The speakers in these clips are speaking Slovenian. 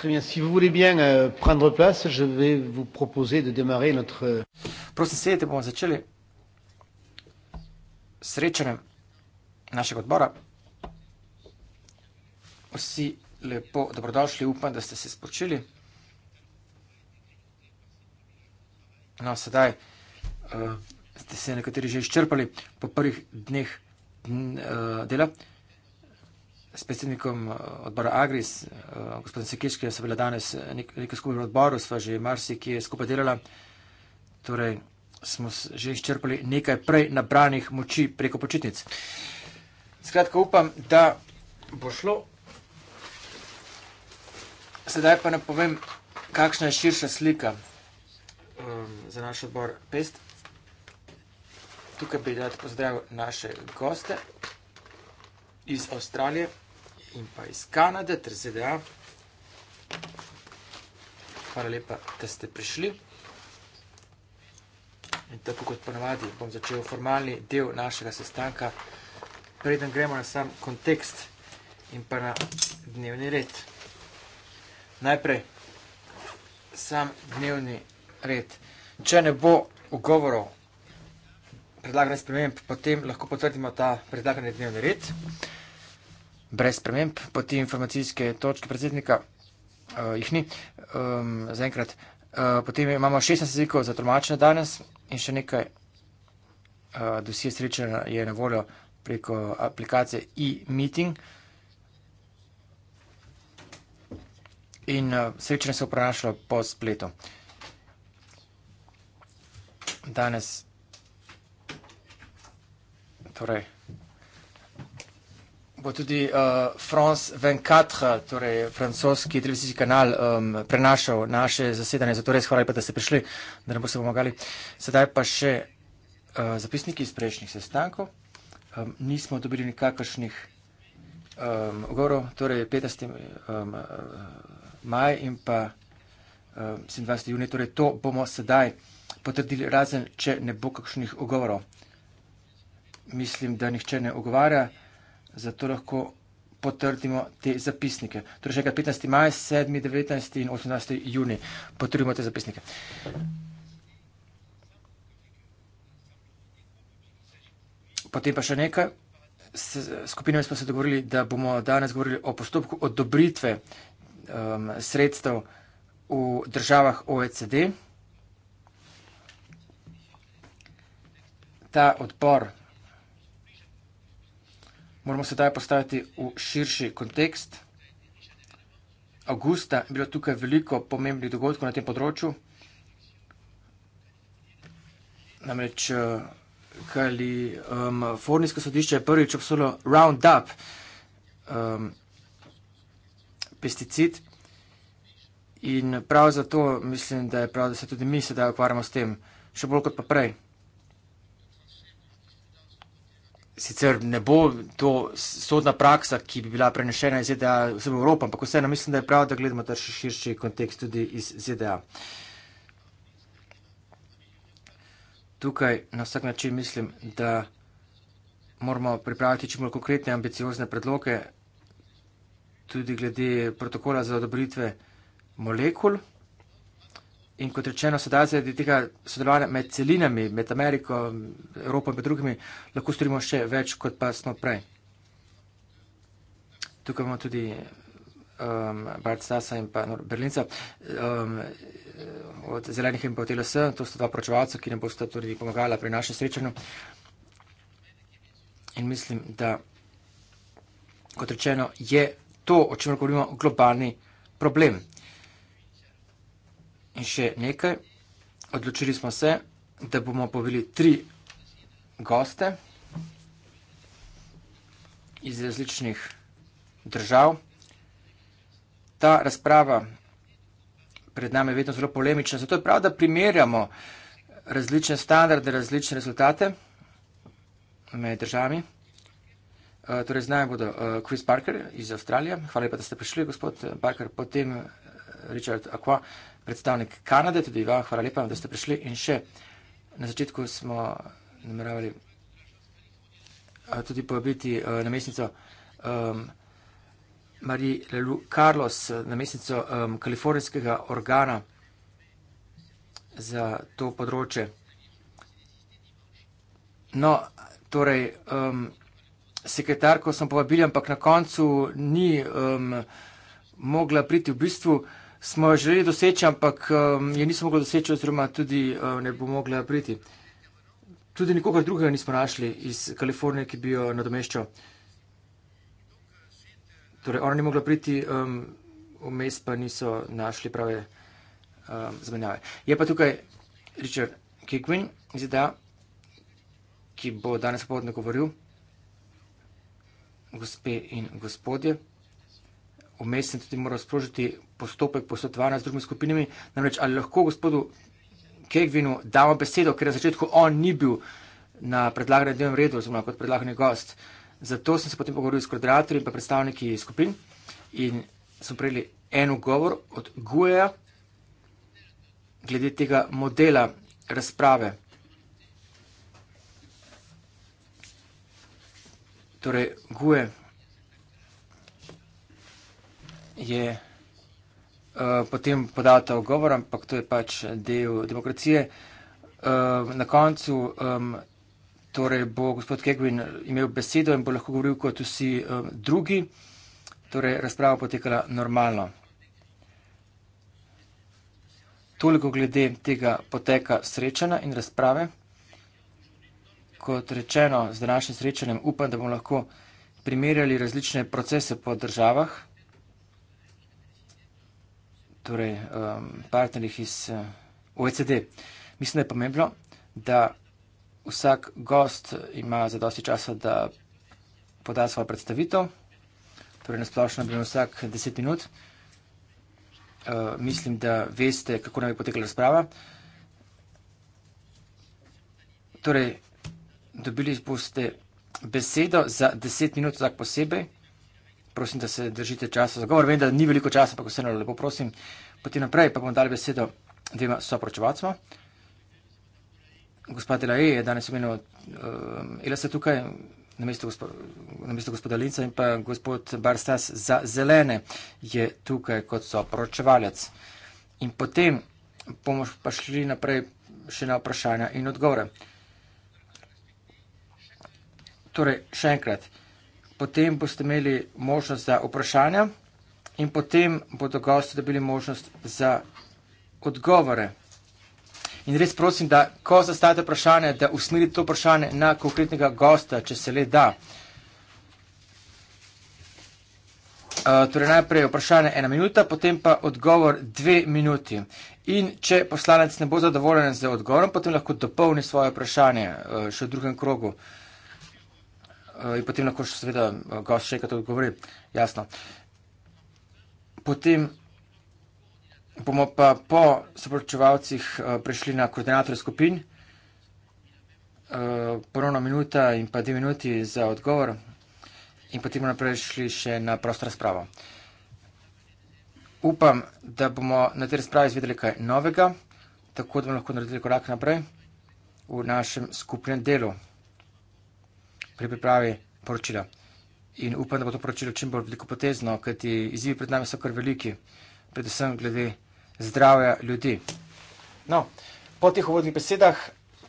Très bien. Si vous voulez bien euh, prendre place, je vais vous proposer de démarrer notre. Euh, Prosim, sedite, bomo začeli srečanje našega odbora. Vsi lepo dobrodošli, upam, da ste se spočili. No, sedaj uh, ste se nekateri že izčrpali po prvih dneh dne, uh, dela s predsednikom eh, odbora Agris, eh, gospodin Sekiški, jaz sem bila danes eh, nekaj skupaj v odboru, sva že marsikje skupaj delala. Torej, smo že izčrpali nekaj prej nabranih moči preko počitnic. Skratka, upam, da bo šlo. Sedaj pa ne povem, kakšna je širša slika um, za naš odbor Pest. Tukaj bi rad pozdravil naše goste iz Avstralije in pa iz Kanade ter ZDA. Hvala lepa, da ste prišli. In tako kot ponavadi bom začel formalni del našega sestanka, preden gremo na sam kontekst in pa na dnevni red. Najprej sam dnevni red. Če ne bo ugovorov predlaganih sprememb, potem lahko potrdimo ta predlagani dnevni red brez sprememb po te informacijske točke predsednika, uh, jih ni um, zaenkrat. Uh, potem imamo 16 jezikov za tolmačenje danes in še nekaj uh, eh, dosije srečanja je na voljo preko aplikacije e-meeting. In uh, srečanje se je prenašalo po spletu. Danes. Torej bo tudi uh, France 24, torej francoski televizijski kanal, um, prenašal naše zasedanje. Zato res hvala lepa, da ste prišli, da nam boste pomagali. Sedaj pa še uh, zapisniki iz prejšnjih sestankov. Um, nismo dobili nikakršnih um, ogorov, torej 15. Um, uh, maj in pa um, 27. juni. Torej to bomo sedaj potrdili, razen če ne bo kakšnih ogovorov. Mislim, da nihče ne ogovarja zato lahko potrdimo te zapisnike. Torej, še enkrat 15. maj, 7., 19. in 18. juni potrdimo te zapisnike. Potem pa še nekaj. S skupinami smo se dogovorili, da bomo danes govorili o postopku odobritve um, sredstev v državah OECD. Ta odbor moramo sedaj postaviti v širši kontekst. Augusta je bilo tukaj veliko pomembnih dogodkov na tem področju. Namreč eh, Kalifornijsko um, sodišče je prvič obsodilo Roundup, um, pesticid. In prav zato mislim, da je prav, da se tudi mi sedaj ukvarjamo s tem, še bolj kot pa prej. sicer ne bo to sodna praksa, ki bi bila prenešena iz ZDA v vse Evropo, ampak vseeno mislim, da je prav, da gledamo ta še širši kontekst tudi iz ZDA. Tukaj na vsak način mislim, da moramo pripraviti čim bolj konkretne, ambiciozne predloge, tudi glede protokola za odobritve molekul. In kot rečeno, sedaj zaradi tega sodelovanja med celinami, med Ameriko, Evropo in drugimi, lahko storimo še več, kot pa smo prej. Tukaj imamo tudi um, Bart Stasa in pa Berlinca um, od Zelenih in pa od LSE. To sta dva pročevalca, ki nam bosta tudi pomagala pri našem srečanju. In mislim, da, kot rečeno, je to, o čemer govorimo, globalni problem. In še nekaj, odločili smo se, da bomo povili tri goste iz različnih držav. Ta razprava pred nami je vedno zelo polemična, zato je prav, da primerjamo različne standarde, različne rezultate med državami. Eh, torej, z nami bodo eh, Chris Parker iz Avstralije. Hvala lepa, da ste prišli, gospod eh, Parker. Potem Richard Aqua predstavnik Kanade, tudi vam hvala lepa, da ste prišli in še na začetku smo nameravali eh, tudi povabiti uh, namestnico um, Marie Lelu Carlos, eh, namestnico um, kalifornijskega organa za to področje. No, torej, um, sekretarko sem povabili, ampak na koncu ni um, mogla priti v bistvu smo jo želeli doseči, ampak um, je nismo mogli doseči, oziroma tudi uh, ne bo mogla priti. Tudi nikogar drugega nismo našli iz Kalifornije, ki bi jo nadomeščal. Torej, ona ni mogla priti, um, vmes um, pa niso našli prave um, zamenjave. Je pa tukaj Richard Kikwin iz ZDA, ki bo danes popoldne govoril, gospe in gospodje umestni tudi mora sprožiti postopek posvetovanja z drugimi skupinami. Namreč, ali lahko gospodu Kegvinu damo besedo, ker na začetku on ni bil na predlaganem dnevnem redu, oziroma kot predlagani gost. Zato sem se potem pogovoril s koordinatorji in pa predstavniki skupin in smo prejeli en ugovor od Gueja glede tega modela razprave. Torej, Gue, je uh, potem podal ta ogovor, ampak to je pač del demokracije. Uh, na koncu um, torej bo gospod Kegvin imel besedo in bo lahko govoril kot vsi um, drugi. Torej, razprava potekala normalno. Toliko glede tega poteka srečanja in razprave. Kot rečeno, z današnjim srečanjem upam, da bomo lahko primerjali različne procese po državah torej, um, partnerjih iz uh, OECD. Mislim, da je pomembno, da vsak gost ima zadosti časa, da poda svojo predstavitev, torej na splošno bi vsak 10 minut. Uh, mislim, da veste, kako naj bi potekala razprava. Torej, dobili boste besedo za 10 minut vsak posebej prosim, da se držite časa za govor. Vem, da ni veliko časa, ampak vseeno lepo prosim. Potem naprej pa bom dal besedo dvema soporočevalcema. Gospod Delaje je danes imenoval, um, eh, ila se tukaj na mesto gospod, gospoda Linca in pa gospod Barstas za zelene je tukaj kot soporočevalec. In potem bomo pa šli naprej še na vprašanja in odgovore. Torej, še enkrat potem boste imeli možnost za vprašanja in potem bodo gosti dobili možnost za odgovore. In res prosim, da ko zastavite vprašanje, da usmerite to vprašanje na konkretnega gosta, če se le da. Uh, torej najprej vprašanje ena minuta, potem pa odgovor dve minuti. In če poslanec ne bo zadovoljen z odgovorom, potem lahko dopolni svoje vprašanje uh, še v drugem krogu. Uh, Eh, in potem lahko še seveda eh, gost še enkrat odgovori. Jasno. Potem bomo pa po soporočevalcih eh, prišli na koordinatorje skupin. Ponovno minuta in pa dve minuti za odgovor in potem bomo prešli še na prosto razpravo. Upam, da bomo na tej razpravi izvedeli kaj novega, tako da bomo lahko naredili korak naprej v našem skupnem delu pri pripravi poročila. In upam, da bo to poročilo čim bolj veliko potezno, kajti izzivi pred nami so kar veliki, predvsem glede zdravja ljudi. No, po teh uvodnih besedah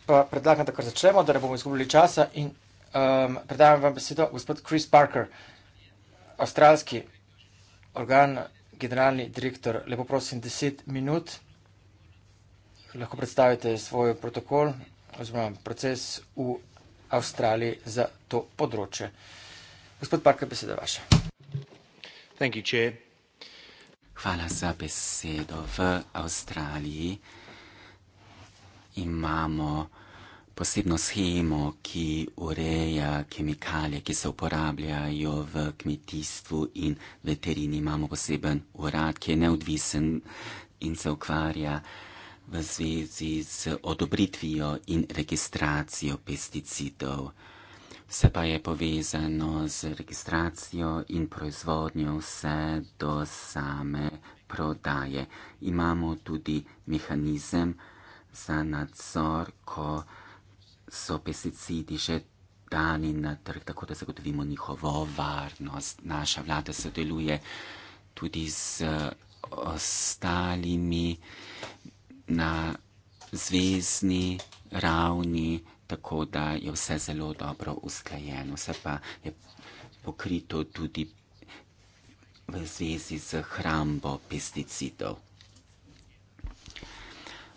pa predlagam, da kar začnemo, da ne bomo izgubili časa in um, predajam vam besedo gospod Chris Parker, avstralski organ, generalni direktor. Lepo prosim, 10 minut. Lahko predstavite svoj protokol oziroma proces v Avstraliji za to področje. Gospod Parker, beseda vaša. Thank you, Chair. Hvala za besedo. V Avstraliji imamo posebno schemo, ki ureja kemikalije, ki se uporabljajo v kmetijstvu in veterini. Imamo poseben urad, ki je neodvisen in se ukvarja v zvezi z odobritvijo in registracijo pesticidov. Vse pa je povezano z registracijo in proizvodnjo vse do same prodaje. Imamo tudi mehanizem za nadzor, ko so pesticidi že dani na trg, tako da zagotovimo njihovo varnost. Naša vlada sodeluje tudi z ostalimi uh, na zvezdni ravni, tako da je vse zelo dobro usklajeno, vse pa je pokrito tudi v zvezi z hrambo pesticidov.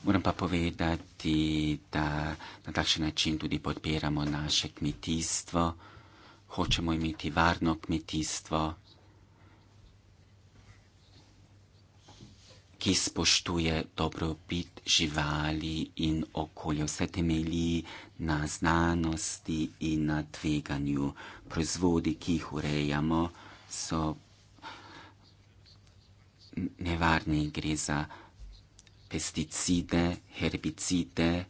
Moram pa povedati, da na takšen način tudi podpiramo naše kmetijstvo, hočemo imeti varno kmetijstvo. ki spoštuje dobrobit živali in okolja. Vse temelji na znanosti in na tveganju. Proizvodi, ki jih urejamo, so nevarni. Gre za pesticide, herbicide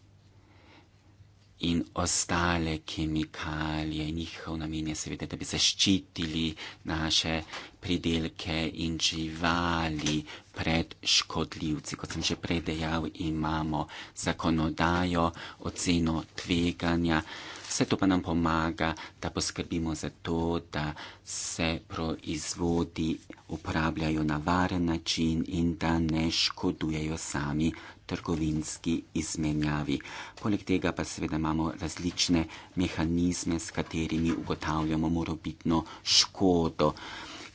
in ostale kemikalije. Njihov namen je seveda, da bi zaščitili naše pridelke in živali pred škodljivci. Kot sem že prej dejal, imamo zakonodajo, oceno tveganja. Vse to pa nam pomaga, da poskrbimo za to, da se proizvodi uporabljajo na varen način in da ne škodujejo sami trgovinski izmenjavi. Poleg tega pa seveda imamo različne mehanizme, s katerimi ugotavljamo morobitno škodo,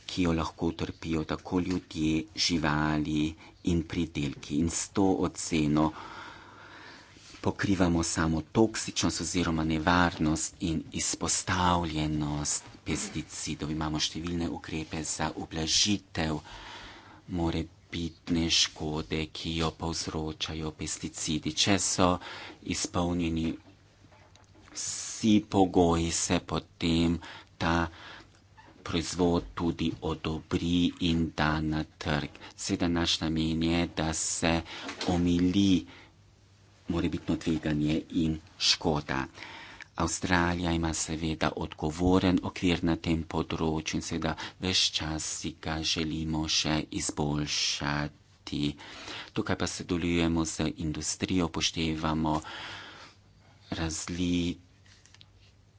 ki jo lahko utrpijo tako ljudje, živali in pridelki. In s to oceno pokrivamo samo toksičnost oziroma nevarnost in izpostavljenost pesticidov. Imamo številne ukrepe za ublažitev morebitnih morebitne škode, ki jo povzročajo pesticidi. Če so izpolnjeni vsi pogoji, se potem ta proizvod tudi odobri in da na trg. Seveda naš namen je, da se omili morebitno tveganje in škoda. Avstralija ima seveda odgovoren okvir na tem področju in seveda veš čas si ga želimo še izboljšati. Tukaj pa se dolujemo z industrijo, poštevamo različno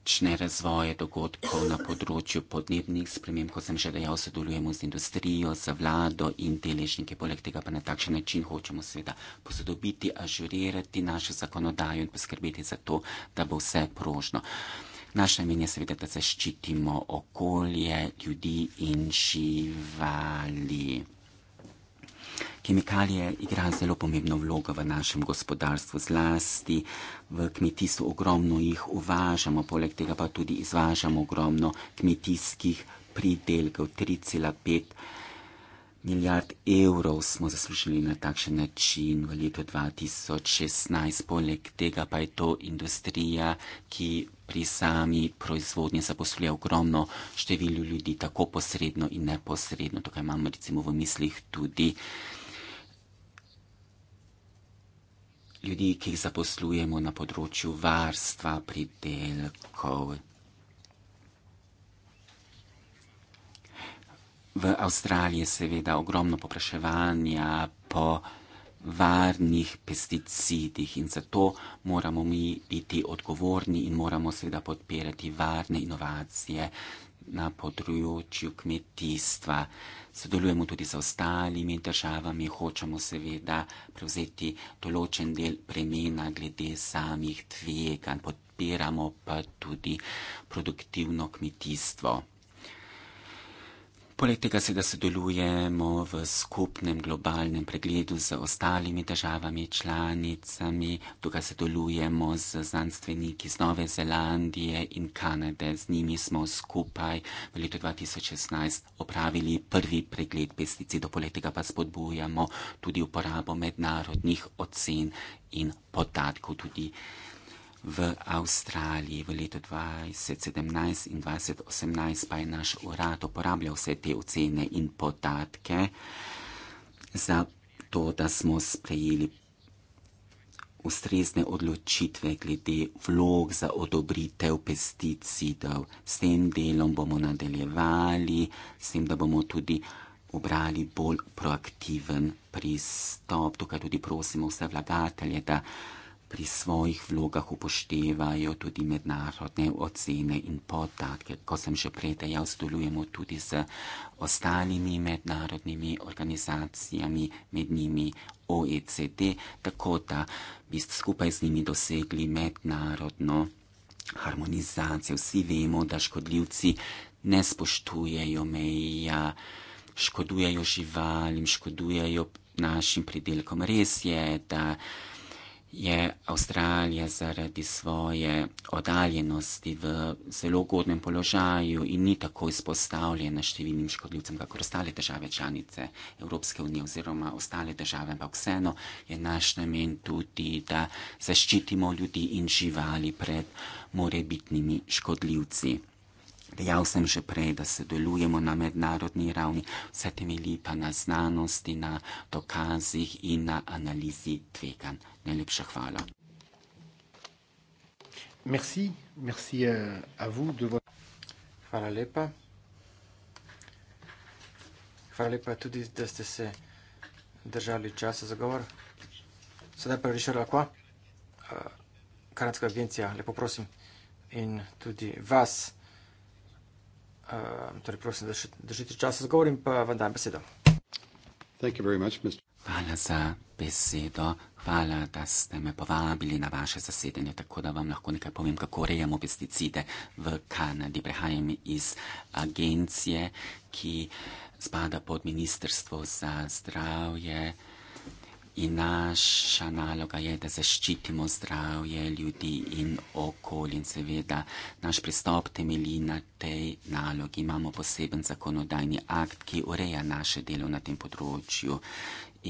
dinamične razvoje dogodkov na področju podnebnih sprememb, kot sem že dejal, sodelujemo z industrijo, z vlado in deležnike, poleg tega pa na takšen način hočemo seveda posodobiti, ažurirati našo zakonodajo in poskrbeti za to, da bo vse prožno. Naš namen je seveda, da zaščitimo okolje, ljudi in živali. Kemikalije igra zelo pomembno vlogo v našem gospodarstvu, zlasti v kmetijstvu. Ogromno jih uvažamo, poleg tega pa tudi izvažamo ogromno kmetijskih pridelkov. 3,5 milijard evrov smo zaslužili na takšen način v letu 2016. Poleg tega pa je to industrija, ki pri sami proizvodnji zaposluje ogromno število ljudi, tako posredno in neposredno. Tukaj imamo recimo v mislih tudi ljudi, ki jih zaposlujemo na področju varstva pridelkov. V Avstraliji je seveda ogromno popraševanja po varnih pesticidih in zato moramo mi biti odgovorni in moramo seveda podpirati varne inovacije na področju kmetijstva. Sodelujemo tudi z ostalimi državami, hočemo seveda prevzeti določen del premena glede samih tveganj, podpiramo pa tudi produktivno kmetijstvo. Poleg tega seveda sodelujemo v skupnem globalnem pregledu z ostalimi državami, članicami. Tukaj sodelujemo z znanstveniki iz Nove Zelandije in Kanade. Z njimi smo skupaj v letu 2016 opravili prvi pregled pesticidov. Poleg tega pa spodbujamo tudi uporabo mednarodnih ocen in podatkov tudi v Avstraliji v letu 2017 in 2018 pa je naš urad uporabljal vse te ocene in podatke za to, da smo sprejeli ustrezne odločitve glede vlog za odobritev pesticidov. S tem delom bomo nadaljevali, s tem, da bomo tudi obrali bolj proaktiven pristop. Tukaj tudi prosimo vse vlagatelje, da pri svojih vlogah upoštevajo tudi mednarodne ocene in podatke. Ko sem že prej dejal, sodelujemo tudi z ostalimi mednarodnimi organizacijami, med njimi OECD, tako da bi skupaj z njimi dosegli mednarodno harmonizacijo. Vsi vemo, da škodljivci ne spoštujejo meja, škodujejo živalim, škodujejo našim pridelkom. Res je, da je Avstralija zaradi svoje oddaljenosti v zelo ugodnem položaju in ni tako izpostavljena številnim škodljivcem, kakor ostale države članice Evropske unije oziroma ostale države, ampak vseeno je naš namen tudi, da zaščitimo ljudi in živali pred morebitnimi škodljivci. Dejal sem že prej, da sodelujemo na mednarodni ravni, vse temelji pa na znanosti, na dokazih in na analizi tvegan. Najlepša hvala. Merci. Merci a euh, vous de vo... Hvala lepa. Hvala lepa tudi, da ste se držali časa za govor. Sedaj pa Rišar Lakoa, uh, Kanadska agencija, lepo prosim, in tudi vas, da se držali časa za govor. Ehm, torej prosim, da držite čas z govorim, pa vam dam besedo. Much, hvala za besedo, hvala, da ste me povabili na vaše zasedanje, tako da vam lahko nekaj povem, kako rejamo pesticide v Kanadi. Prehajam iz agencije, ki spada pod Ministrstvo za zdravje. In naša naloga je, da zaščitimo zdravje ljudi in okolje. In seveda naš pristop temelji na tej nalogi. Imamo poseben zakonodajni akt, ki ureja naše delo na tem področju.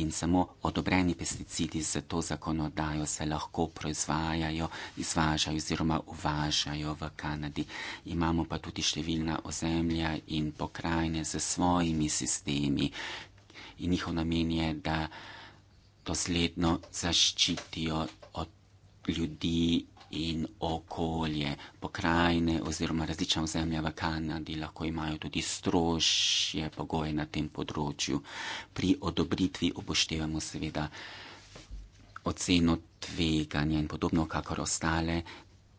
In samo odobreni pesticidi za to zakonodajo se lahko proizvajajo, izvažajo oziroma uvažajo v Kanadi. Imamo pa tudi številna ozemlja in pokrajine z svojimi sistemi in njihov namen je, da dosledno zaščitijo od ljudi in okolje, pokrajine oziroma različna ozemlja v Kanadi lahko imajo tudi strošje pogoje na tem področju. Pri odobritvi upoštevamo seveda oceno tveganja in podobno, kakor ostale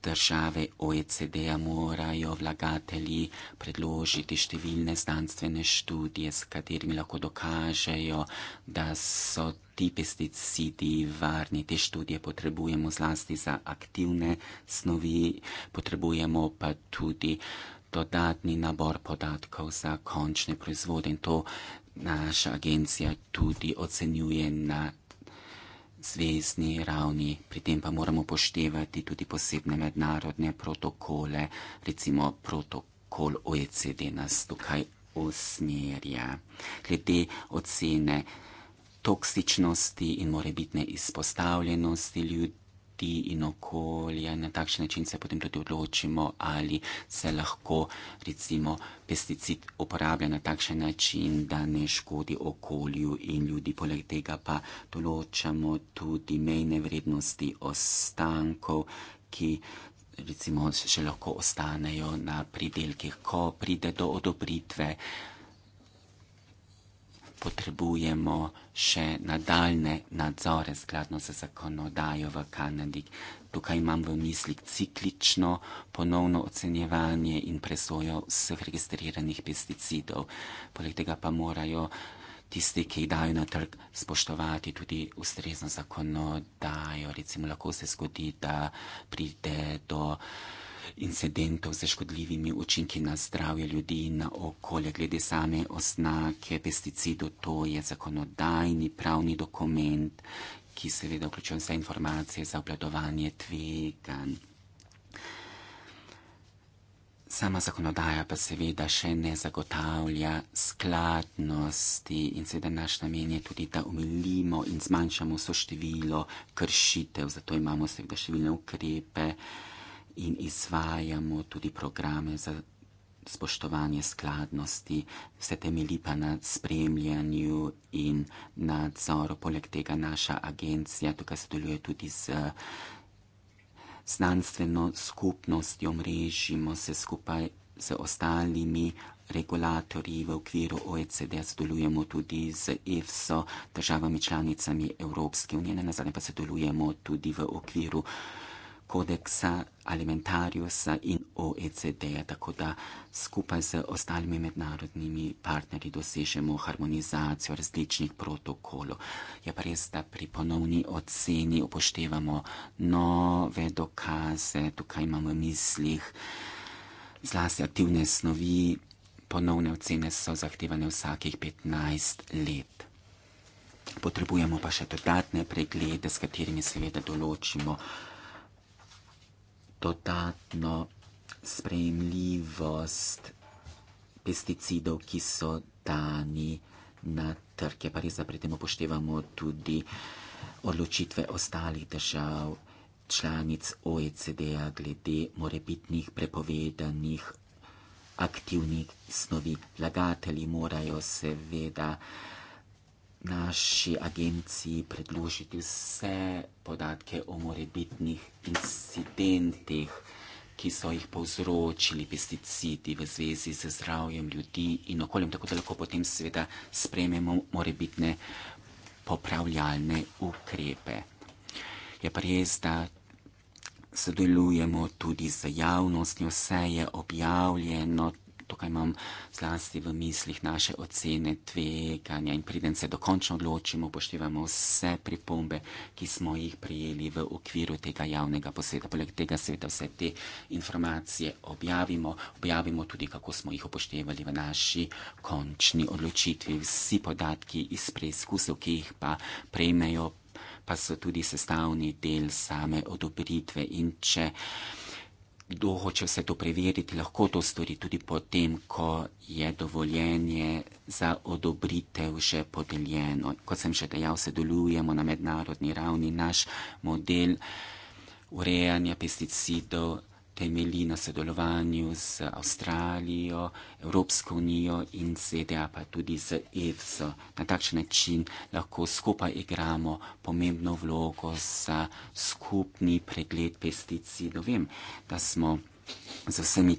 države OECD-a morajo vlagatelji predložiti številne znanstvene študije, s katerimi lahko dokažejo, da so ti pesticidi varni. Te študije potrebujemo zlasti za aktivne snovi, potrebujemo pa tudi dodatni nabor podatkov za končne proizvode in to naša agencija tudi ocenjuje na zvezdni ravni, pri tem pa moramo poštevati tudi posebne mednarodne protokole, recimo protokol OECD nas tukaj usmerja. Glede ocene toksičnosti in morebitne izpostavljenosti ljudi ljudi in okolja, na takšen način se potem tudi odločimo, ali se lahko recimo pesticid uporablja na takšen način, da ne škodi okolju in ljudi. Poleg tega pa določamo tudi mejne vrednosti ostankov, ki recimo še lahko ostanejo na pridelkih, ko pride do odobritve potrebujemo še nadaljne nadzore skladno z zakonodajo v Kanadi. Tukaj imam v mislih ciklično ponovno ocenjevanje in presojo vseh registriranih pesticidov. Poleg tega pa morajo tisti, ki jih dajo na trg, spoštovati tudi ustrezno zakonodajo. Recimo lahko se zgodi, da pride do incidentov za škodljivimi učinki na zdravje ljudi in na okolje. Glede same oznake pesticidov, to je zakonodajni pravni dokument, ki seveda vključuje vse informacije za obladovanje tveganj. Sama zakonodaja pa seveda še ne zagotavlja skladnosti in seveda naš namen je tudi, da umilimo in zmanjšamo soštevilo kršitev, zato imamo seveda številne ukrepe in izvajamo tudi programe za spoštovanje skladnosti, vse temelji pa na spremljanju in nadzoru. Poleg tega naša agencija tukaj sodeluje tudi z znanstveno skupnostjo, mrežimo se skupaj z ostalimi regulatorji v okviru OECD, sodelujemo tudi z EFSO, državami članicami Evropske unije, na nazadnje pa sodelujemo tudi v okviru kodeksa alimentarijusa in OECD-ja, tako da skupaj z ostalimi mednarodnimi partnerji dosežemo harmonizacijo različnih protokolov. Je pa res, da pri ponovni oceni upoštevamo nove dokaze, tukaj imamo v mislih zlasti aktivne snovi, ponovne ocene so zahtevane vsakih 15 let. Potrebujemo pa še dodatne preglede, s katerimi seveda določimo dodatno sprejemljivost pesticidov, ki so dani na trge. Pa res, da pri tem upoštevamo tudi odločitve ostalih držav, članic OECD-a glede morebitnih prepovedanih aktivnih snovi. Lagatelji morajo seveda naši agenciji predložiti vse podatke o morebitnih incidentih, ki so jih povzročili pesticidi v zvezi z zdravjem ljudi in okoljem, tako da lahko potem seveda sprememo morebitne popravljalne ukrepe. Je pa res, da sodelujemo tudi z javnostjo, vse je objavljeno, tukaj imam zlasti v mislih naše ocene tveganja in preden se dokončno odločimo, upoštevamo vse pripombe, ki smo jih prijeli v okviru tega javnega posveta. Poleg tega seveda vse te informacije objavimo, objavimo tudi, kako smo jih upoštevali v naši končni odločitvi. Vsi podatki iz preizkusov, ki jih pa prejmejo, pa so tudi sestavni del same odobritve in če kdo hoče vse to preveriti, lahko to stori tudi potem, ko je dovoljenje za odobritev že podeljeno. Kot sem že dejal, sodelujemo na mednarodni ravni. Naš model urejanja pesticidov temelji na sodelovanju z Avstralijo, Evropsko unijo in ZDA, pa tudi z EFSO. Na takšen način lahko skupaj igramo pomembno vlogo za skupni pregled pesticidov. Vem, da smo z vsemi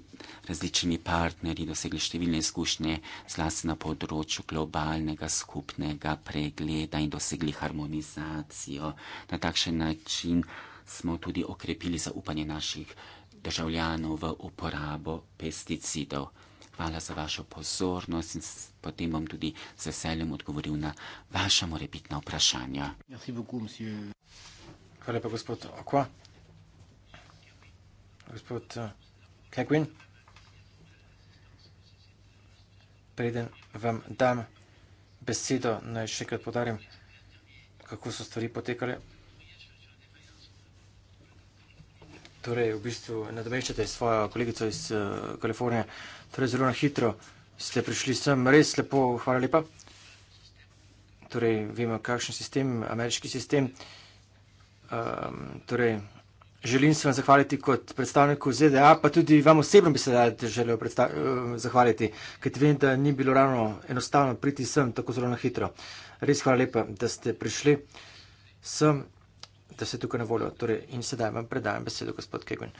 različnimi partnerji dosegli številne izkušnje, zlasti na področju globalnega skupnega pregleda in dosegli harmonizacijo. Na takšen način smo tudi okrepili zaupanje naših državljanov v uporabo pesticidov. Hvala za vašo pozornost in potem bom tudi z veseljem odgovoril na vaša morebitna vprašanja. Hvala lepa, gospod Okva. Gospod eh, Kekvin, preden vam dam besedo, naj še enkrat podarim, kako so stvari potekale torej v bistvu nadomeščate svojo kolegico iz uh, Kalifornije, torej zelo na hitro ste prišli sem, res lepo, hvala lepa. Torej, vemo, kakšen sistem, ameriški sistem. Um, torej, želim se vam zahvaliti kot predstavniku ZDA, pa tudi vam osebno bi se želel uh, zahvaliti, ker vem, da ni bilo ravno enostavno priti sem tako zelo na hitro. Res hvala lepa, da ste prišli sem da se tukaj na voljo. Torej, in sedaj vam predajam besedo, gospod Kegan.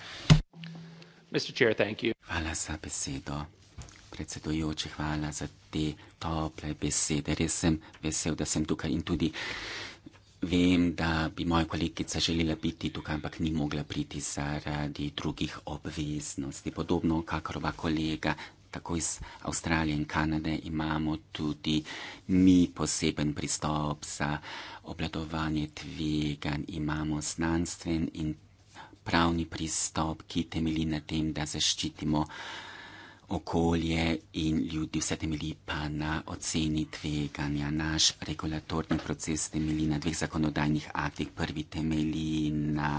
Hvala za besedo. Predsedujoči, hvala za te tople besede. Res sem vesel, da sem tukaj in tudi vem, da bi moja kolegica želela biti tukaj, ampak ni mogla priti zaradi drugih obveznosti. Podobno, kakor ova kolega tako iz Avstralije in Kanade, imamo tudi mi poseben pristop za obladovanje tvegan, imamo znanstven in pravni pristop, ki temelji na tem, da zaščitimo okolje in ljudi, vse temelji pa na oceni tveganja. Naš regulatorni proces temelji na dveh zakonodajnih aktih. Prvi temelji na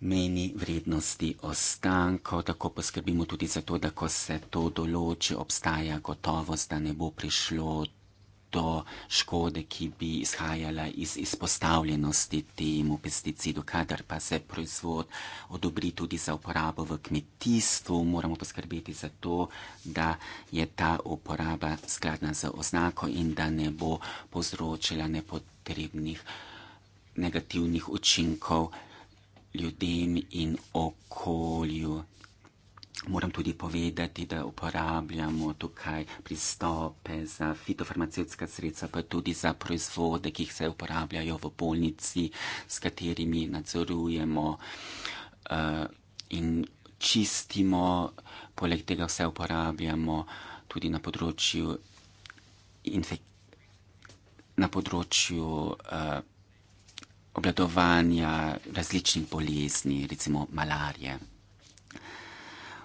meni vrednosti ostankov, tako poskrbimo tudi za to, da ko se to določi, obstaja gotovost, da ne bo prišlo do škode, ki bi izhajala iz izpostavljenosti temu pesticidu, kadar pa se proizvod odobri tudi za uporabo v kmetijstvu, moramo poskrbeti za to, da je ta uporaba skladna z oznako in da ne bo povzročila nepotrebnih negativnih učinkov ljudem in okolju. Moram tudi povedati, da uporabljamo tukaj pristope za fitofarmacevtska sredstva, pa tudi za proizvode, ki jih se uporabljajo v bolnici, s katerimi nadzorujemo uh, in čistimo. Poleg tega vse uporabljamo tudi na področju, na področju uh, obladovanja različnih bolezni, recimo malarije.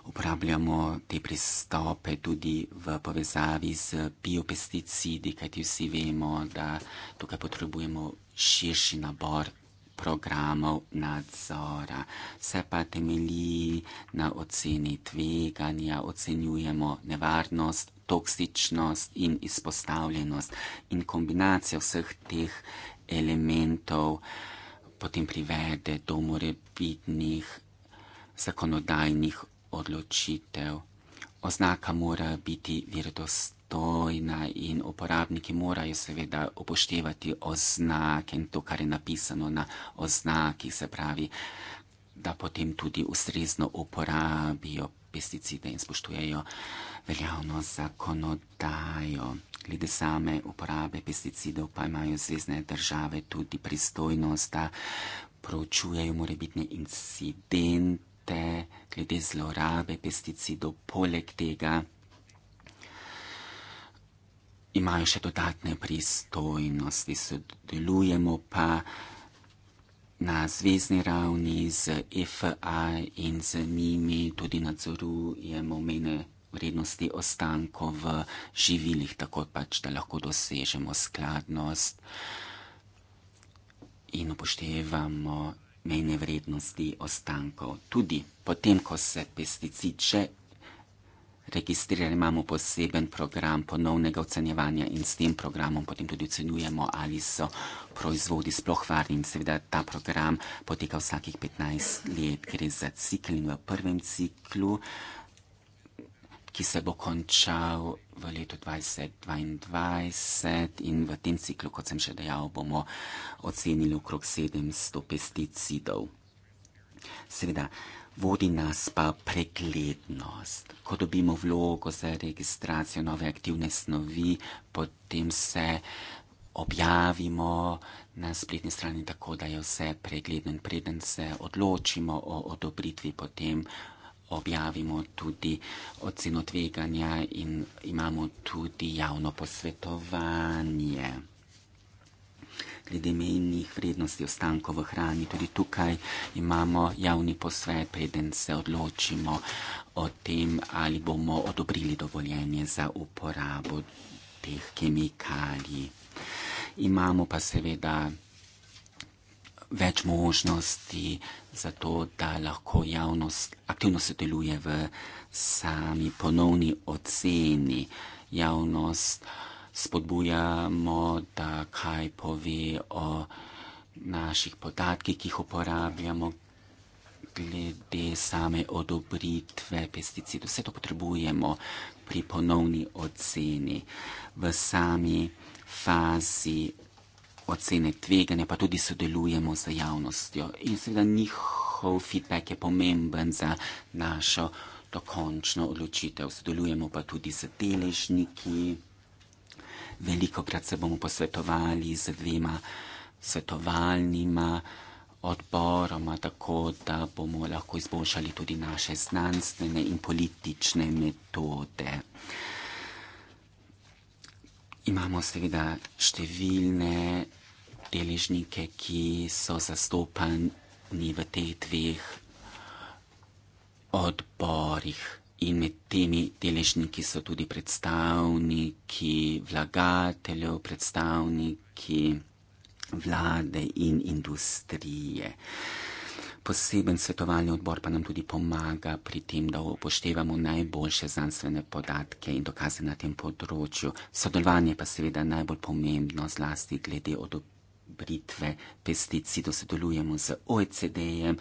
Uporabljamo te pristope tudi v povezavi z biopesticidi, kajti vsi vemo, da tukaj potrebujemo širši nabor programov nadzora. Vse pa temelji na oceni tveganja, ocenjujemo nevarnost, toksičnost in izpostavljenost. In kombinacija vseh teh elementov potem privede do morebitnih zakonodajnih odločitev. Oznaka mora biti verodostojna in uporabniki morajo seveda upoštevati oznake in to, kar je napisano na oznaki, se pravi, da potem tudi ustrezno uporabijo pesticide in spoštujejo veljavno zakonodajo. Glede same uporabe pesticidov pa imajo zvezdne države tudi pristojnost, da proučujejo morebitne incidente glede zlorabe pesticidov. Poleg tega imajo še dodatne pristojnosti, sodelujemo pa na zvezdni ravni z FA in z njimi tudi nadzorujemo mene vrednosti ostankov v živilih, tako pač, da lahko dosežemo skladnost in upoštevamo mejne vrednosti ostankov. Tudi potem, ko se pesticid že registrirali, imamo poseben program ponovnega ocenjevanja in s tem programom potem tudi ocenjujemo, ali so proizvodi sploh varni in seveda ta program poteka vsakih 15 let, gre za cikl in v prvem ciklu, ki se bo končal v letu 2022 in v tem ciklu, kot sem že dejal, bomo ocenili okrog 700 pesticidov. Seveda, vodi nas pa preglednost. Ko dobimo vlogo za registracijo nove aktivne snovi, potem se objavimo na spletni strani tako, da je vse pregledno in preden se odločimo o odobritvi, potem objavimo tudi oceno tveganja in imamo tudi javno posvetovanje glede menjih vrednosti ostankov v hrani. Tudi tukaj imamo javni posvet, preden se odločimo o tem, ali bomo odobrili dovoljenje za uporabo teh kemikalij. Imamo pa seveda več možnosti za to, da lahko javnost aktivno sodeluje v sami ponovni oceni javnost spodbujamo, da kaj pove o naših podatkih, ki jih uporabljamo glede same odobritve pesticidov. Vse to potrebujemo pri ponovni oceni v sami fazi ocene tveganja, pa tudi sodelujemo z javnostjo. In seveda njihov feedback je pomemben za našo dokončno odločitev. Sodelujemo pa tudi z deležniki veliko krat se bomo posvetovali z dvema svetovalnima odboroma, tako da bomo lahko izboljšali tudi naše znanstvene in politične metode. Imamo seveda številne deležnike, ki so zastopani v teh dveh odborih in med temi deležniki so tudi predstavniki vlagateljev, predstavniki vlade in industrije. Poseben svetovalni odbor pa nam tudi pomaga pri tem, da upoštevamo najboljše znanstvene podatke in dokaze na tem področju. Sodelovanje pa seveda najbolj pomembno zlasti glede odobritve pesticidov. Sodelujemo z OECD-jem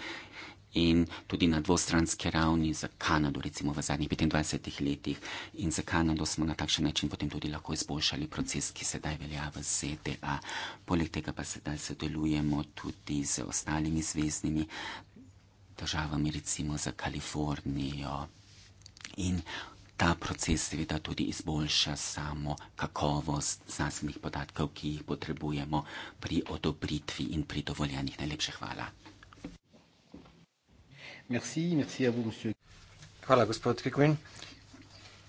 in tudi na dvostranske ravni za Kanado, recimo v zadnjih 25 letih. In za Kanado smo na takšen način potem tudi lahko izboljšali proces, ki sedaj velja v ZDA. Poleg tega pa sedaj sodelujemo tudi z ostalimi zvezdnimi državami, recimo za Kalifornijo. In ta proces seveda tudi izboljša samo kakovost znanstvenih podatkov, ki jih potrebujemo pri odobritvi in pri dovoljenih. Najlepše hvala. Merci, merci à vous, monsieur. Hvala, gospod Kekvin.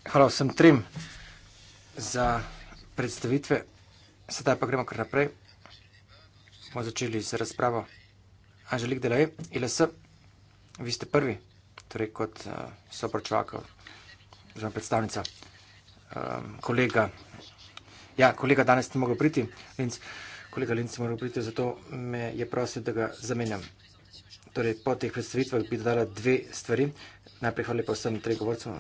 Hvala vsem trim za predstavitve. Sedaj pa gremo kar naprej. Bomo začeli z razpravo. Anželik Delaje, ILS, vi ste prvi, torej kot uh, eh, soporočevalka, oziroma predstavnica, um, kolega. Ja, kolega danes ni mogel priti, Linc, kolega Linc je moral priti, zato me je prosil, da ga zamenjam. Torej, po teh predstavitvah bi dodala dve stvari. Najprej hvala lepa vsem tri govorcem.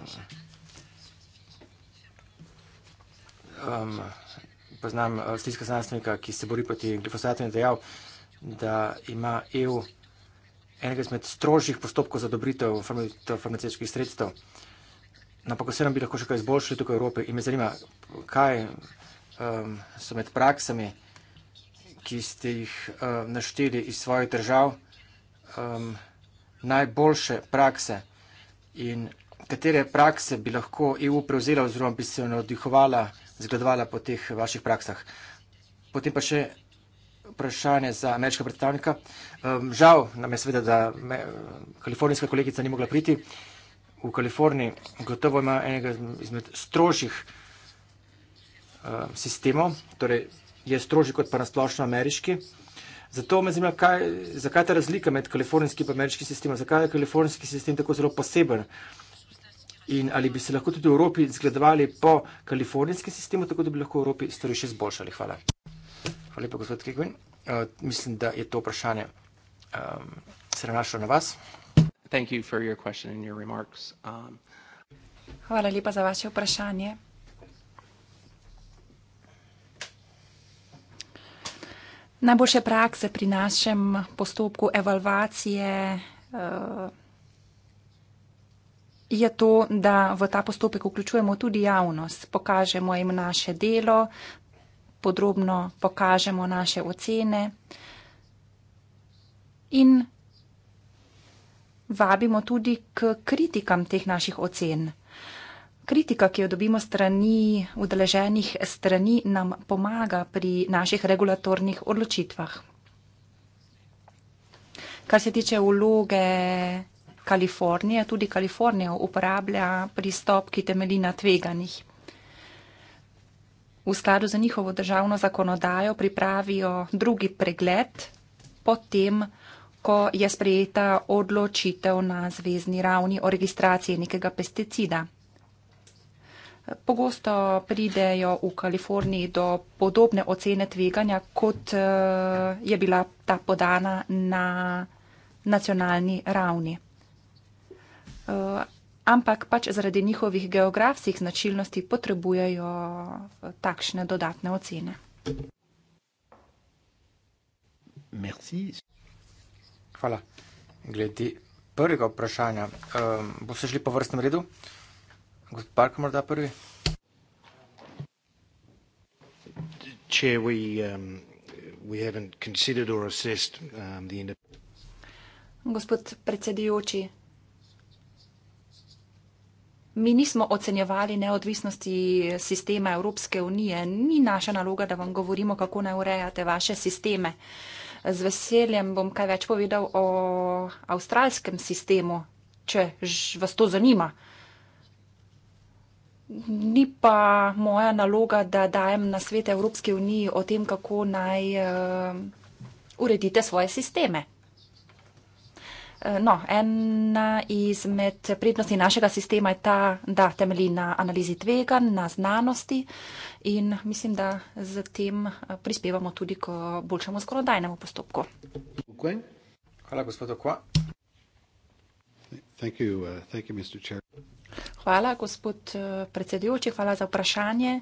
Um, poznam uh, slijska znanstvenika, ki se bori proti glifosatu in dejal, da ima EU enega izmed strožjih postopkov za dobritev farmacijskih sredstev. Napak vse nam bi lahko še kaj izboljšali tukaj v Evropi in me zanima, kaj um, so med praksami, ki ste jih uh, našteli iz svojih držav, um, najboljše prakse in katere prakse bi lahko EU prevzela oziroma bi se navdihovala, zgledovala po teh vaših praksah. Potem pa še vprašanje za ameriška predstavnika. Um, žal nam je seveda, da me, kalifornijska kolegica ni mogla priti. V Kaliforniji gotovo ima enega izmed strožjih um, sistemov, torej je strožji kot pa nasplošno ameriški. Zato me zanima, kaj, zakaj je ta razlika med kalifornijskim in ameriškim sistemom, zakaj je kalifornijski sistem tako zelo poseben. In ali bi se lahko tudi v Evropi zgledovali po kalifornijskem sistemu, tako da bi lahko v Evropi stvari še zboljšali? Hvala. Hvala lepa, gospod Kegvin. Uh, mislim, da je to vprašanje um, se nanašalo na vas. Um, Hvala lepa za vaše vprašanje. najboljše prakse pri našem postopku evalvacije eh, je to, da v ta postopek vključujemo tudi javnost, pokažemo jim naše delo, podrobno pokažemo naše ocene in vabimo tudi k kritikam teh naših ocen. Kritika, ki jo dobimo strani udeleženih strani, nam pomaga pri naših regulatornih odločitvah. Kar se tiče vloge Kalifornije, tudi Kalifornija uporablja pristop, ki temeli na tveganjih. V skladu za njihovo državno zakonodajo pripravijo drugi pregled potem, ko je sprejeta odločitev na zvezdni ravni o registraciji nekega pesticida pogosto pridejo v Kaliforniji do podobne ocene tveganja, kot eh, je bila ta podana na nacionalni ravni. Eh, ampak pač zaradi njihovih geografskih značilnosti potrebujejo eh, takšne dodatne ocene. Merci. Hvala. Glede prvega vprašanja, um, boste šli po vrstnem redu? Uh, gospod park morda prvi um, um, Gospod predsedujoči, mi nismo ocenjevali neodvisnosti sistema Evropske unije. Ni naša naloga, da vam govorimo, kako naj urejate vaše sisteme. Z veseljem bom kaj več povedal o avstralskem sistemu, če vas to zanima. Ni pa moja naloga, da dajem na svet Evropske unije o tem, kako naj uh, uredite svoje sisteme. Eh, no, ena izmed prednosti našega sistema je ta, da temelji na analizi tvega, na znanosti in mislim, da z tem eh, prispevamo tudi k boljšemu zakonodajnemu postopku. Okay. Hvala, gospod Okva. Thank you, uh, thank you, Hvala, gospod eh, predsedujoči, hvala za vprašanje.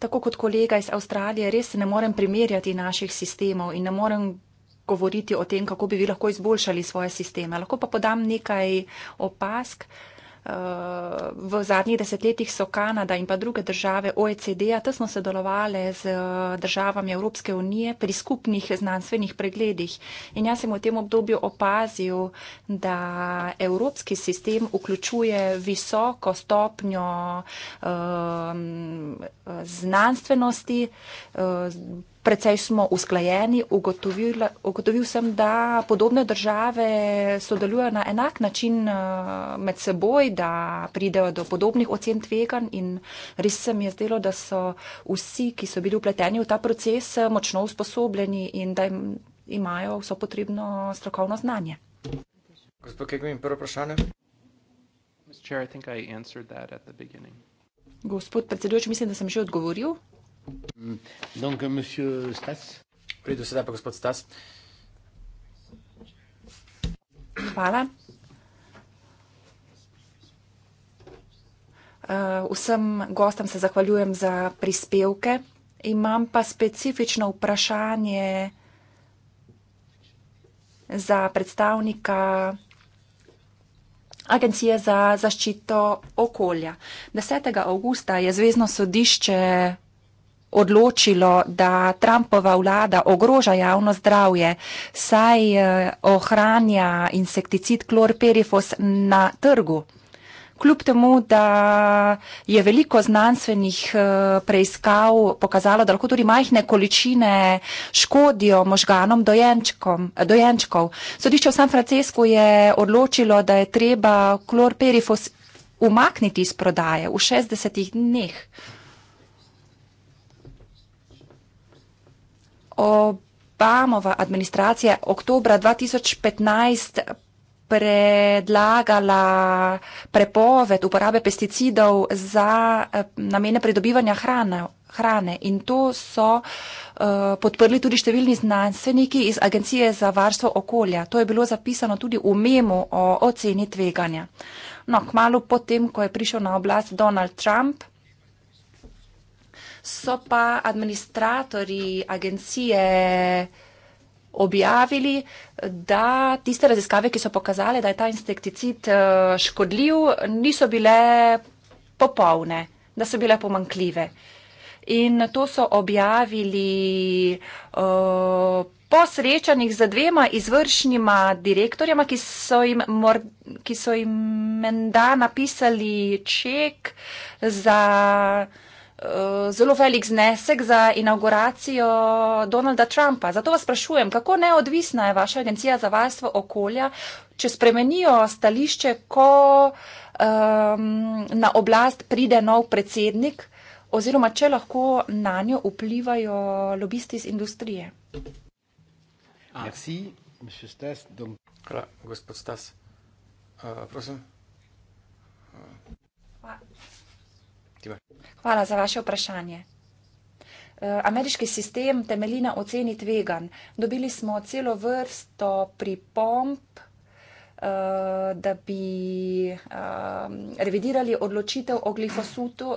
Tako kot kolega iz Avstralije, res ne morem primerjati naših sistemov in ne morem govoriti o tem, kako bi vi lahko izboljšali svoje sisteme. Lahko pa podam nekaj opask. Uh, v zadnjih desetletjih so Kanada in pa druge države OECD-a tesno sodelovali z eh, državami Evropske unije pri skupnih znanstvenih pregledih. In jaz sem v tem obdobju opazil, da evropski sistem vključuje visoko stopnjo um, znanstvenosti, um, precej smo usklajeni. Ugotovil, ugotovil sem, da podobne države sodelujejo na enak način eh, med seboj, da pridejo do podobnih ocen tvegan in res se mi je zdelo, da so vsi, ki so bili upleteni v ta proces, eh, močno usposobljeni in da imajo vso potrebno strokovno znanje. Gospod Kegmin, prvo vprašanje. Gospod predsedujoč, mislim, da sem že odgovoril. Donc, monsieur Stas. Oui, de cela, gospod Stas. Hvala. Eh, vsem gostam se zahvaljujem za prispevke. Imam pa specifično vprašanje za predstavnika Agencije za zaščito okolja. 10. avgusta je Zvezdno sodišče odločilo, da Trumpova vlada ogroža javno zdravje, saj eh, ohranja insekticid klorperifos na trgu. Kljub temu, da je veliko znanstvenih eh, preiskav pokazalo, da lahko tudi majhne količine škodijo možganom dojenčkov, sodišče v San Francisku je odločilo, da je treba klorperifos umakniti iz prodaje v 60 dneh. Obamova administracija oktobra 2015 predlagala prepoved uporabe pesticidov za eh, namene pridobivanja hrane, hrane. In to so uh, podprli tudi številni znanstveniki iz Agencije za varstvo okolja. To je bilo zapisano tudi v memu o oceni tveganja. No, kmalo potem, ko je prišel na oblast Donald Trump, so pa administratori agencije objavili, da tiste raziskave, ki so pokazale, da je ta insekticid eh, škodljiv, niso bile popolne, da so bile pomankljive. In to so objavili uh, po srečanjih z dvema izvršnjima direktorjema, ki so jim, mor, ki so jim menda napisali ček za Eh, zelo velik znesek za inauguracijo Donalda Trumpa. Zato vas sprašujem, kako neodvisna je vaša agencija za varstvo okolja, če spremenijo stališče, ko um, na oblast pride nov predsednik oziroma če lahko na njo vplivajo lobisti iz industrije. Merci, monsieur Stas. Hvala, gospod Stas. Uh, prosim. Hvala za vaše vprašanje. Eh, ameriški sistem temelji na oceni tvegan. Dobili smo celo vrsto pripomp, eh, da bi eh, revidirali odločitev o glifosatu,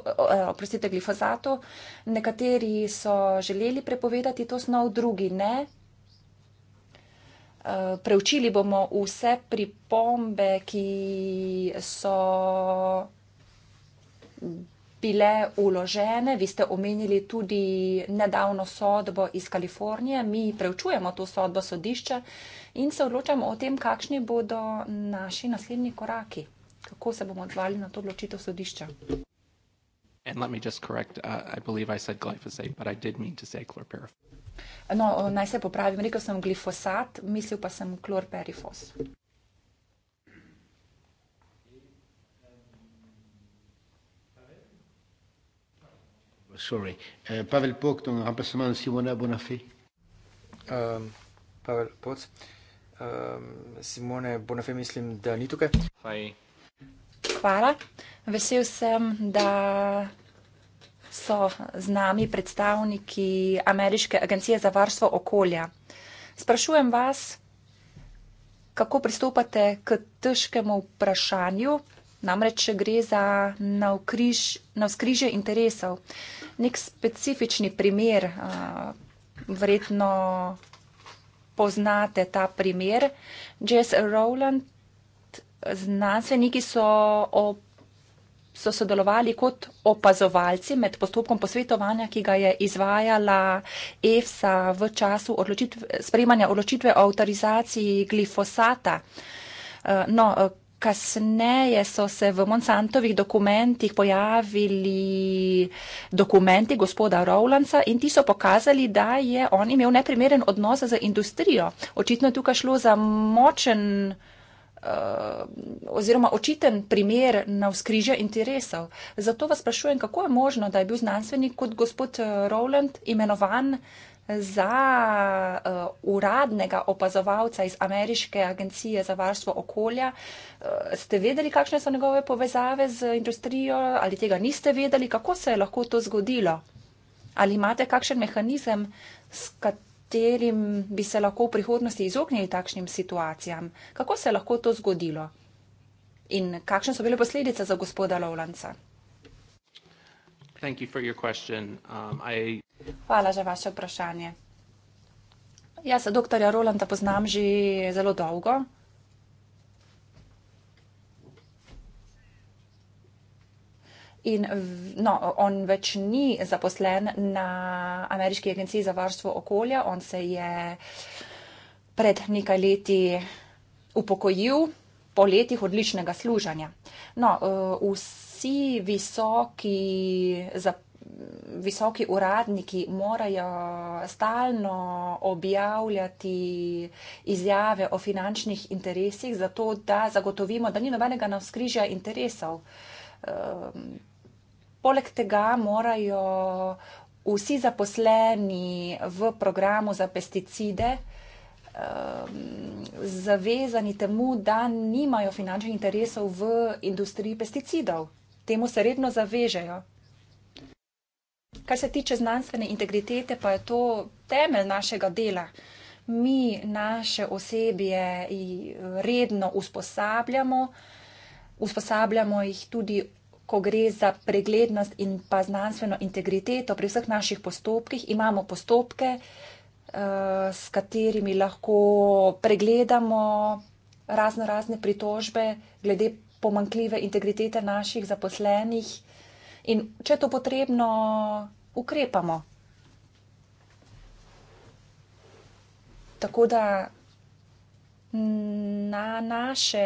oprostite, glifosatu. Nekateri so želeli prepovedati to snov, drugi ne. Preučili bomo vse pripombe, ki so bile uložene. Vi ste omenili tudi nedavno sodbo iz Kalifornije. Mi preučujemo to sodbo sodišča in se odločamo o tem, kakšni bodo naši naslednji koraki. Kako se bomo odvali na to odločitev sodišča? Uh, no, naj se popravim, rekel sem glifosat, mislil pa sem klorperifos. Sorry. Uh, Pavel Pok, ton remplacement de Simona Bonafé. Euh, Pavel Pok. Euh, Simona Bonafé, je pense qu'elle n'est pas ici. Hvala. Vesel sem, da so z nami predstavniki Ameriške agencije za varstvo okolja. Sprašujem vas, kako pristopate k težkemu vprašanju, Namreč gre za navskrižje interesov. Nek specifični primer, verjetno poznate ta primer. Jess Rowland, znanstveniki so, so sodelovali kot opazovalci med postopkom posvetovanja, ki ga je izvajala EFSA v času odločitve, sprejmanja odločitve o avtorizaciji glifosata. No, kasneje so se v Monsantovih dokumentih pojavili dokumenti gospoda Rowlansa in ti so pokazali, da je on imel neprimeren odnos z industrijo. Očitno je tukaj šlo za močen eh, oziroma očiten primer na vzkrižje interesov. Zato vas sprašujem, kako je možno, da je bil znanstvenik kot gospod eh, Rowland imenovan za uh, uradnega opazovalca iz Ameriške agencije za varstvo okolja. Uh, ste vedeli, kakšne so njegove povezave z industrijo ali tega niste vedeli? Kako se je lahko to zgodilo? Ali imate kakšen mehanizem, s katerim bi se lahko v prihodnosti izognili takšnim situacijam? Kako se je lahko to zgodilo? In kakšne so bile posledice za gospoda Lovlanca? Um, Hvala za vaše vprašanje. Jaz se dr. Rolanda poznam že zelo dolgo. In no, on več ni zaposlen na Ameriški agenciji za varstvo okolja. On se je pred nekaj leti upokojil po letih odličnega služanja. No, eh, vse vsi visoki, zap, visoki uradniki morajo stalno objavljati izjave o finančnih interesih, zato da zagotovimo, da ni nobenega navskrižja interesov. Ehm, poleg tega morajo vsi zaposleni v programu za pesticide ehm, zavezani temu, da nimajo finančnih interesov v industriji pesticidov temu se redno zavežejo. Kar se tiče znanstvene integritete, pa je to temelj našega dela. Mi naše osebje redno usposabljamo, usposabljamo jih tudi, ko gre za preglednost in pa znanstveno integriteto pri vseh naših postopkih. Imamo postopke, eh, s katerimi lahko pregledamo razno razne pritožbe glede pomankljive integritete naših zaposlenih in če je to potrebno, ukrepamo. Tako da na naše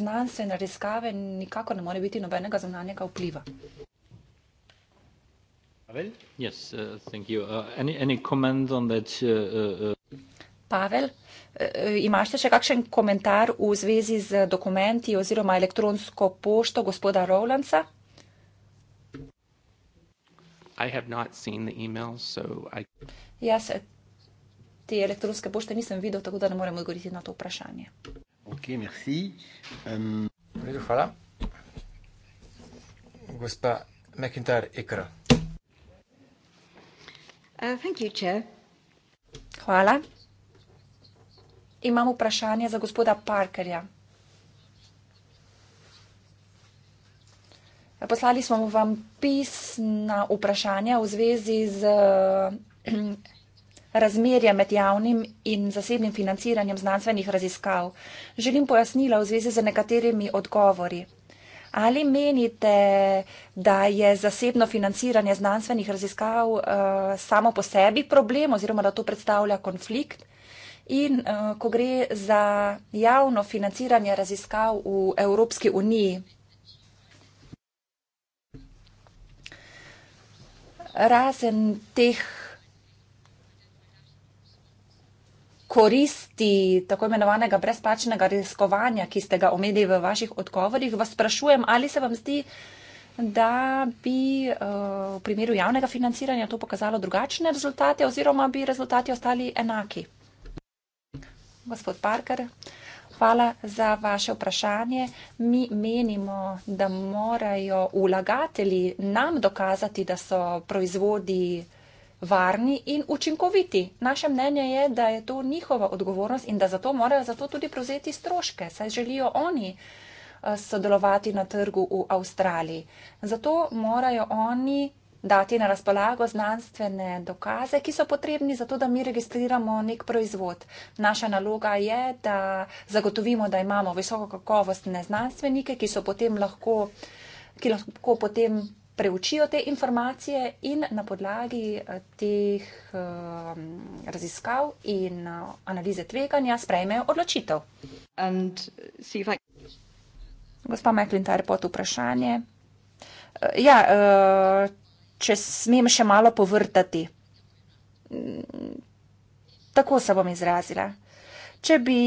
znanstvene raziskave nikako ne more biti nobenega zunanjega vpliva. Yes, uh, thank you. Uh, any any comments on that? Uh, uh, uh... Pavel, eh, imaš še kakšen komentar v zvezi z dokumenti oziroma elektronsko pošto gospoda Rowlandsa? Emails, so I... Jaz te elektronske pošte nisem videl, tako da ne morem odgovoriti na to vprašanje. Ok, merci. Um... Redu, hvala. Gospa McIntyre, ekra. Uh, thank you, Chair. Hvala. Imam vprašanje za gospoda Parkerja. Poslali smo vam pisna vprašanja v zvezi z razmerjem med javnim in zasebnim financiranjem znanstvenih raziskav. Želim pojasnila v zvezi z nekaterimi odgovori. Ali menite, da je zasebno financiranje znanstvenih raziskav uh, samo po sebi problem oziroma da to predstavlja konflikt? In uh, ko gre za javno financiranje raziskav v Evropski uniji. Razen teh koristi tako imenovanega brezplačnega raziskovanja, ki ste ga omedili v vaših odgovorih, vas sprašujem, ali se vam zdi, da bi uh, v primeru javnega financiranja to pokazalo drugačne rezultate oziroma bi rezultati ostali enaki. Gospod Parker, hvala za vaše vprašanje. Mi menimo, da morajo vlagatelji nam dokazati, da so proizvodi varni in učinkoviti. Naše mnenje je, da je to njihova odgovornost in da zato morajo zato tudi prevzeti stroške, saj želijo oni eh, sodelovati na trgu v Avstraliji. Zato morajo oni dati na razpolago znanstvene dokaze, ki so potrebni za to, da mi registriramo nek proizvod. Naša naloga je, da zagotovimo, da imamo visoko kakovostne znanstvenike, ki so potem lahko, ki lahko potem preučijo te informacije in na podlagi eh, teh um, raziskav in eh, analize tveganja sprejmejo odločitev. I... Gospa McClintyre, pod vprašanje. Ja, uh, če smem še malo povrtati. Tako se bom izrazila. Če bi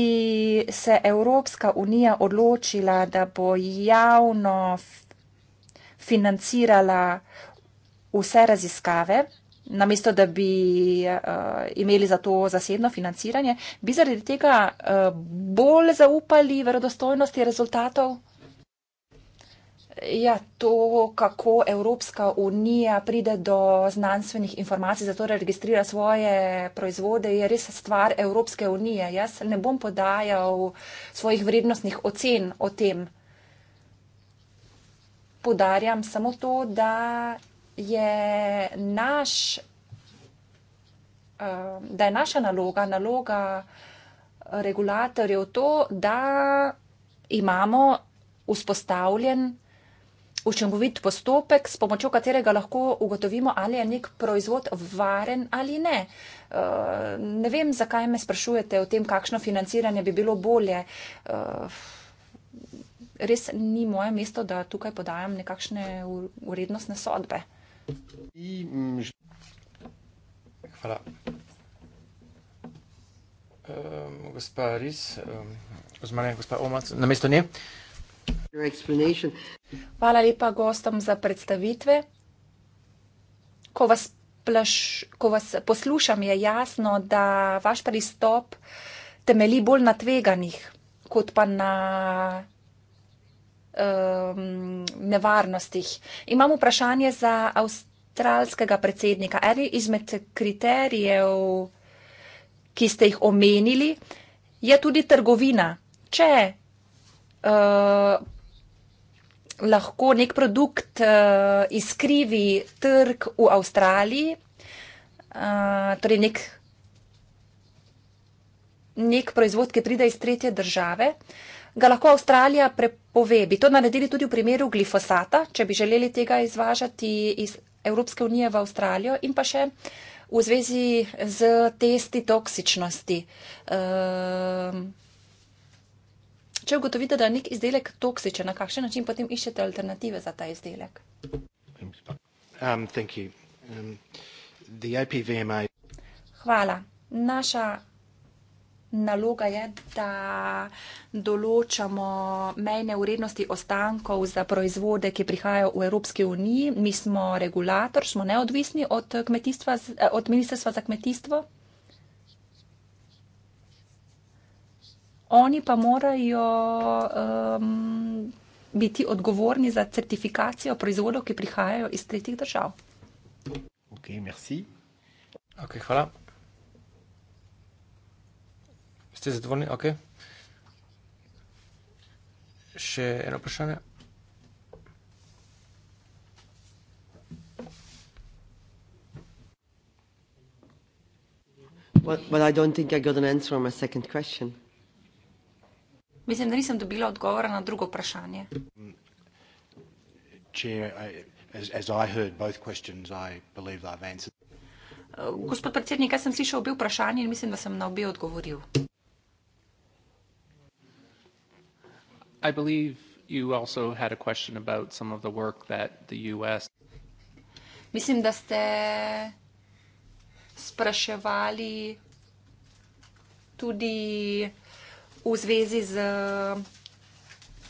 se Evropska unija odločila, da bo javno financirala vse raziskave, namesto da bi uh, imeli za to zasebno financiranje, bi zaradi tega uh, bolj zaupali verodostojnosti rezultatov? Ja, to, kako Evropska unija pride do znanstvenih informacij, zato registrira svoje proizvode, je res stvar Evropske unije. Jaz ne bom podajal svojih vrednostnih ocen o tem. Podarjam samo to, da je naš. Um, da je naša naloga, naloga regulatorjev, to, da imamo vzpostavljen učinkovit postopek, s pomočjo katerega lahko ugotovimo, ali je nek proizvod varen ali ne. Eh, ne vem, zakaj me sprašujete o tem, kakšno financiranje bi bilo bolje. Eh, res ni moje mesto, da tukaj podajam nekakšne urednostne sodbe. Hvala. Um, gospa Riz, um, ehm, oziroma ne, gospa Omac, na mesto nje. Uh, Hvala lepa gostom za predstavitve. Ko vas, plaš, ko vas poslušam, je jasno, da vaš pristop temeli bolj na tveganjih, kot pa na um, nevarnostih. Imam vprašanje za avstralskega predsednika. Eden izmed kriterijev, ki ste jih omenili, je tudi trgovina. Če Eh, lahko nek produkt uh, izkrivi trg v Avstraliji, uh, torej nek, nek proizvod, ki pride iz tretje države, ga lahko Avstralija prepove. Bi to naredili tudi v primeru glifosata, če bi želeli tega izvažati iz Evropske unije v Avstralijo in pa še v zvezi z testi toksičnosti. Uh, če ugotovite, da je nek izdelek toksičen, na kakšen način potem iščete alternative za ta izdelek? Um, um, IPVMI... Hvala. Naša naloga je, da določamo mejne urednosti ostankov za proizvode, ki prihajajo v Evropski uniji. Mi smo regulator, smo neodvisni od, eh, od Ministrstva za kmetijstvo. oni pa morajo um, biti odgovorni za certifikacijo proizvodov, ki prihajajo iz tretjih držav. Ok, merci. Ok, hvala. Ste zadovoljni? Ok. Še eno vprašanje. But, but I don't think I got an answer on my second question. Mislim, da nisem dobila odgovora na drugo vprašanje. Uh, gospod predsednik, jaz sem slišal obe vprašanji in mislim, da sem na obe odgovoril. Mislim, da ste spraševali tudi v zvezi z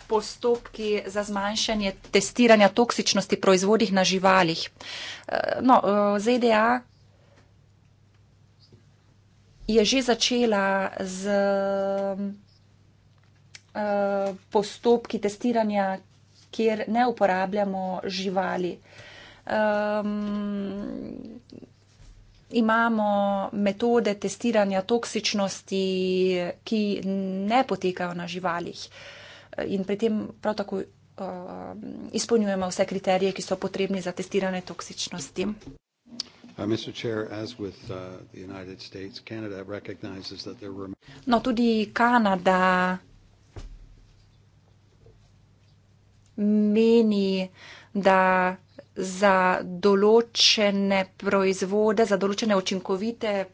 postopki za zmanjšanje testiranja toksičnosti proizvodih na živalih. Eh, no, eh, ZDA je že začela z eh, postopki testiranja, kjer ne uporabljamo živali. Ehm, imamo metode testiranja toksičnosti, ki ne potekajo na živalih in pri tem prav tako uh, izpolnjujemo vse kriterije, ki so potrebni za testiranje toksičnosti. Uh, uh, no, tudi Kanada meni, da za določene proizvode, za določene učinkovite.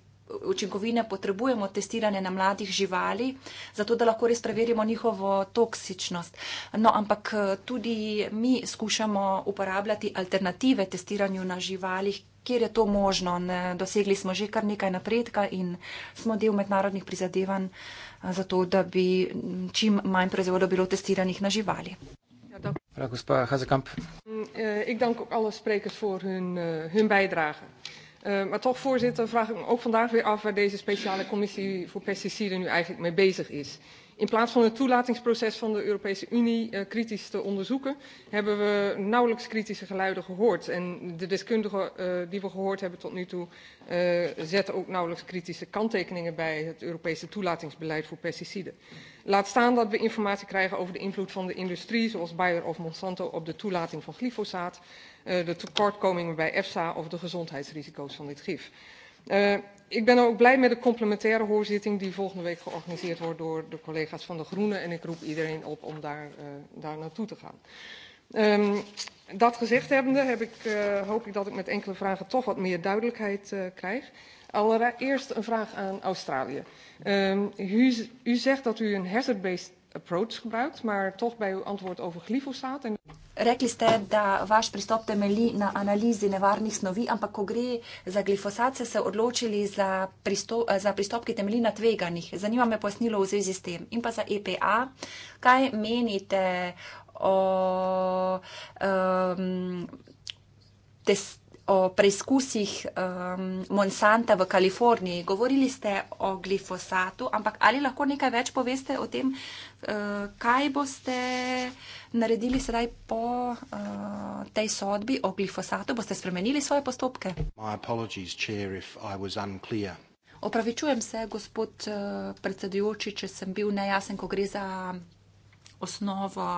Učinkovine potrebujemo testiranje na mladih živali, zato da lahko res preverimo njihovo toksičnost. No, ampak tudi mi skušamo uporabljati alternative testiranju na živalih, kjer je to možno. Ne, dosegli smo že kar nekaj napredka in smo del mednarodnih prizadevanj za to, da bi čim manj proizvodov bilo testiranih na živali. Dank. Mevrouw Hazekamp. Mm, eh, ik dank ook alle sprekers voor hun, eh, hun bijdrage. Eh, maar toch, voorzitter, vraag ik me ook vandaag weer af waar deze speciale commissie voor pesticiden nu eigenlijk mee bezig is. In plaats van het toelatingsproces van de Europese Unie uh, kritisch te onderzoeken, hebben we nauwelijks kritische geluiden gehoord. En de deskundigen uh, die we gehoord hebben tot nu toe uh, zetten ook nauwelijks kritische kanttekeningen bij het Europese toelatingsbeleid voor pesticiden. Laat staan dat we informatie krijgen over de invloed van de industrie, zoals Bayer of Monsanto, op de toelating van glyfosaat, uh, de tekortkomingen bij EFSA of de gezondheidsrisico's van dit gif. Eh, ik ben ook blij met de complementaire hoorzitting die volgende week georganiseerd wordt door de collega's van de groenen en ik roep iedereen op om daar eh, naartoe te gaan. Ehm, dat gezegd hebbende heb ik, eh, hoop ik dat ik met enkele vragen toch wat meer duidelijkheid krijg. allereerst een vraag aan australië. Ehm, u zegt dat u een hazard based approach gebruikt, maar toch bij uw antwoord over glyfosaat. En... Rekli ste, da vaš pristop temelji na analizi nevarnih snovi, ampak ko gre za glifosat, ste se odločili za pristop, za pristop, ki temelji na tveganih. Zanima me pojasnilo v zvezi s tem. In pa za EPA, kaj menite o, um, tes, o preizkusih um, Monsanta v Kaliforniji? Govorili ste o glifosatu, ampak ali lahko nekaj več poveste o tem? Uh, Eh, kaj boste naredili sedaj po uh, tej sodbi o glifosatu? Boste spremenili svoje postopke? Chair, Opravičujem se, gospod uh, predsedujoči, če sem bil nejasen, ko gre za osnovo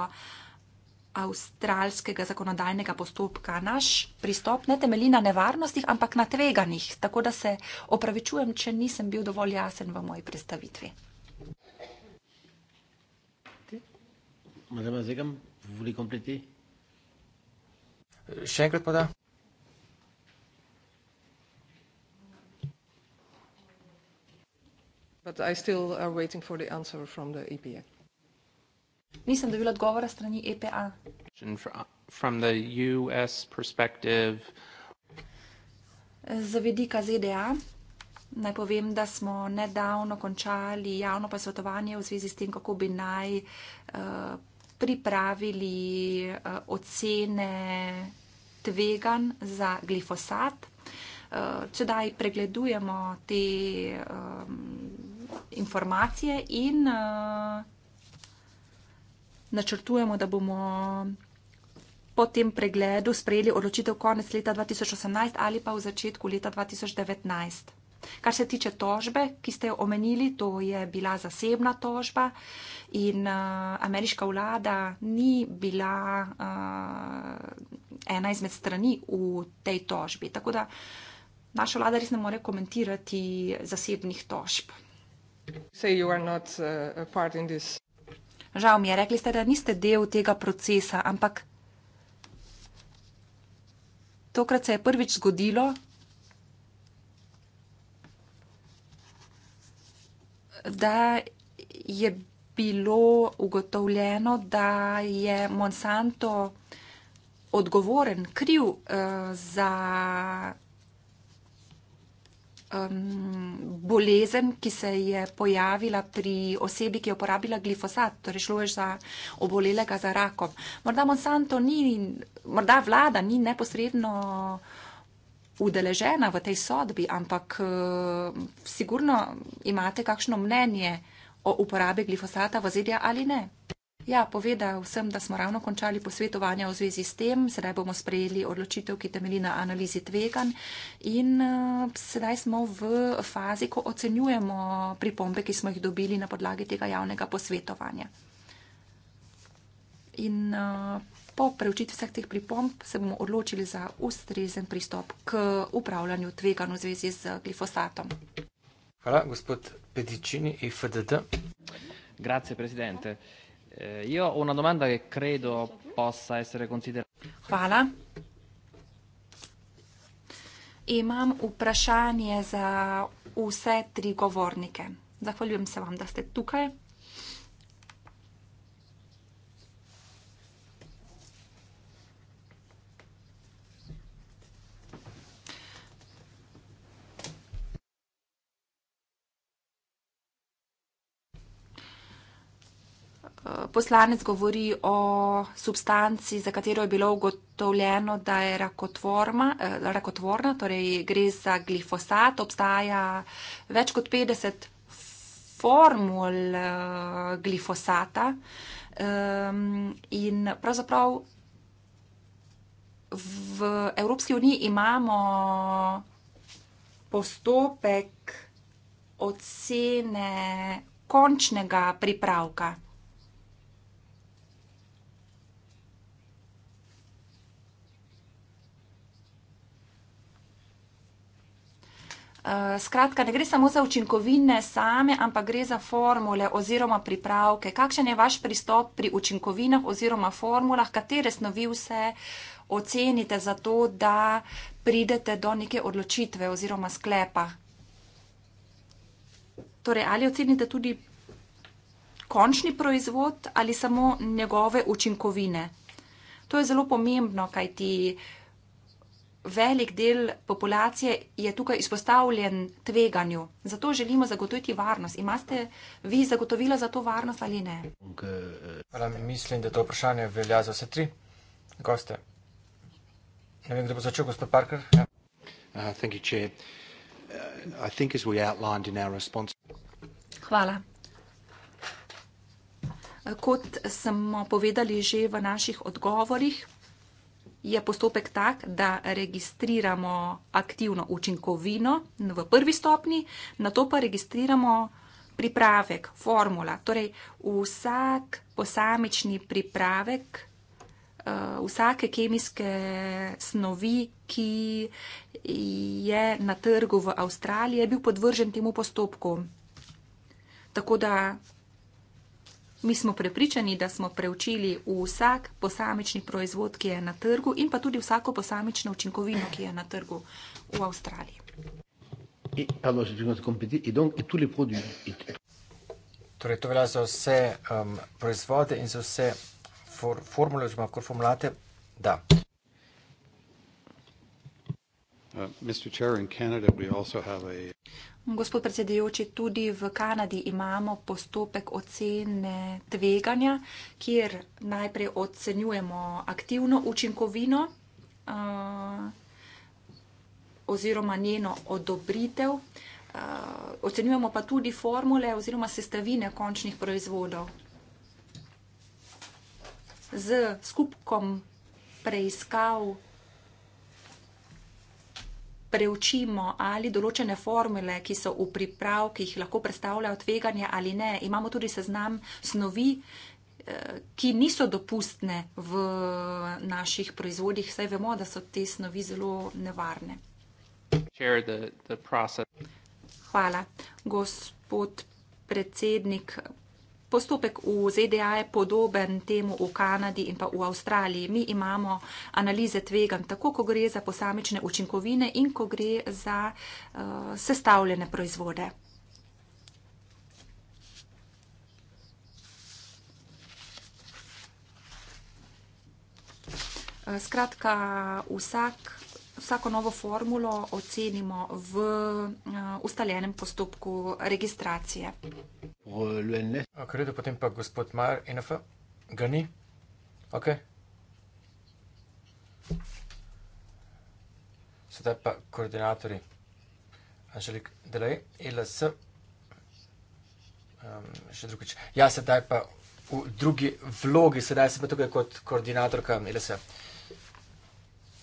avstralskega zakonodajnega postopka. Naš pristop ne temelji na nevarnostih, ampak na tveganih. Tako da se opravičujem, če nisem bil dovolj jasen v moji predstavitvi. Madame Azegam, vous voulez compléter Chien, euh, Claude Poda. But I still are waiting for the answer from the EPA. Nisem dobil odgovora strani EPA. From the US perspective. Z vidika ZDA naj povem, da smo nedavno končali javno posvetovanje v zvezi s tem, kako bi naj uh, pripravili eh, ocene tvegan za glifosat. Eh, če daj pregledujemo te um, informacije in uh, načrtujemo, da bomo po tem pregledu sprejeli odločitev konec leta 2018 ali pa v začetku leta 2019. Kar se tiče tožbe, ki ste jo omenili, to je bila zasebna tožba in uh, ameriška vlada ni bila uh, ena izmed strani v tej tožbi. Tako da naša vlada res ne more komentirati zasebnih tožb. Not, uh, Žal mi je, rekli ste, da niste del tega procesa, ampak. Tokrat se je prvič zgodilo, da je bilo ugotovljeno, da je Monsanto odgovoren, kriv uh, za um, bolezen, ki se je pojavila pri osebi, ki je uporabila glifosat, torej šlo je za obolelega za rakom. Morda Monsanto ni, morda vlada ni neposredno uh, udeležena v tej sodbi, ampak uh, sigurno imate kakšno mnenje o uporabi glifosata v ZDA ali ne. Ja, povedal sem, da smo ravno končali posvetovanja v zvezi s tem, sedaj bomo sprejeli odločitev, ki temeli na analizi tvegan in uh, sedaj smo v fazi, ko ocenjujemo pripombe, ki smo jih dobili na podlagi tega javnega posvetovanja. In uh, po preučitvi vseh teh pripomb se bomo odločili za ustrezen pristop k upravljanju tvegan v zvezi z glifosatom. Hvala, gospod Pedicini in FDD. Grazie, presidente. Eh, io ho una domanda che credo possa essere considerata. Hvala. Imam vprašanje za vse tri govornike. Zahvaljujem se vam, da ste tukaj. poslanec govori o substanci, za katero je bilo ugotovljeno, da je eh, rakotvorna, torej gre za glifosat, obstaja več kot 50 formul eh, glifosata ehm, in pravzaprav v Evropski uniji imamo postopek ocene končnega pripravka. Eh, skratka, ne gre samo za učinkovine same, ampak gre za formule oziroma pripravke. Kakšen je vaš pristop pri učinkovinah oziroma formulah, katere snovi vse ocenite za to, da pridete do neke odločitve oziroma sklepa? Torej, ali ocenite tudi končni proizvod ali samo njegove učinkovine? To je zelo pomembno, kaj ti velik del populacije je tukaj izpostavljen tveganju. Zato želimo zagotoviti varnost. Imate vi zagotovila za to varnost ali ne? Hvala, mislim, da to vprašanje velja za vse tri goste. Ne vem, kdo bo začel, gospod Parker. Ja. Uh, uh, Hvala. Kot smo povedali že v naših odgovorih, je postopek tak, da registriramo aktivno učinkovino v prvi stopni, na to pa registriramo pripravek, formula. Torej, vsak posamični pripravek eh, vsake kemijske snovi, ki je na trgu v Avstraliji, je bil podvržen temu postopku. Tako da Mi smo prepričani, da smo preučili vsak posamični proizvod, ki je na trgu, in pa tudi vsako posamično učinkovino, ki je na trgu v Avstraliji. Torej, to velja za vse um, proizvode in za vse for, formule, oziroma formulate. Da. Uh, Chair, Canada, a... Gospod predsedujoči, tudi v Kanadi imamo postopek ocene tveganja, kjer najprej ocenjujemo aktivno učinkovino oziroma njeno odobritev, ocenjujemo pa tudi formule oziroma sestavine končnih proizvodov. Z skupkom preiskav preučimo, ali določene formule, ki so v pripravkih, lahko predstavljajo tveganje ali ne. Imamo tudi seznam snovi, eh, ki niso dopustne v naših proizvodih, saj vemo, da so te snovi zelo nevarne. Hvala, gospod predsednik. Postopek v ZDA je podoben temu v Kanadi in pa v Avstraliji. Mi imamo analize tvegan, tako ko gre za posamične učinkovine in ko gre za uh, sestavljene proizvode. Eh, skratka, vsak uh, vsako novo formulo ocenimo v eh, ustaljenem postopku registracije. Okredo, euh, potem pa gospod Majer, NF, ga ni? Ok. Sedaj pa koordinatori. Anželik Delej, LS. Um, še drugič. Ja, sedaj pa v drugi vlogi, sedaj sem pa tukaj kot koordinatorka LS. -a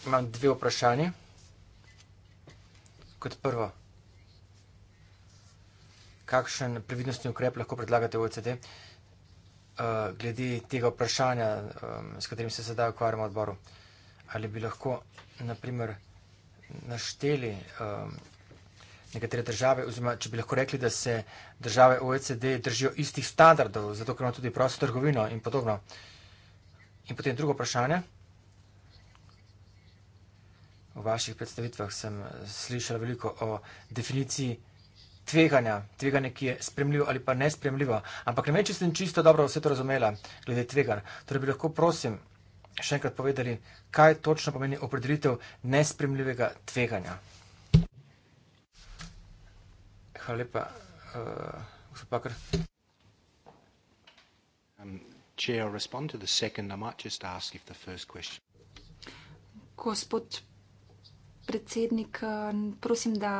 imam dve vprašanje. Kot prvo, kakšen previdnostni ukrep lahko predlagate v OECD uh, glede tega vprašanja, um, s katerim se sedaj ukvarjamo odboru? Ali bi lahko, naprimer, našteli um, nekatere države, oziroma, če bi lahko rekli, da se države OECD držijo istih standardov, zato ker imamo tudi prosto trgovino in podobno. In potem drugo vprašanje v vaših predstavitvah sem eh, slišal veliko o definiciji tveganja, tveganja, ki je spremljivo ali pa nespremljivo. Ampak ne vem, če sem čisto dobro vse to razumela glede tveganj. Torej bi lahko prosim še enkrat povedali, kaj točno pomeni opredelitev nespremljivega tveganja. Hvala lepa, uh, gospod Pakr. Um, gospod predsednik, prosim, da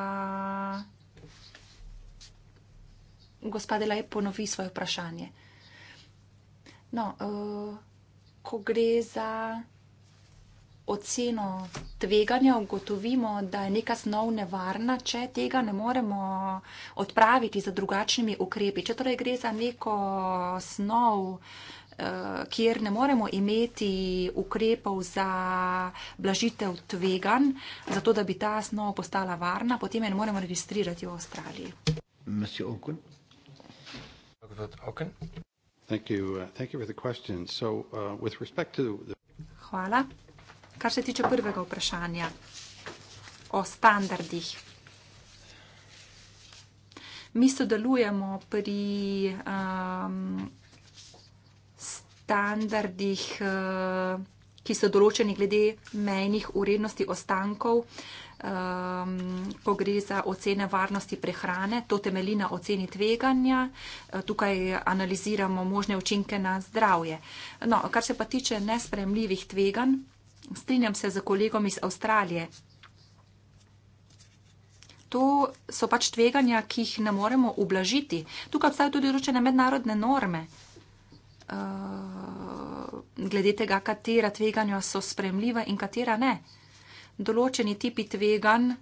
gospodela je ponovi svoje vprašanje. No, uh, ko gre za oceno tveganja, ugotovimo, da je neka snov nevarna, če tega ne moremo odpraviti z drugačnimi ukrepi. Če torej gre za neko snov, uh, Eh, kjer ne moremo imeti ukrepov za blažitev tvegan, zato da bi ta snov postala varna, potem je ne moremo registrirati v Avstraliji. Uh, uh, Hvala. Kar se tiče prvega vprašanja o standardih. Mi sodelujemo pri um, standardih, eh, ki so določeni glede mejnih urednosti ostankov, ehm, ko gre za ocene varnosti prehrane. To temelji na oceni tveganja. Eh, tukaj analiziramo možne učinke na zdravje. No, kar se pa tiče nespremljivih tvegan, strinjam se z kolegom iz Avstralije. To so pač tveganja, ki jih ne moremo ublažiti. Tukaj obstajajo tudi določene mednarodne norme. Eh, glede tega, katera tveganja so spremljiva in katera ne. Določeni tipi tveganj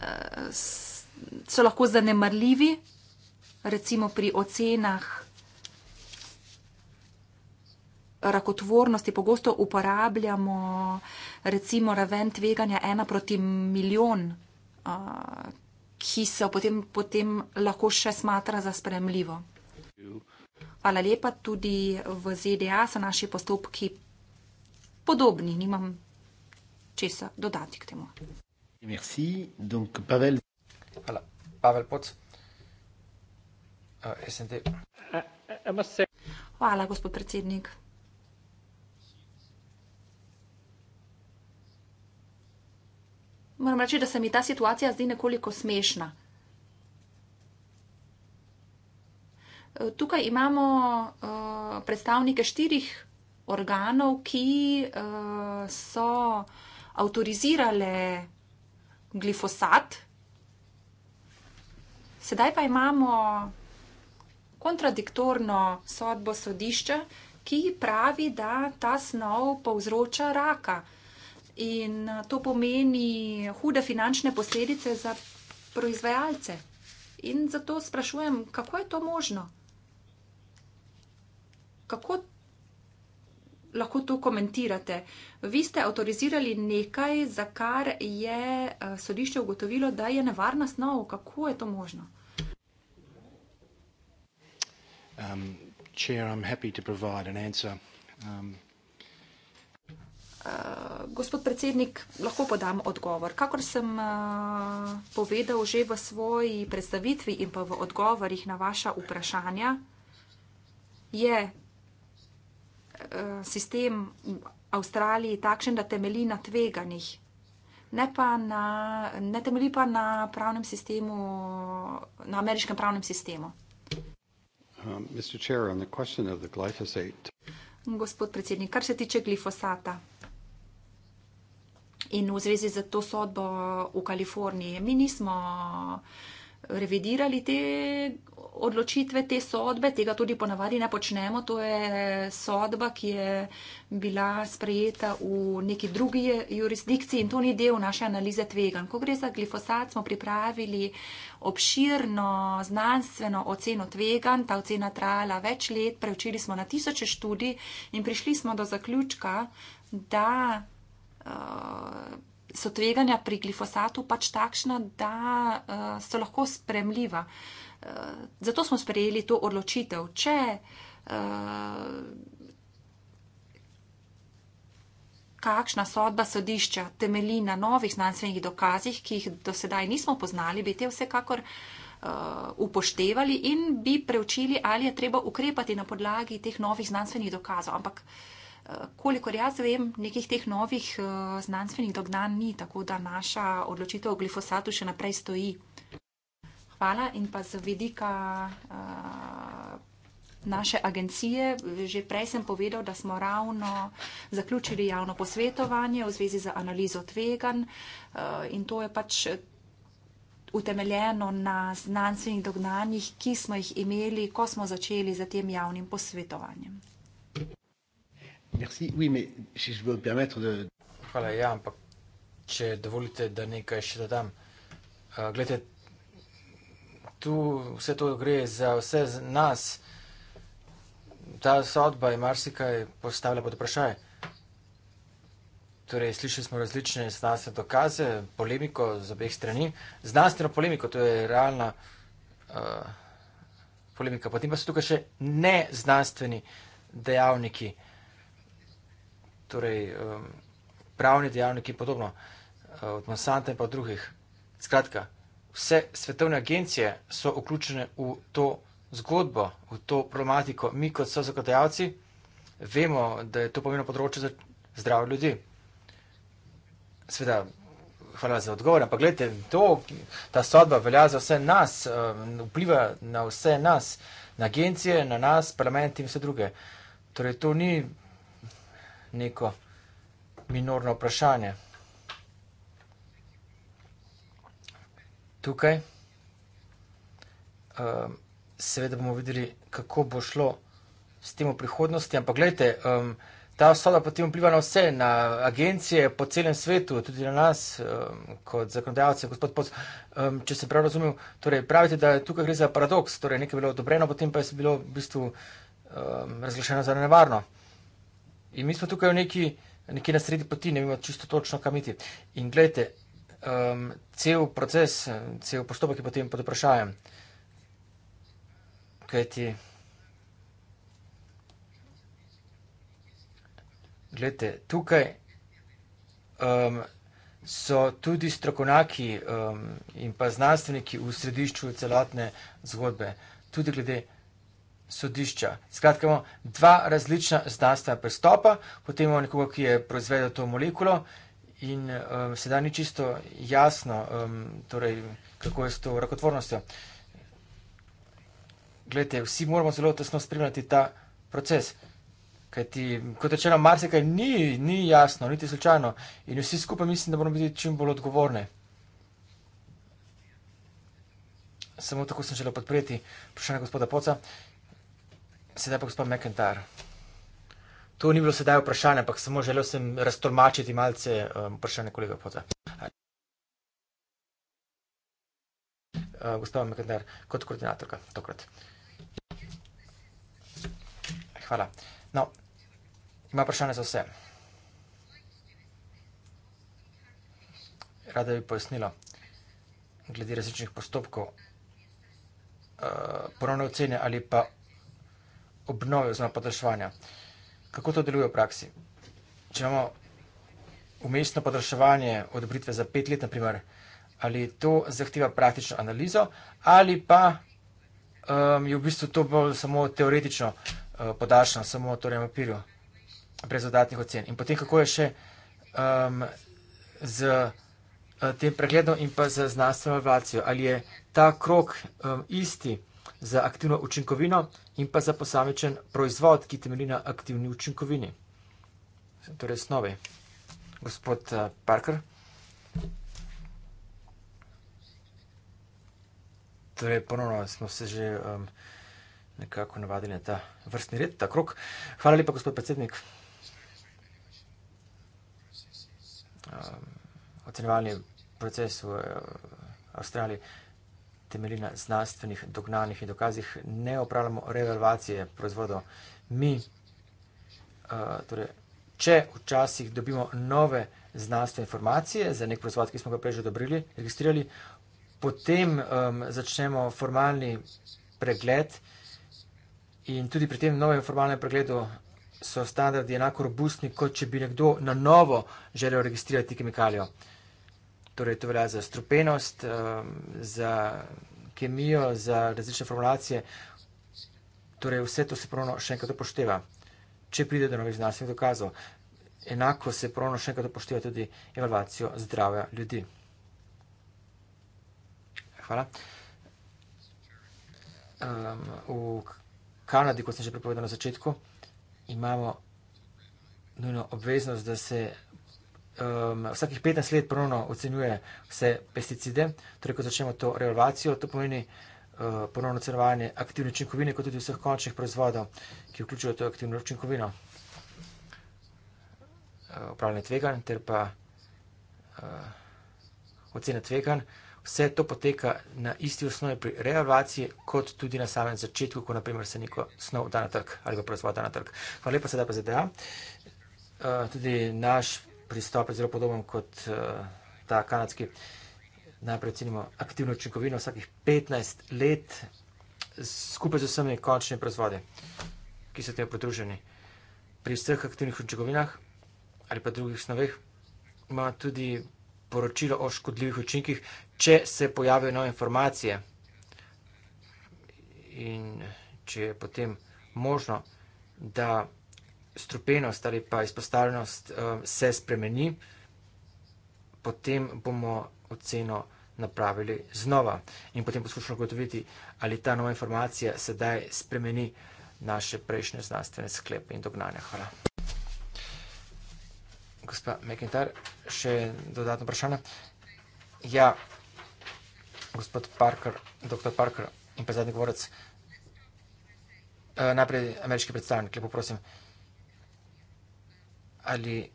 uh, so lahko zanemrljivi, recimo pri ocenah rakotvornosti. Pogosto uporabljamo recimo raven tveganja ena proti milijon. Uh, ki se potem, potem lahko še smatra za spremljivo. Hvala lepa. Tudi v ZDA so naši postopki podobni. Nimam česa dodati k temu. Merci. Donc, Pavel. Hvala. Pavel Poc. Uh, eh, SND. Eh, eh, Hvala, gospod predsednik. moram reči, da se mi ta situacija zdi nekoliko smešna. E, tukaj imamo uh, predstavnike štirih organov, ki uh, so avtorizirale glifosat. Sedaj pa imamo kontradiktorno sodbo sodišča, ki pravi, da ta snov povzroča raka in eh, to pomeni hude finančne posledice za proizvajalce. In zato sprašujem, kako je to možno? Kako lahko to komentirate? Vi ste avtorizirali nekaj, za kar je eh, sodišče ugotovilo, da je nevarna snov. Kako je to možno? Um, chair, I'm happy to provide an answer. Um, uh, gospod predsednik, lahko podam odgovor. Kakor sem uh, povedal že v svoji predstavitvi in pa v odgovorih na vaša vprašanja, je uh, sistem v Avstraliji takšen, da temelji na tveganjih, ne, ne temelji pa na pravnem sistemu, na ameriškem pravnem sistemu. Um, Chair, Gospod predsednik, kar se tiče glifosata. In v zvezi z to sodbo v Kaliforniji, mi nismo revidirali te odločitve, te sodbe, tega tudi ponavadi ne počnemo. To je sodba, ki je bila sprejeta v neki drugi jurisdikciji in to ni del naše analize tvegan. Ko gre za glifosat, smo pripravili obširno znanstveno oceno tvegan. Ta ocena trajala več let, preučili smo na tisoče študij in prišli smo do zaključka, da uh, so tveganja pri glifosatu pač takšna, da uh, so lahko spremljiva. Uh, zato smo sprejeli to odločitev. Če uh, kakšna sodba sodišča temeli na novih znanstvenih dokazih, ki jih do sedaj nismo poznali, bi te vsekakor upoštevali in bi preučili, ali je treba ukrepati na podlagi teh novih znanstvenih dokazov. Ampak uh, kolikor jaz vem, nekih teh novih eh, znanstvenih dognan ni, tako da naša odločitev o glifosatu še naprej stoji. Hvala in pa z vidika uh, naše agencije. Že prej sem povedal, da smo ravno zaključili javno posvetovanje v zvezi z analizo tvegan uh, eh, in to je pač utemeljeno na znanstvenih dognanjih, ki smo jih imeli, ko smo začeli z tem javnim posvetovanjem. Merci. Oui, mais si je veux me permettre de... Voilà, ja, ampak če dovolite, da nekaj še dodam. Uh, Glede, tu vse to gre za vse nas. Ta sodba je marsikaj postavlja pod vprašaj. Torej, slišali smo različne znanstvene dokaze, polemiko z obeh strani. Znanstveno polemiko, to je realna uh, polemika. Potem pa so tukaj še neznanstveni dejavniki. Uh, torej um, pravni dejavniki in podobno, uh, od Monsanta in pa drugih. Skratka, vse svetovne agencije so vključene v to zgodbo, v to problematiko. Mi kot so zakotajalci vemo, da je to pomembno področje za zdravje ljudi. Sveda, hvala za odgovor, ampak gledajte, to, ta sodba velja za vse nas, um, vpliva na vse nas, na agencije, na nas, parlament in vse druge. Torej, to ni neko minorno vprašanje. Tukaj um, seveda bomo videli, kako bo šlo s tem v prihodnosti, ampak gledajte, um, ta osoba potem vpliva na vse, na agencije po celem svetu, tudi na nas, um, kot zakonodajalce, gospod Poc, um, če se prav razumel, torej pravite, da tukaj gre za paradoks, torej nekaj je bilo odobreno, potem pa je bilo v bistvu um, razglašeno za nevarno. In mi smo tukaj v neki, neki na sredi poti, ne vemo čisto točno, kam iti. In gledajte, um, cel proces, cel postopek je potem pod vprašanjem. Kajti, gledajte, tukaj. Um, So tudi strokovnjaki um, in pa znanstveniki v središču celotne zgodbe, tudi glede sodišča. Skratka, imamo dva različna znanstvena pristopa, potem imamo nekoga, ki je proizvedel to molekulo in um, sedaj ni čisto jasno, um, torej, kako je s to rakotvornostjo. Glede, vsi moramo zelo tesno spremljati ta proces. Kajti, kot rečeno, marsikaj ni, ni jasno, niti slučajno. In vsi skupaj mislim, da moramo biti čim bolj odgovorni. Samo tako sem želel podpreti vprašanje gospoda Poca. Sedaj pa gospod Mekentar. To ni bilo sedaj vprašanje, ampak samo želel sem raztolmačiti malce um, vprašanje kolega Pota. Uh, gospod Mekandar, kot koordinatorka, tokrat. Hvala. No, ima vprašanje za vse. Rada bi pojasnila, glede različnih postopkov, uh, ponovne ocene ali pa obnove oziroma podrašovanja. Kako to deluje v praksi? Če imamo umestno podrašovanje odobritve za pet let, naprimer, ali to zahteva praktično analizo, ali pa um, je v bistvu to bolj samo teoretično uh, podaljšano, samo torej na papirju, brez dodatnih ocen. In potem kako je še um, z uh, tem pregledom in pa z znanstveno evaluacijo. Ali je ta krok um, isti? za aktivno učinkovino in pa za posamečen proizvod, ki temelji na aktivni učinkovini. Torej, snovi. Gospod eh, Parker. Torej, ponovno smo se že um, nekako navadili na ta vrstni red, ta krok. Hvala lepa, gospod predsednik. Um, ocenevalni proces v uh, Avstraliji temelji na znanstvenih dognanjih in dokazih, ne opravljamo revalvacije proizvodov. Mi, uh, torej, če včasih dobimo nove znanstvene informacije za nek proizvod, ki smo ga prej že odobrili, registrirali, potem um, začnemo formalni pregled in tudi pri tem novem formalnem pregledu so standardi enako robustni, kot če bi nekdo na novo želel registrirati kemikalijo torej to velja za strupenost, ehm, za kemijo, za različne formulacije. Torej vse to se pravno še enkrat upošteva, če pride do novih znanstvenih dokazov. Enako se pravno še enkrat upošteva tudi evalvacijo zdravja ljudi. Hvala. Um, v Kanadi, kot sem že pripovedal na začetku, imamo nujno obveznost, da se um, vsakih 15 let ponovno ocenjuje vse pesticide, torej ko začnemo to revalvacijo, to pomeni uh, ponovno ocenjevanje aktivne učinkovine, kot tudi vseh končnih proizvodov, ki vključujejo to aktivno učinkovino, uh, upravljanje tveganj ter pa uh, ocena tveganj. Vse to poteka na isti osnovi pri reavaciji, kot tudi na samem začetku, ko naprimer se neko snov da na trg ali pa proizvod da na trg. Hvala lepa, sedaj pa ZDA. Uh, tudi naš pristop, zelo podoben kot uh, ta kanadski. Najprej ocenimo aktivno učinkovino vsakih 15 let, skupaj z vsemi končnimi proizvodi, ki so temu pridruženi. Pri vseh aktivnih učinkovinah ali pa drugih snoveh ima tudi poročilo o škodljivih učinkih, če se pojavijo nove informacije in če je potem možno, da strupenost ali pa izpostavljenost uh, se spremeni, potem bomo oceno napravili znova in potem poskušamo gotoviti, ali ta nova informacija sedaj spremeni naše prejšnje znanstvene sklepe in dognanja. Hvala. Gospa Mekintar, še dodatno vprašanje. Ja, gospod Parker, doktor Parker in pa zadnji govorec, uh, najprej ameriški predstavnik, lepo prosim. Uh, ali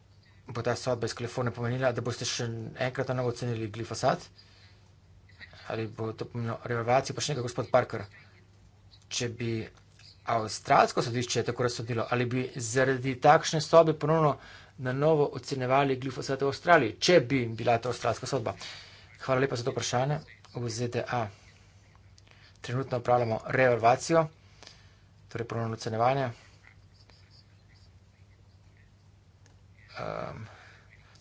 bo ta sodba iz Kalifornije pomenila, da boste še enkrat na novo ocenili glifosat? Ali bo to pomenilo revalvacijo, pa še nekaj, gospod Parker? Če bi avstralsko sodišče tako razsodilo, ali bi zaradi takšne sodbe ponovno na novo ocenevali glifosat v Avstraliji, če bi bila ta avstralska sodba? Hvala lepa za to vprašanje. V ZDA trenutno upravljamo revalvacijo, torej ponovno ocenevanje. um,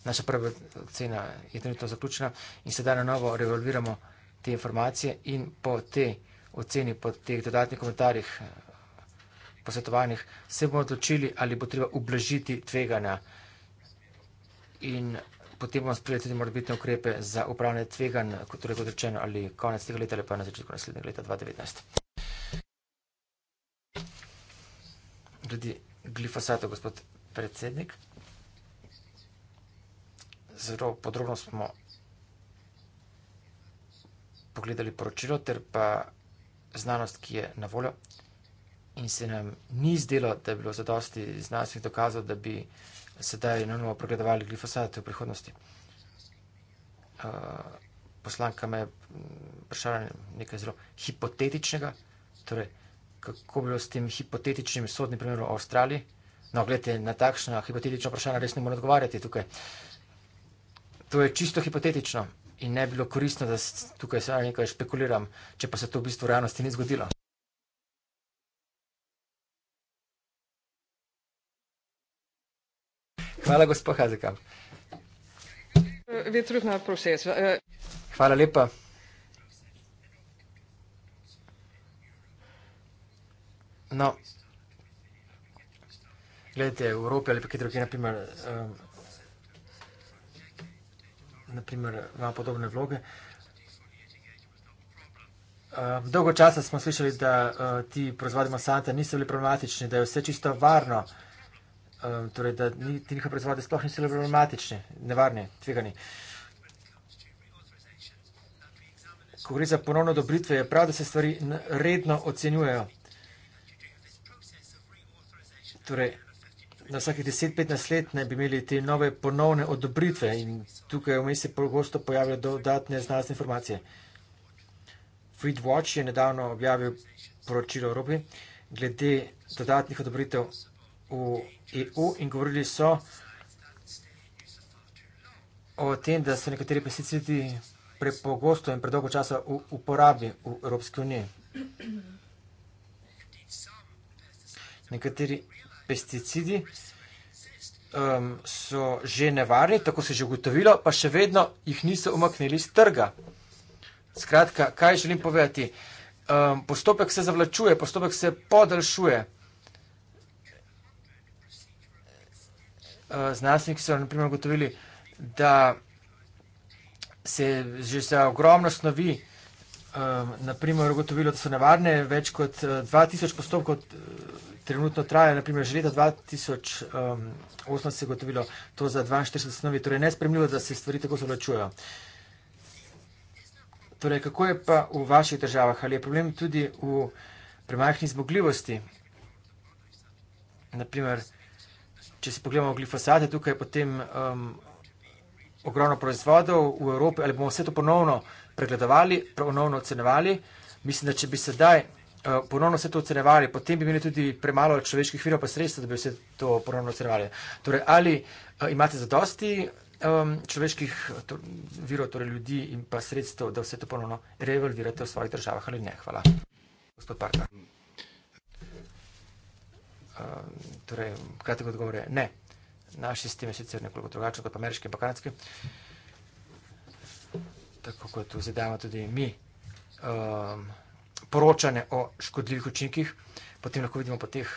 naša prva cena je trenutno zaključena in sedaj na novo revolviramo te informacije in po te oceni, po teh dodatnih komentarjih, eh, posvetovanjih, se bomo odločili, ali bo treba ublažiti tveganja in potem bomo sprejeli tudi morbitne ukrepe za upravljanje tveganj, kot, torej, kot rečeno, ali konec tega leta ali pa na začetku naslednjega leta 2019. Glede glifosata, gospod predsednik zelo podrobno smo pogledali poročilo ter pa znanost, ki je na voljo in se nam ni zdelo, da je bilo zadosti znanstvenih dokazov, da bi sedaj na novo pregledovali glifosate v prihodnosti. Eh, poslanka me je mm, vprašala nekaj zelo hipotetičnega, torej kako bi bilo s tem hipotetičnim sodnim primerom v Avstraliji. No, gledajte, na takšno hipotetično vprašanje res ne morem odgovarjati tukaj. Uh, To je čisto hipotetično in ne bi bilo koristno, da se tukaj se nekaj špekuliram, če pa se to v bistvu v realnosti ni zgodilo. Hvala, gospod Hazekam. Vetrutna proces. Eh, Hvala lepa. No, gledajte, v Evropi ali pa kje drugje, na primer, um, naprimer, ima podobne vloge. Um, dolgo časa smo slišali, da uh, ti proizvodi Monsanta niso bili problematični, da je vse čisto varno, um, torej da ni, ti njihovi proizvodi sploh niso bili problematični, nevarni, tvegani. Ko gre za ponovno dobritve, je prav, da se stvari redno ocenjujejo. Torej, na vsakih 10-15 let ne bi imeli te nove ponovne odobritve in tukaj v mesti pogosto pojavljajo dodatne znanstvene informacije. Freedwatch je nedavno objavil poročilo Evropi glede dodatnih odobritev v EU in govorili so o tem, da so nekateri pesticidi prepogosto in predolgo časa v uporabi v Evropski uniji. Nekateri pesticidi um, so že nevarni, tako se je že ugotovilo, pa še vedno jih niso umaknili z trga. Skratka, kaj želim povedati? Um, postopek se zavlačuje, postopek se podaljšuje. Uh, znanstveniki so naprimer ugotovili, da se že za ogromno snovi Ehm, naprimer ugotovilo, da so nevarne, več kot 2000 eh, postopkov eh, trenutno traja, naprimer že leta 2008 ehm, se je ugotovilo to za 42 snovi, torej nespremljivo, da se stvari tako zločujo. Torej, kako je pa v vaših državah? Ali je problem tudi v premajhni zmogljivosti? Naprimer, če si pogledamo glifosate, tukaj je potem ehm, ogromno proizvodov v Evropi, ali bomo vse to ponovno vsega, pregledovali, ponovno ocenjevali. Mislim, da če bi sedaj eh, ponovno vse to ocenjevali, potem bi imeli tudi premalo človeških virov pa sredstva, da bi vse to ponovno ocenjevali. Torej, ali eh, imate zadosti um, človeških to, virov, torej ljudi in pa sredstva, da vse to ponovno revalvirate v svojih državah ali ne? Hvala. Gospod Parka. Um, torej, kratek odgovor je ne. Naš sistem je sicer nekoliko drugačen kot ameriški in kanadski. Uh, tako kot vzedajamo tudi mi, um, poročanje o škodljivih učinkih, potem lahko vidimo po teh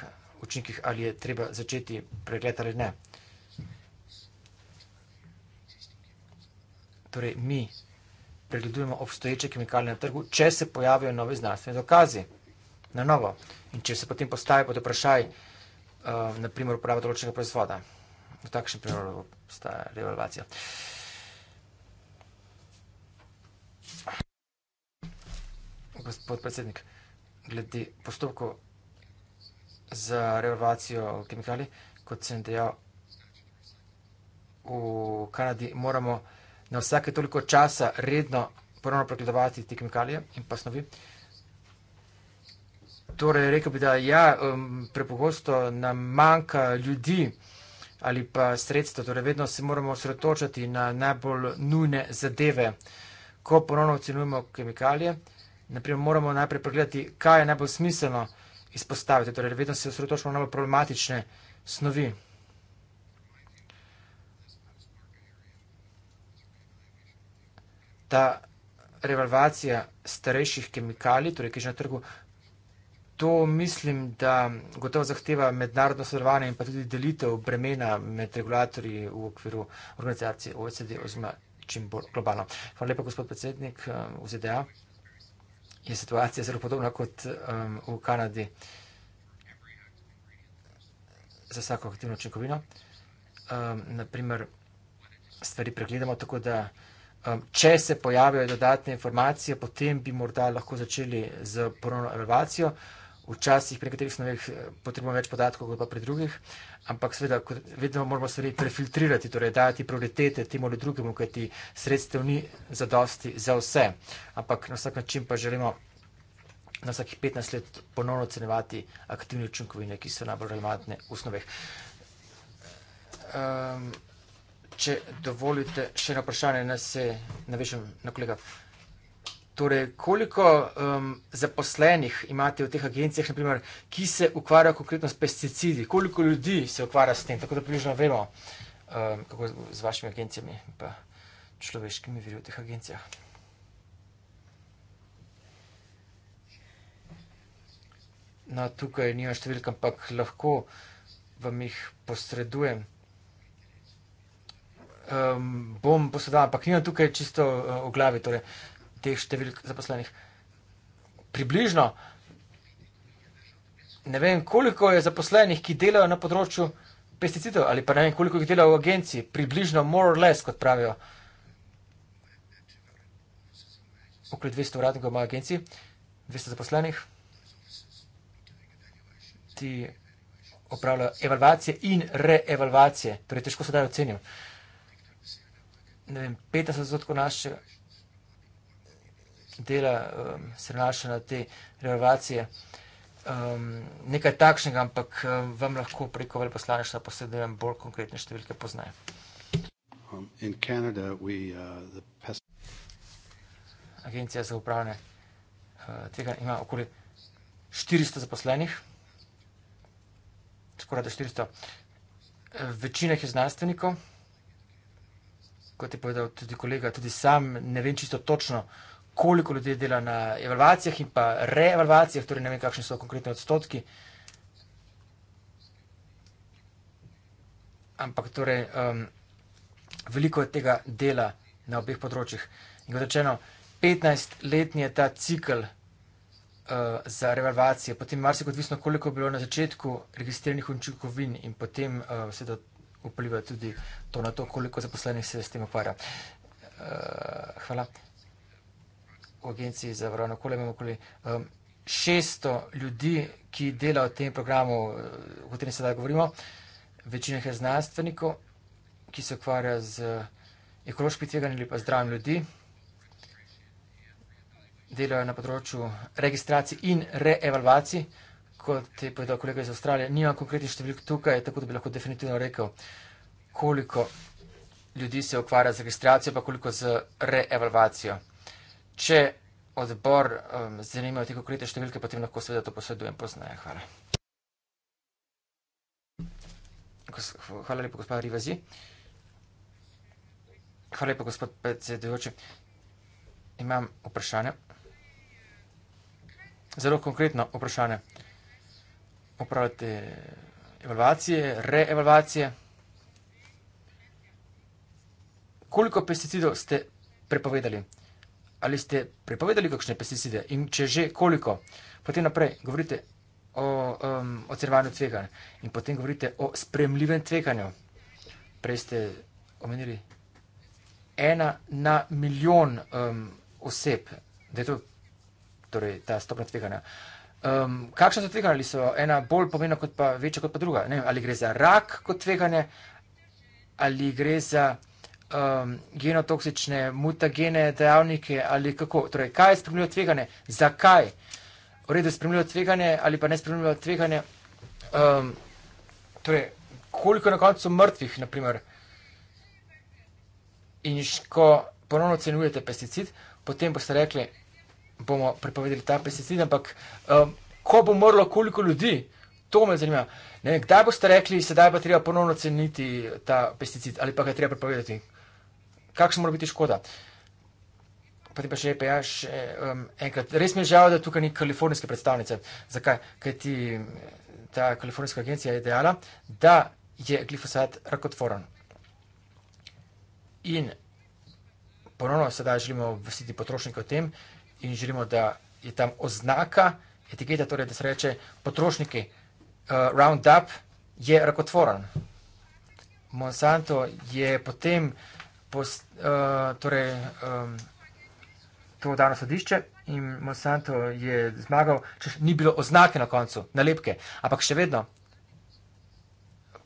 učinkih, ali je treba začeti pregled ali ne. Torej, mi pregledujemo obstoječe kemikalije na trgu, če se pojavijo nove znanstvene dokazi na novo in če se potem postavi pod vprašaj, um, naprimer, uporaba določenega proizvoda. V takšnem primeru obstaja revalvacija. podpredsednik, glede postopkov za revalvacijo kemikali, kot sem dejal, v Kanadi moramo na vsake toliko časa redno ponovno pregledovati te kemikalije in pa snovi. Torej, rekel bi, da ja, um, prepogosto nam manjka ljudi ali pa sredstva, torej vedno se moramo osredotočati na najbolj nujne zadeve, ko ponovno ocenujemo kemikalije naprimer, moramo najprej pregledati, kaj je najbolj smiselno izpostaviti. Torej, vedno se osredotočimo na najbolj problematične snovi. Ta revalvacija starejših kemikalij, torej, ki je že na trgu, to mislim, da gotovo zahteva mednarodno sodelovanje in pa tudi delitev bremena med regulatorji v okviru organizacije OECD oziroma čim bolj globalno. Hvala lepa, gospod predsednik eh, v ZDA je situacija zelo podobna kot um, v Kanadi za vsako aktivno čekovino. Um, naprimer, stvari pregledamo tako, da um, če se pojavijo dodatne informacije, potem bi morda lahko začeli z ponovno evalvacijo. Uh, včasih pri nekaterih snoveh eh, potrebujemo več podatkov kot pa pri drugih, ampak seveda vedno moramo stvari prefiltrirati, torej dajati prioritete temu ali drugemu, kajti sredstev ni zadosti za vse. Ampak na vsak način pa želimo na vsakih 15 let ponovno ocenjevati aktivne učinkovine, ki so najbolj relevantne v snoveh. Um, če dovolite, še eno vprašanje, naj se navežem na kolega. Torej, koliko um, zaposlenih imate v teh agencijah, naprimer, ki se ukvarjajo konkretno s pesticidi, koliko ljudi se ukvarja s tem, tako da približno vemo, um, kako z vašimi agencijami in človeškimi viri v teh agencijah. No, tukaj nima številka, ampak lahko vam jih posredujem. Um, bom posredala, ampak nima tukaj čisto uh, v glavi. Torej, uh, teh številk zaposlenih. Približno ne vem, koliko je zaposlenih, ki delajo na področju pesticidov, ali pa ne vem, koliko jih dela v agenciji, približno more or less, kot pravijo. Okoli 200 uradnikov ima agenciji, 200 zaposlenih, ti opravljajo evalvacije in reevalvacije, torej težko se da ocenijo. Ne vem, 50 odstotkov našega dela um, se nanaša na te revalvacije. Um, nekaj takšnega, ampak um, vam lahko preko veljposlaništva posredujem bolj konkretne številke poznaje. Um, Canada, we, uh, the pest... Agencija za upravljanje uh, tega ima okoli 400 zaposlenih, skoraj da 400. Večina je znanstvenikov, kot je povedal tudi kolega, tudi sam ne vem čisto točno, uh, koliko ljudi dela na evalvacijah in pa reevalvacijah, torej ne vem, kakšni so konkretni odstotki. Ampak torej, um, veliko je tega dela na obeh področjih. In kot rečeno, 15-letni je ta cikl uh, za revalvacijo, potem marsikaj odvisno, koliko je bilo na začetku registriranih učinkovin in potem uh, se to vpliva tudi to na to, koliko zaposlenih se s tem ukvarja. Uh, hvala v agenciji za varovano okolje imamo okoli um, 600 ljudi, ki delajo v tem programu, uh, o katerem sedaj govorimo. Večina je znanstvenikov, ki se ukvarja z uh, ekološkimi tveganji ali pa zdravjem ljudi. Delajo na področju registracij in reevalvacij, kot je povedal kolega iz Avstralije. Nimam konkretnih številk tukaj, tako da bi lahko definitivno rekel, koliko ljudi se ukvarja z registracijo, pa koliko z reevalvacijo. Če odbor um, zanimajo te konkrete številke, potem lahko seveda to posredujem poznaje. Hvala. Hvala lepo, gospod Rivazi. Hvala lepo, gospod predsedujoči. Imam vprašanje. Zelo konkretno vprašanje. Upravljate evalvacije, reevalvacije. Koliko pesticidov ste prepovedali? ali ste prepovedali kakšne pesticide in če že koliko, potem naprej govorite o um, ocenjevanju tveganja in potem govorite o spremljivem tveganju. Prej ste omenili ena na milijon um, oseb, da je to torej, ta stopna tveganja. Um, kakšne so tveganja, ali so ena bolj pomembna kot pa večja kot pa druga? Ne, ali gre za rak kot tveganje, ali gre za um, genotoksične, mutagene dejavnike ali kako. Torej, kaj je spremljivo tveganje, zakaj? V redu je spremljivo tveganje ali pa ne spremljivo tveganje. Um, torej, koliko je na koncu mrtvih, naprimer. In ko ponovno ocenjujete pesticid, potem boste rekli, bomo prepovedali ta pesticid, ampak um, ko bo umrlo, koliko ljudi, to me zanima. Ne, kdaj boste rekli, sedaj pa treba ponovno oceniti ta pesticid ali pa ga treba prepovedati? kakšna mora biti škoda. Pa ti pa še EPA, ja, še um, enkrat. Res mi je žal, da tukaj ni kalifornijske predstavnice. Zakaj? Ker ti ta kalifornijska agencija je dejala, da je glifosat rakotvoren. In ponovno sedaj želimo vsiti potrošnike o tem in želimo, da je tam oznaka, etiketa, torej da se reče potrošniki, uh, Roundup je rakotvoren. Monsanto je potem post, uh, eh, torej, um, to dano sodišče in Monsanto je zmagal, če ni bilo oznake na koncu, nalepke, ampak še vedno.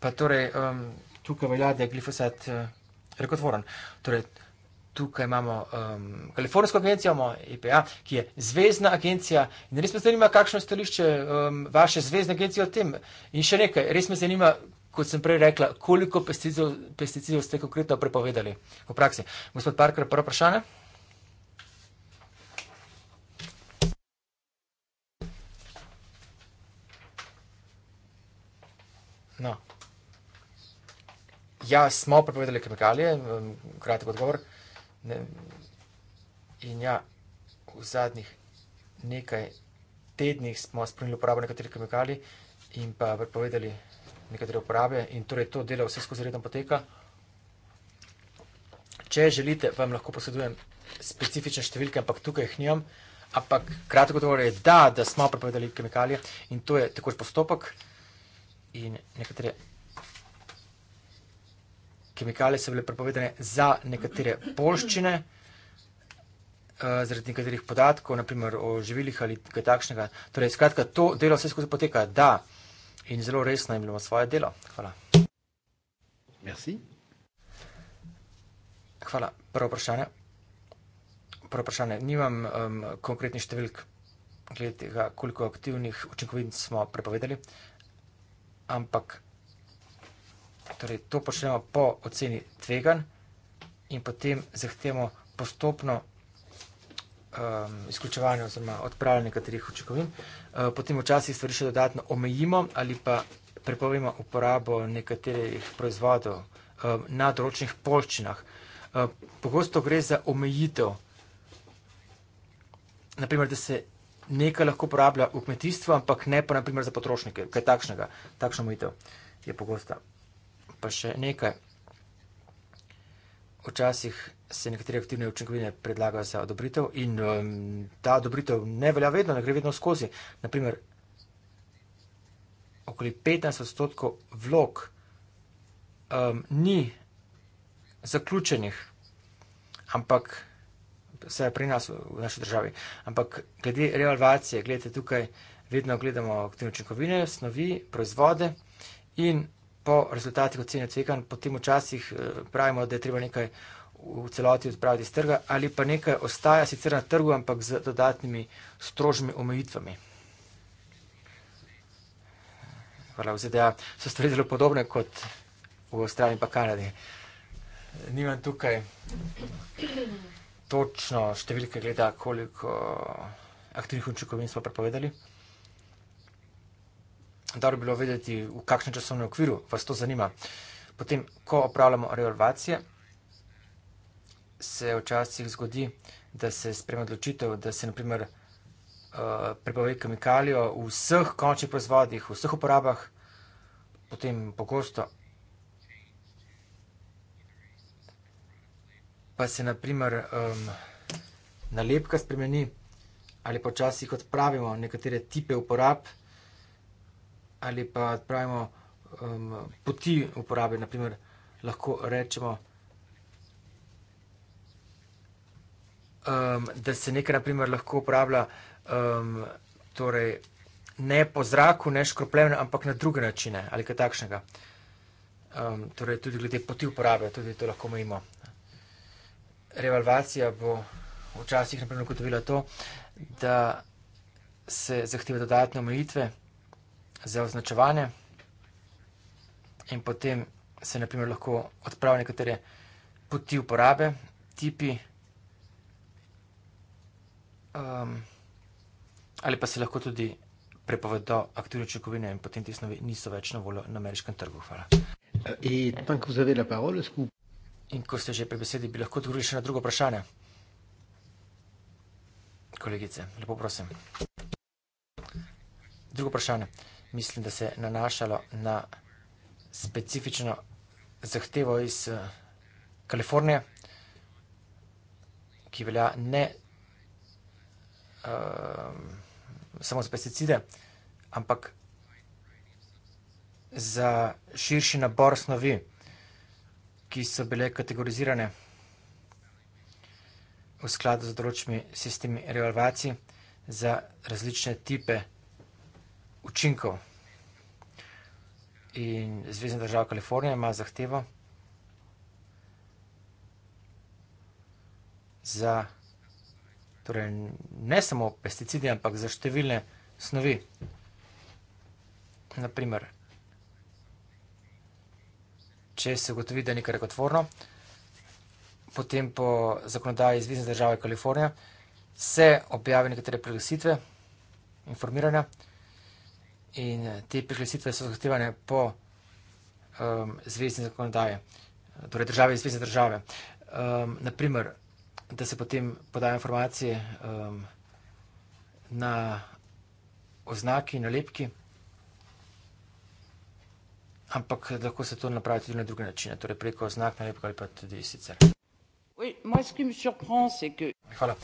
Pa torej, um, tukaj velja, da je glifosat uh, eh, rekotvoren. Torej, tukaj imamo um, Kalifornijsko agencijo, imamo EPA, ki je zvezdna agencija in res me zanima, kakšno stališče um, vaše zvezdne agencije o tem. In še nekaj, res me zanima, kot sem prej rekla, koliko pesticidov, pesticidov ste konkretno prepovedali v praksi. Gospod Parker, prvo vprašanje. No. Ja, smo prepovedali kemikalije, um, kratek odgovor. Ne. In ja, v zadnjih nekaj tednih smo spremljali uporabo nekaterih kemikalij in pa prepovedali nekatere uporabe in torej to delo vse skozi redno poteka. Če želite, vam lahko posedujem specifične številke, ampak tukaj jih nijam. Ampak kratko govor je da, da smo prepovedali kemikalije in to je takoč postopek in nekatere kemikalije so bile prepovedane za nekatere polščine, eh, zaradi nekaterih podatkov, naprimer o živilih ali kaj takšnega. Torej, skratka, to delo vse skozi poteka, da in zelo resno imamo svoje delo. Hvala. Merci. Hvala. Prvo vprašanje. Prvo vprašanje. Nimam um, konkretnih številk glede tega, koliko aktivnih učinkovin smo prepovedali, ampak torej, to počnemo po oceni tvegan in potem zahtevamo postopno um, izključevanja oziroma odpravljanja nekaterih učinkovin. Uh, potem včasih stvari še dodatno omejimo ali pa prepovemo uporabo nekaterih proizvodov um, na določenih polščinah. Uh, pogosto gre za omejitev, naprimer, da se nekaj lahko uporablja v kmetijstvu, ampak ne pa naprimer za potrošnike, kaj takšnega. Takšna omejitev je pogosta. Pa še nekaj. Včasih se nekatere aktivne učinkovine predlagajo za odobritev in um, ta odobritev ne velja vedno, ne gre vedno skozi. Naprimer, okoli 15 odstotkov vlog um, ni zaključenih, ampak vse je pri nas v naši državi. Ampak glede revalvacije, gledajte tukaj, vedno gledamo aktivne učinkovine, snovi, proizvode in po rezultatih ocene tvekan, potem včasih eh, pravimo, da je treba nekaj v celoti odpraviti iz trga, ali pa nekaj ostaja sicer na trgu, ampak z dodatnimi strožjimi omejitvami. Hvala v ZDA. So stvari zelo podobne kot v Avstraliji in pa Kanadi. Nimam tukaj točno številke glede, koliko aktivnih učinkovin smo prepovedali. Dobro bi bilo vedeti, v kakšnem časovnem okviru vas to zanima. Potem, ko opravljamo revalvacije, se včasih zgodi, da se sprejme odločitev, da se naprimer uh, prepove kemikalijo v vseh končnih proizvodih, v vseh uporabah, potem pogosto. Pa se naprimer um, nalepka spremeni ali pa včasih odpravimo nekatere tipe uporab ali pa odpravimo um, poti uporabe. Naprimer, lahko rečemo, um, da se nekaj naprimer, lahko uporablja um, torej, ne po zraku, ne škropljeno, ampak na druge načine ali kaj takšnega. Um, torej, tudi glede poti uporabe, tudi to lahko imamo. Revalvacija bo včasih ugotovila to, da se zahteva dodatne omejitve za označevanje in potem se naprimer, lahko odpravijo nekatere poti uporabe, tipi um, ali pa se lahko tudi prepovedo aktivne čekovine in potem te snovi niso več na voljo na ameriškem trgu. Hvala. E, in ko ste že pri besedi, bi lahko odgovorili še na drugo vprašanje. Kolegice, lepo prosim. Drugo vprašanje. Mislim, da se je nanašalo na specifično zahtevo iz uh, Kalifornije, ki velja ne Ehm, samo za pesticide, ampak za širši nabor snovi, ki so bile kategorizirane v skladu z določimi sistemi revalvacij za različne tipe učinkov. In Zvezdna država Kalifornija ima zahtevo za učinkov torej ne samo pesticidi, ampak za številne snovi. Naprimer, če se ugotovi, da ni kar rekotvorno, potem po zakonodaji izvizne države Kalifornija se objavi nekatere preglesitve, informiranja in te preglesitve so zahtevane po um, zvezdni zakonodaje, torej državi zvezdne države. Um, Naprimer, da se potem podajo informacije um, na oznaki, nalepki, ampak lahko se to napravi tudi na druge načine, torej preko oznak, nalepk ali pa tudi sicer. Hvala.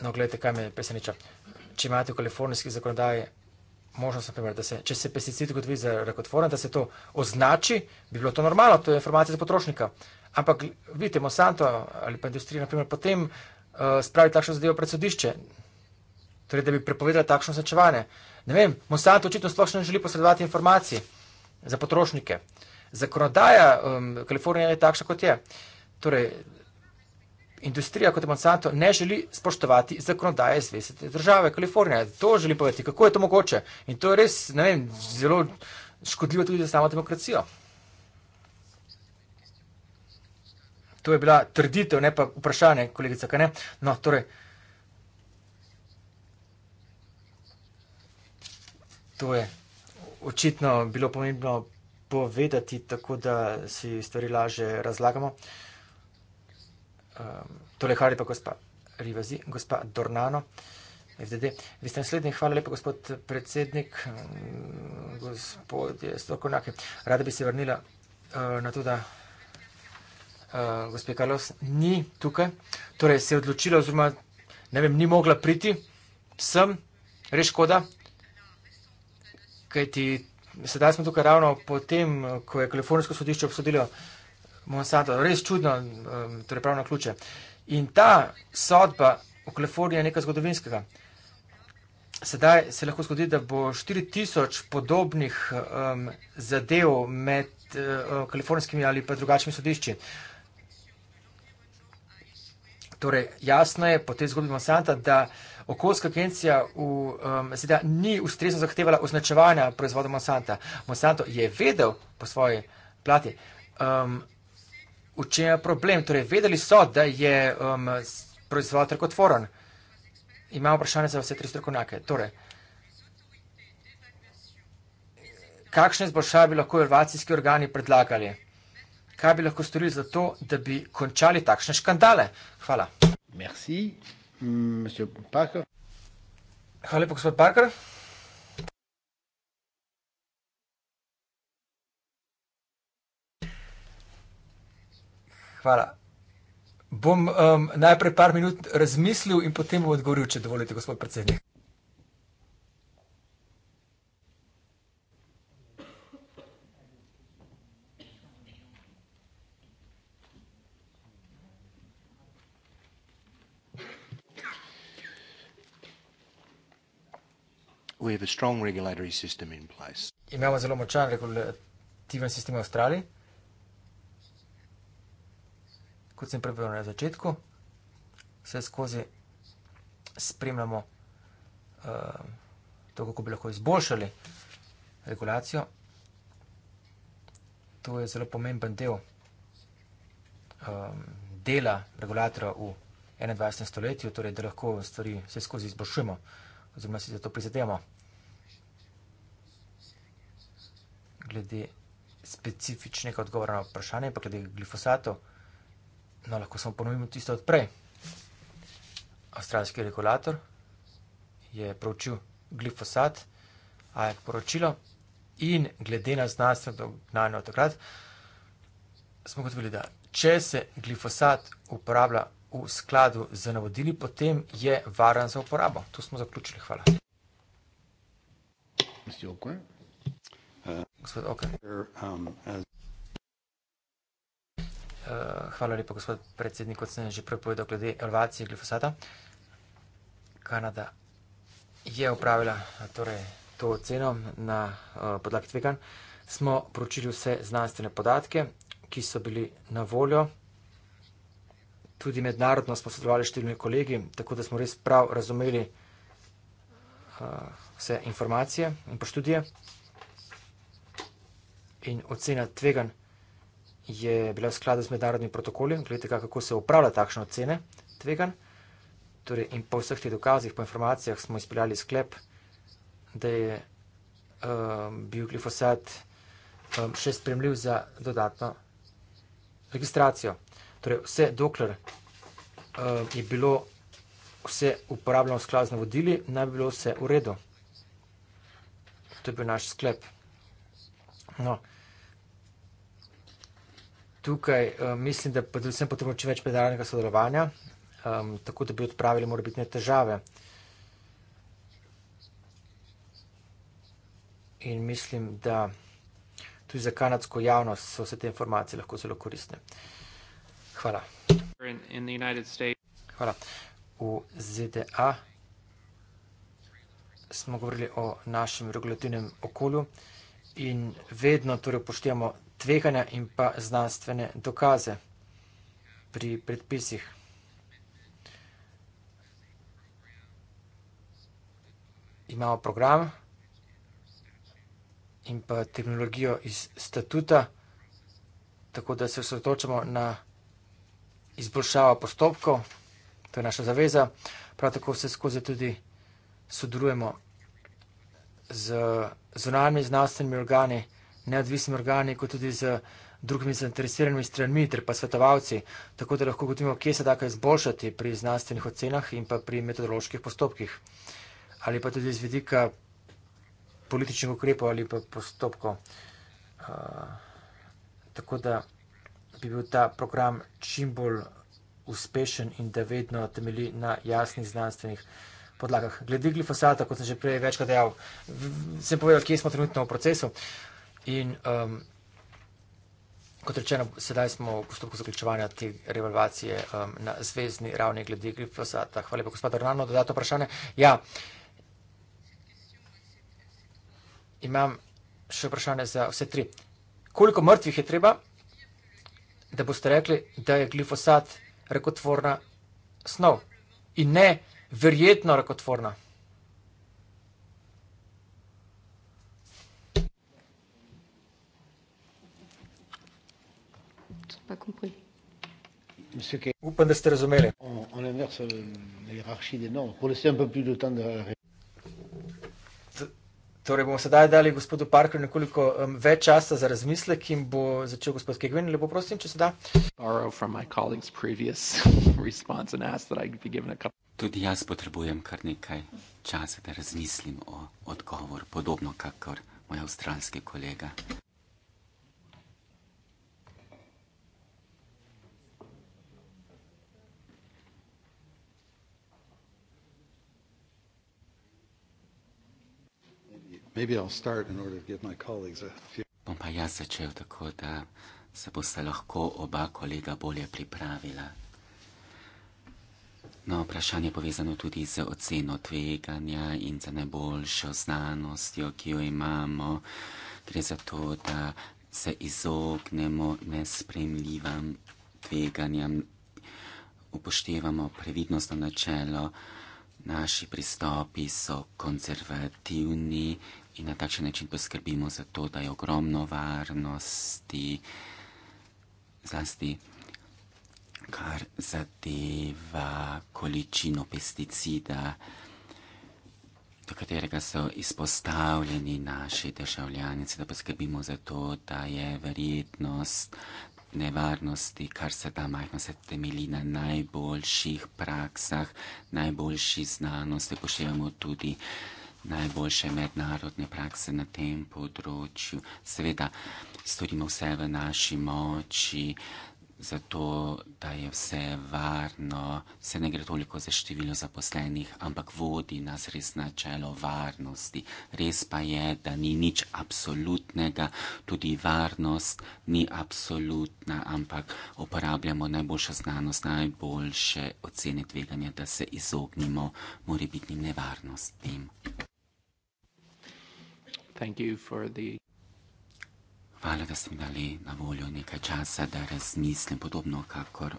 No, gledajte, kaj me preseneča. Če imate v kalifornijski zakonodaji možnost, naprimer, da se, če se pesticid kot vi za rakotvoren, da se to označi, bi bilo to normalno, to je informacija za potrošnika. Ampak, vidite, Monsanto ali pa industrija, naprimer, potem uh, spravi takšno zadevo pred sodišče, torej, da bi prepovedala takšno značevanje. Ne vem, Monsanto očitno sploh ne želi posredovati informacije za potrošnike. Zakonodaja um, Kalifornije je takšna, kot je. Torej, industrija, kot je Monsanto, ne želi spoštovati zakonodaje zvezde države Kalifornije. To želi povedati, kako je to mogoče. In to je res, ne vem, zelo škodljivo tudi za samo demokracijo. To je bila trditev, ne pa vprašanje, kolegica. No, torej. To je očitno bilo pomembno povedati, tako da si stvari laže razlagamo. Um, torej, hvala lepa, gospa Rivazi, gospa Dornano. FDD. Vi ste naslednji, hvala lepa, gospod predsednik, gospod je strokovnjak. Rada bi se vrnila uh, na to, da uh, gospe Karlos, ni tukaj, torej se je odločila, oziroma ne vem, ni mogla priti sem, res škoda, kajti sedaj smo tukaj ravno potem, ko je Kalifornijsko sodišče obsodilo Monsanto, res čudno, um, torej pravno ključe. In ta sodba v Kaliforniji je nekaj zgodovinskega. Sedaj se lahko zgodi, da bo 4000 podobnih um, zadev med uh, kalifornijskimi ali pa drugačnimi sodišči. Uh, Torej, jasno je po tej zgodbi Monsanta, da okoljska agencija v, um, seda, ni ustrezno zahtevala označevanja proizvoda Monsanta. Monsanto je vedel po svoji plati, um, v čem je problem. Torej, vedeli so, da je um, proizvod rakotvoren. Imamo vprašanje za vse tri strokovnjake. Torej, kakšne izboljšave bi lahko evacijski organi predlagali? kaj bi lahko storili za to, da bi končali takšne škandale. Hvala. Merci, Hvala lepa, gospod Parker. Hvala. Bom um, najprej par minut razmislil in potem bom odgovoril, če dovolite, gospod predsednik. a strong regulatory system in place. Imamo zelo močan regulativen sistem v Avstraliji. Kot sem prepovedal na začetku, vse skozi spremljamo uh, to, kako bi lahko izboljšali regulacijo. To je zelo pomemben del um, dela regulatora v 21. stoletju, torej da lahko stvari vse skozi izboljšujemo oziroma si za to prizadevamo. glede specifičnega odgovora na vprašanje, pa glede glifosata. No, lahko samo ponovimo tisto odprej. Avstralski regulator je proučil glifosat, a je poročilo in glede na znanstveno dognanje od takrat smo gotovili, da če se glifosat uporablja v skladu z navodili, potem je varen za uporabo. To smo zaključili. Hvala. Mr. O'Connor. Gospod Oken. Um, eh, hvala lepa, gospod predsednik, kot sem že prepovedal glede evalvacije glifosata. Kanada je upravila torej, to oceno na eh, podlagi tvegan. Smo poročili vse znanstvene podatke, ki so bili na voljo. Tudi mednarodno smo sodelovali s številnimi kolegi, tako da smo res prav razumeli uh, vse informacije in pa študije in ocena tveganj je bila v skladu z mednarodnimi protokoli, gledajte, kako se upravlja takšne ocene tveganj. Torej, in po vseh teh dokazih, po informacijah smo izpeljali sklep, da je uh, bil glifosat um, še spremljiv za dodatno registracijo. Torej, vse dokler uh, je bilo vse uporabljeno v skladu z navodili, naj bi bilo vse v redu. To je bil naš sklep. No, tukaj um, mislim, da predvsem potrebujemo čim več mednarodnega sodelovanja, um, tako da bi odpravili morbitne težave. In mislim, da tudi za kanadsko javnost so vse te informacije lahko zelo koristne. Hvala. In, in Hvala. V ZDA smo govorili o našem regulativnem okolju in vedno torej upoštevamo tveganja in pa znanstvene dokaze pri predpisih. Imamo program in pa terminologijo iz statuta, tako da se osredotočamo na izboljšavo postopkov, to je naša zaveza. Prav tako se skozi tudi sodelujemo z zunanjimi znanstvenimi organi, neodvisnimi organi, kot tudi z drugimi zainteresiranimi stranmi ter pa svetovalci, tako da lahko gotovimo, kje se da kaj izboljšati pri znanstvenih ocenah in pa pri metodoloških postopkih. Ali pa tudi z vidika političnih ukrepov ali pa postopkov. Uh, tako da bi bil ta program čim bolj uspešen in da vedno temeli na jasnih znanstvenih podlagah. Glede glifosata, kot sem že prej večkrat dejal, sem povedal, kje smo trenutno v procesu. Uh, In um, kot rečeno, sedaj smo v postopku zaključovanja te revalvacije um, na zvezdni ravni glede glifosata. Hvala lepa, gospod Arnano, dodato vprašanje. Ja, imam še vprašanje za vse tri. Koliko mrtvih je treba, da boste rekli, da je glifosat rakotvorna snov in ne verjetno rakotvorna? pas compris. Monsieur Kay, vous pouvez rester résumé. On, on inverse la hiérarchie des normes pour laisser un peu plus de temps de Torej bomo sedaj dali gospodu Parkerju nekoliko um, več časa za razmislek in bo začel gospod Kegvin. Lepo prosim, če se da. Tudi jaz potrebujem kar nekaj časa, da razmislim o odgovor, podobno kakor moj avstralski kolega. Bom pa jaz začel tako, da se boste lahko oba kolega bolje pripravila. No, vprašanje je povezano tudi z oceno tveganja in za najboljšo znanostjo, ki jo imamo. Gre za to, da se izognemo nespremljivam tveganjem, upoštevamo previdnostno načelo. Naši pristopi so konzervativni, in na takšen način poskrbimo za to, da je ogromno varnosti, zlasti kar zadeva količino pesticida, do katerega so izpostavljeni naši državljani, da poskrbimo za to, da je verjetnost nevarnosti, kar se da majhno, se temeli na najboljših praksah, najboljši znanosti, poštevamo tudi najboljše mednarodne prakse na tem področju. Seveda, storimo vse v naši moči, zato da je vse varno, se ne gre toliko za število zaposlenih, ampak vodi nas res načelo varnosti. Res pa je, da ni nič absolutnega, tudi varnost ni absolutna, ampak uporabljamo najboljšo znanost, najboljše ocene tveganja, da se izognimo morebitnim nevarnostim. Hvala, da ste mi dali na voljo nekaj časa, da razmislim podobno, kakor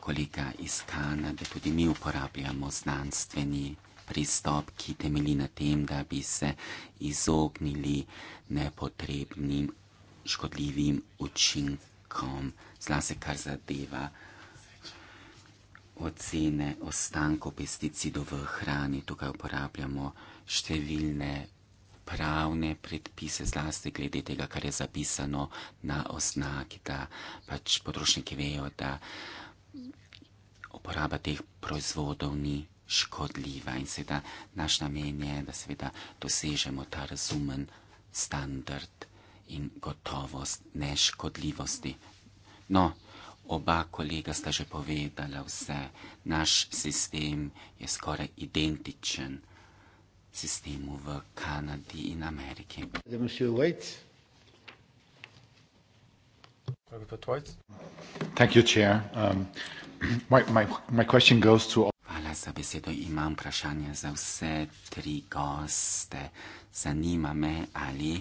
kolega iz Kanade, tudi mi uporabljamo znanstveni pristop, ki temeli na tem, da bi se izognili nepotrebnim škodljivim učinkom, zlasti kar zadeva ocene ostankov pesticidov v hrani. Tukaj uporabljamo številne pravne predpise, zlasti glede tega, kar je zapisano na oznaki, da pač potrošniki vejo, da uporaba teh proizvodov ni škodljiva in seveda naš namen je, da seveda dosežemo ta razumen standard in gotovost neškodljivosti. No, oba kolega sta že povedala vse, naš sistem je skoraj identičen sistemu v Kanadi in Ameriki. Hvala za besedo. Imam vprašanje za vse tri goste. Zanima me, ali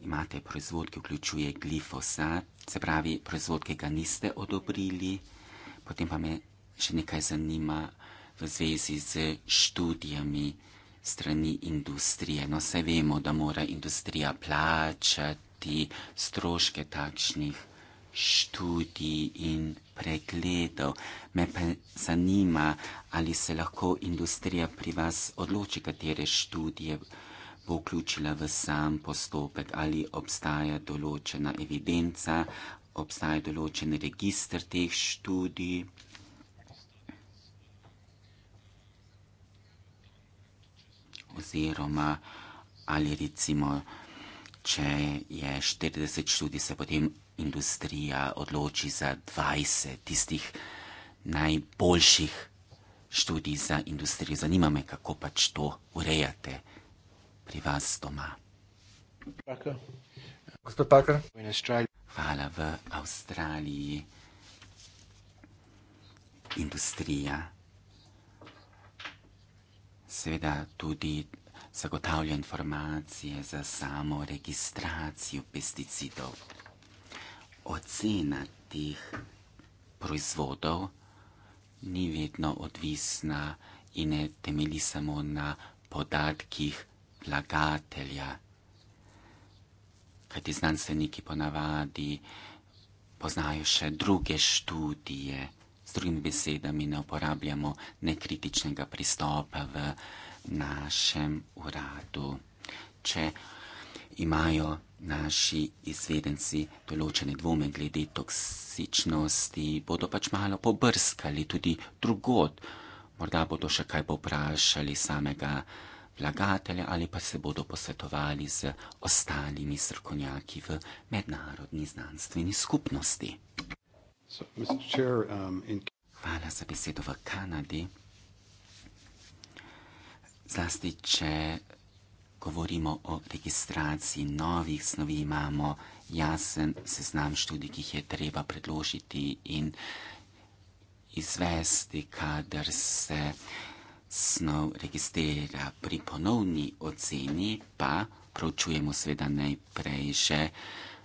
imate proizvod, ki vključuje glifosat, se pravi proizvod, ki ga niste odobrili. Potem pa me še nekaj zanima v zvezi z študijami strani industrije. No, vse vemo, da mora industrija plačati stroške takšnih študij in pregledov. Me pa zanima, ali se lahko industrija pri vas odloči, katere študije bo vključila v sam postopek, ali obstaja določena evidenca, obstaja določen registr teh študij. oziroma ali recimo, če je 40 študij, se potem industrija odloči za 20 tistih najboljših študij za industrijo. Zanima me, kako pač to urejate pri vas doma. Gospod Parker, in Australija. Hvala v Avstraliji. Industrija seveda tudi zagotavlja informacije za samo registracijo pesticidov. Ocena teh proizvodov ni vedno odvisna in ne temeli samo na podatkih vlagatelja. Kajti znanstveniki ponavadi poznajo še druge študije ostrimi besedami, ne uporabljamo nekritičnega pristopa v našem uradu. Če imajo naši izvedenci določene dvome glede toksičnosti, bodo pač malo pobrskali tudi drugod. Morda bodo še kaj poprašali samega vlagatelja ali pa se bodo posvetovali z ostalimi strokovnjaki v mednarodni znanstveni skupnosti. Um, Hvala za besedo v Kanadi. Zlasti, če govorimo o registraciji novih snovi, imamo jasen seznam študij, ki jih je treba predložiti in izvesti, kadar se snov registrira. Pri ponovni oceni pa proučujemo seveda najprej že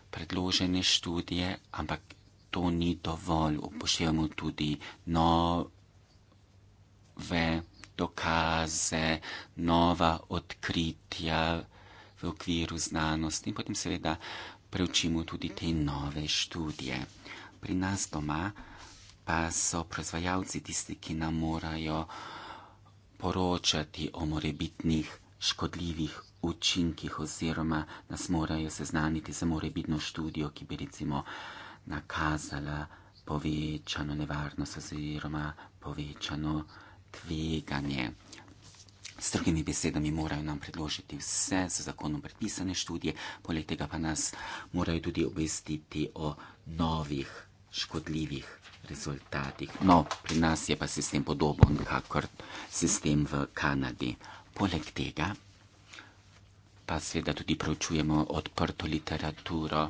predložene študije, ampak to ni dovolj, upoštevamo tudi nove dokaze, nova odkritja v okviru znanosti in potem seveda preučimo tudi te nove študije. Pri nas doma pa so proizvajalci tisti, ki nam morajo poročati o morebitnih škodljivih učinkih oziroma nas morajo seznaniti za morebitno študijo, ki bi recimo nakazala povečano nevarnost oziroma povečano tveganje. S drugimi besedami morajo nam predložiti vse z zakonom predpisane študije, poleg tega pa nas morajo tudi obvestiti o novih škodljivih rezultatih. No, pri nas je pa sistem podoben, kakor sistem v Kanadi. Poleg tega pa seveda tudi preučujemo odprto literaturo.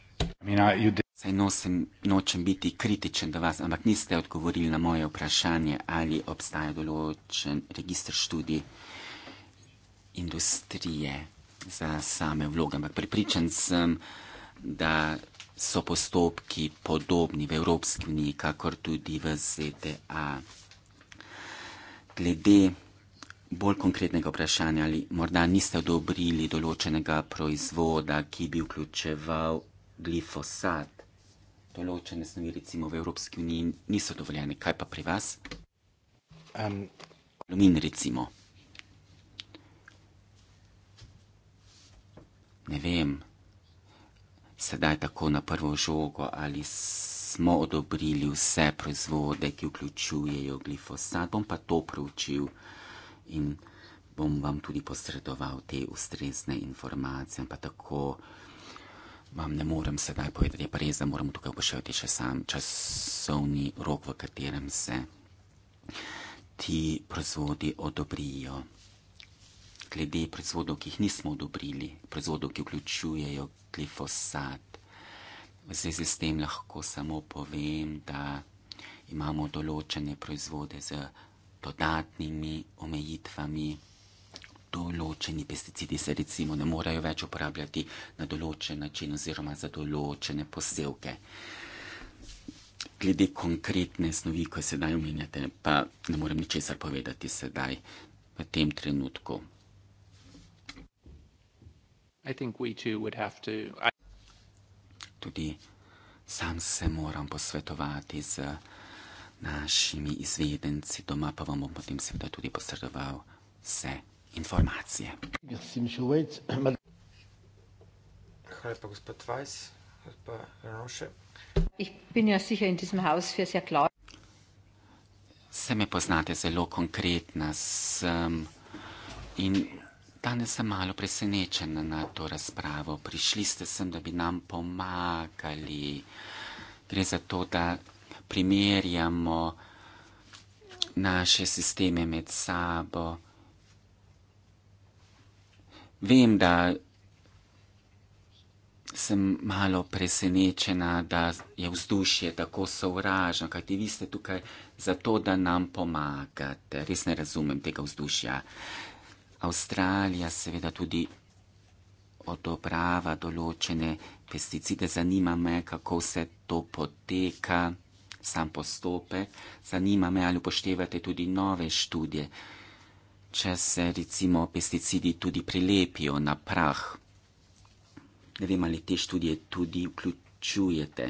Saj nosim, nočem biti kritičen do vas, ampak niste odgovorili na moje vprašanje, ali obstaja določen registr študij industrije za same vloge. Ampak pripričan sem, da so postopki podobni v Evropski uniji, kakor tudi v ZDA. Glede bolj konkretnega vprašanja, ali morda niste odobrili določenega proizvoda, ki bi vključeval glifosat. Določene snovi, recimo v Evropski uniji, niso dovoljene. Kaj pa pri vas? Um, Alumin, recimo. Ne vem, sedaj tako na prvo žogo, ali smo odobrili vse proizvode, ki vključujejo glifosat. Bom pa to preučil in bom vam tudi posredoval te ustrezne informacije. Pa tako vam ne morem sedaj povedati, pa res, da moram tukaj upoštevati še sam časovni rok, v katerem se ti proizvodi odobrijo. Glede proizvodov, ki jih nismo odobrili, proizvodov, ki vključujejo glifosat, v zvezi s tem lahko samo povem, da imamo določene proizvode z dodatnimi omejitvami določeni pesticidi se recimo ne morejo več uporabljati na določen način oziroma za določene posevke. Glede konkretne snovi, ko sedaj omenjate, pa ne morem ničesar povedati sedaj v tem trenutku. Tudi sam se moram posvetovati z našimi izvedenci doma, pa vam bom potem seveda tudi posredoval vse informacije. Hvala pa gospod Vajs, pa Renoše. Ja Se me poznate zelo konkretno sem in danes sem malo presenečen na to razpravo. Prišli ste sem, da bi nam pomagali. Gre za to, da primerjamo naše sisteme med sabo vem, da sem malo presenečena, da je vzdušje tako sovražno, kajti vi ste tukaj zato, da nam pomagate. Res ne razumem tega vzdušja. Avstralija seveda tudi odobrava določene pesticide. Zanima me, kako se to poteka, sam postopek. Zanima me, ali upoštevate tudi nove študije če se recimo pesticidi tudi prilepijo na prah. Ne vem, ali te študije tudi vključujete.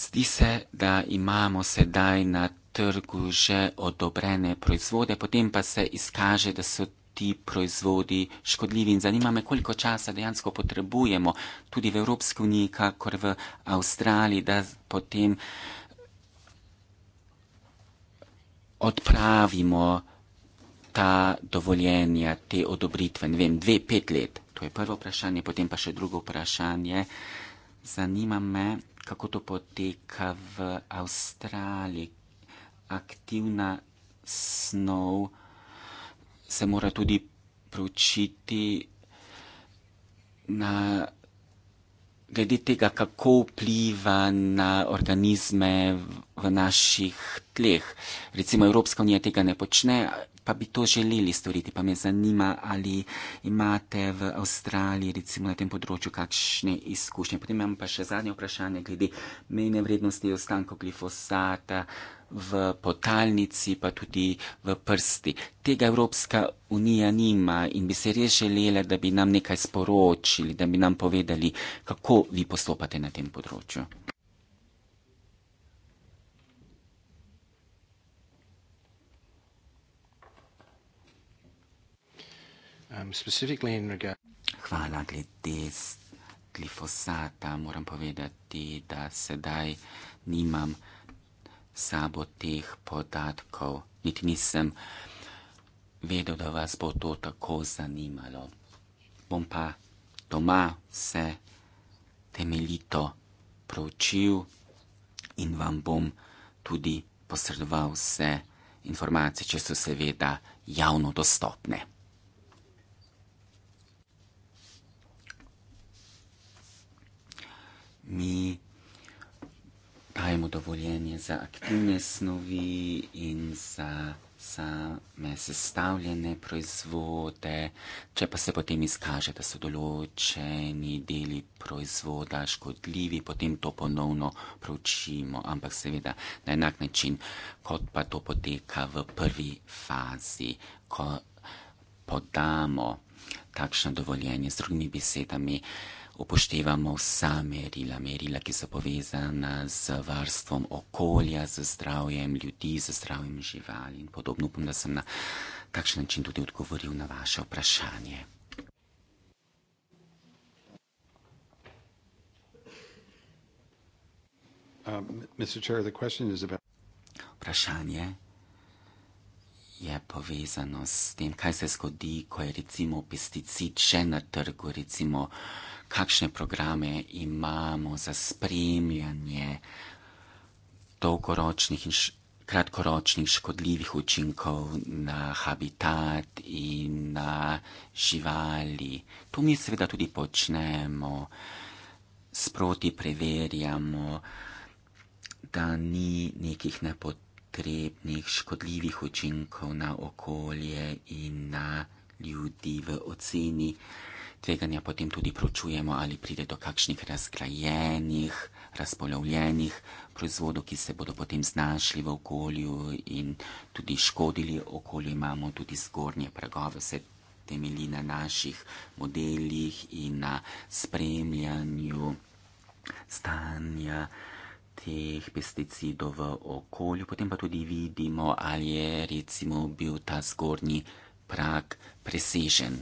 Zdi se, da imamo sedaj na trgu že odobrene proizvode, potem pa se izkaže, da so ti proizvodi škodljivi in zanima me, koliko časa dejansko potrebujemo tudi v Evropski uniji, kakor v Avstraliji, da potem odpravimo ta dovoljenja, te odobritve, ne vem, dve, pet let. To je prvo vprašanje, potem pa še drugo vprašanje. Zanima me, kako to poteka v Avstraliji. Aktivna snov se mora tudi pročiti na glede tega, kako vpliva na organizme v naših tleh. Recimo Evropska unija tega ne počne, pa bi to želeli storiti. Pa me zanima, ali imate v Avstraliji recimo na tem področju kakšne izkušnje. Potem imam pa še zadnje vprašanje glede mejne vrednosti ostankov glifosata. Uh, v potalnici, pa tudi v prsti. Tega Evropska unija nima in bi se res želela, da bi nam nekaj sporočili, da bi nam povedali, kako vi postopate na tem področju. Um, Hvala glede glifosata. Moram povedati, da sedaj nimam sabo teh podatkov, niti nisem vedel, da vas bo to tako zanimalo. Bom pa doma vse temeljito proučil in vam bom tudi posredoval vse informacije, če so seveda javno dostopne. Mi dajemo dovoljenje za aktivne snovi in za same sestavljene proizvode. Če pa se potem izkaže, da so določeni deli proizvoda škodljivi, potem to ponovno pročimo, ampak seveda na enak način, kot pa to poteka v prvi fazi, ko podamo takšno dovoljenje z drugimi besedami upoštevamo vsa merila, merila, ki so povezana z varstvom okolja, z zdravjem ljudi, z zdravjem živali in podobno. Upam, da sem na takšen način tudi odgovoril na vaše vprašanje. Um, vprašanje je povezano s tem, kaj se zgodi, ko je recimo pesticid še na trgu, recimo uh, kakšne programe imamo za spremljanje dolgoročnih in kratkoročnih škodljivih učinkov na habitat in na živali. To mi seveda tudi počnemo, sproti preverjamo, da ni nekih nepotrebnih škodljivih učinkov na okolje in na ljudi v oceni tveganja potem tudi pročujemo, ali pride do kakšnih razgrajenih, razpolovljenih proizvodov, ki se bodo potem znašli v okolju in tudi škodili okolju. Imamo tudi zgornje pregove, vse temelji na naših modelih in na spremljanju stanja teh pesticidov v okolju. Potem pa tudi vidimo, ali je recimo bil ta zgornji prak presežen.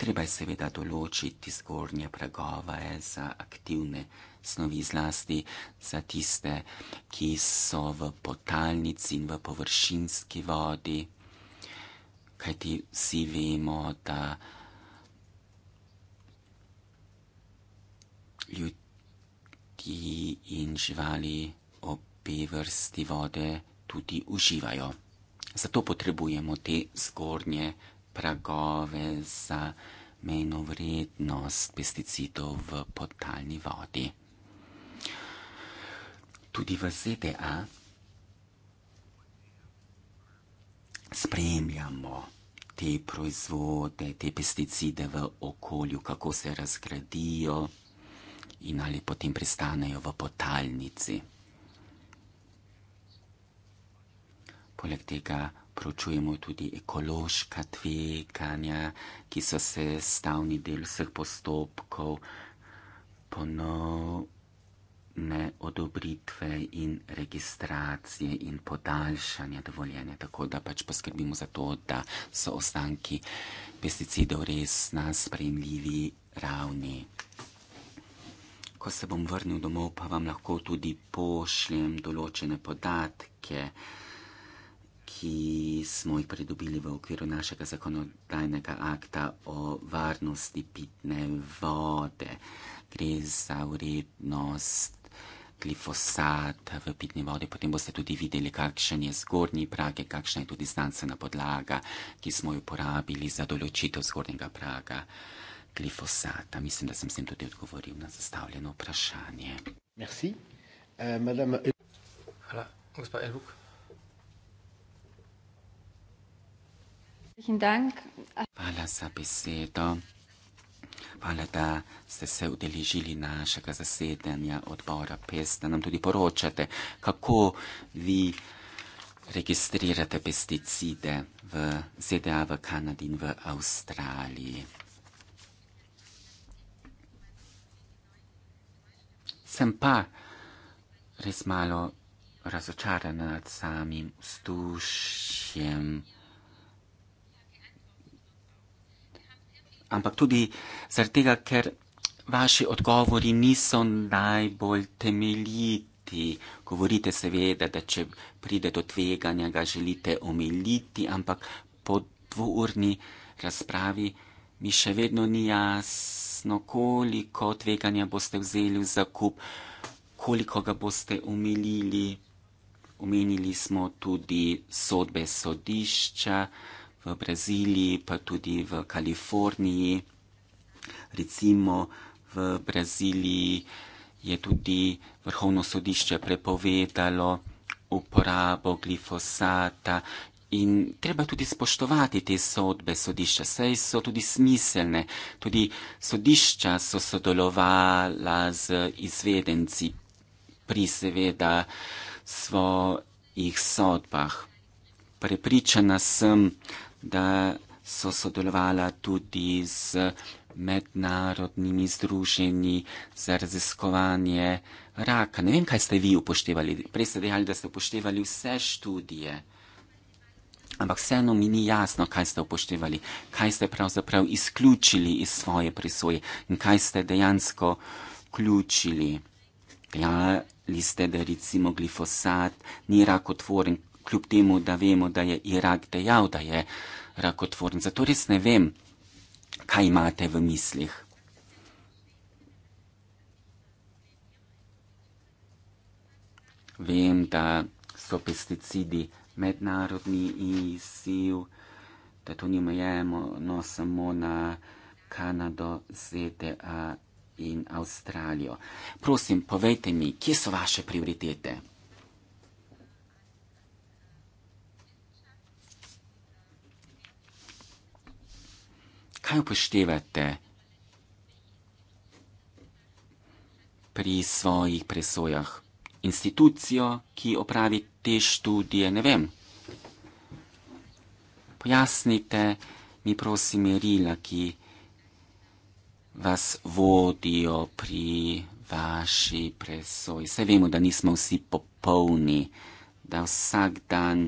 Treba je seveda določiti zgornje pragove za aktivne snovi, zlasti za tiste, ki so v potalnici in v površinski vodi, kajti vsi vemo, da ljudi in živali obe vrsti vode tudi uživajo. Zato potrebujemo te zgornje pragove za mejno vrednost pesticidov v podtalni vodi. Tudi v ZDA spremljamo te proizvode, te pesticide v okolju, kako se razgradijo in ali potem pristanejo v potalnici. Poleg tega Pročujemo tudi ekološka tveganja, ki so se stavni del vseh postopkov, ponovne odobritve in registracije in podaljšanje dovoljenja, tako da pač poskrbimo za to, da so ostanki pesticidov res na sprejemljivi ravni. Ko se bom vrnil domov, pa vam lahko tudi pošljem določene podatke ki smo jih pridobili v okviru našega zakonodajnega akta o varnosti pitne vode. Gre za urednost glifosata v pitni vodi. Potem boste tudi videli, kakšen je zgornji prag, kakšna je tudi znanstvena podlaga, ki smo jo uporabili za določitev zgornjega praga glifosata. Mislim, da sem s tem tudi odgovoril na zastavljeno vprašanje. Merci. Uh, madame... Hvala, gospod Elvuk. Hvala za besedo. Hvala, da ste se udeležili našega zasedanja odbora PES, da nam tudi poročate, kako vi registrirate pesticide v ZDA, v Kanadi in v Avstraliji. Sem pa res malo razočarana nad samim vzdušjem. ampak tudi zaradi tega, ker vaši odgovori niso najbolj temeljiti. Govorite seveda, da če pride do tveganja, ga želite omiliti, ampak po dvourni razpravi mi še vedno ni jasno, koliko tveganja boste vzeli v zakup, koliko ga boste omilili. Omenili smo tudi sodbe sodišča v Braziliji, pa tudi v Kaliforniji. Recimo v Braziliji je tudi vrhovno sodišče prepovedalo uporabo glifosata in treba tudi spoštovati te sodbe sodišča, saj so tudi smiselne. Tudi sodišča so sodelovala z izvedenci pri seveda svojih sodbah. Prepričana sem, da so sodelovala tudi z mednarodnimi združenji za raziskovanje raka. Ne vem, kaj ste vi upoštevali. Prej ste dejali, da ste upoštevali vse študije. Ampak vseeno mi ni jasno, kaj ste upoštevali, kaj ste pravzaprav izključili iz svoje presoje in kaj ste dejansko vključili. Dejali ste, da recimo glifosat ni rakotvoren, kljub temu, da vemo, da je Irak dejal, da je rakotvoren. Zato res ne vem, kaj imate v mislih. Vem, da so pesticidi mednarodni izziv, da to nimajemo no, samo na Kanado, ZDA in Avstralijo. Prosim, povejte mi, kje so vaše prioritete? kaj upoštevate pri svojih presojah? Institucijo, ki opravi te študije, ne vem. Pojasnite mi, prosim, merila, ki vas vodijo pri vaši presoji. Vse vemo, da nismo vsi popolni, da vsak dan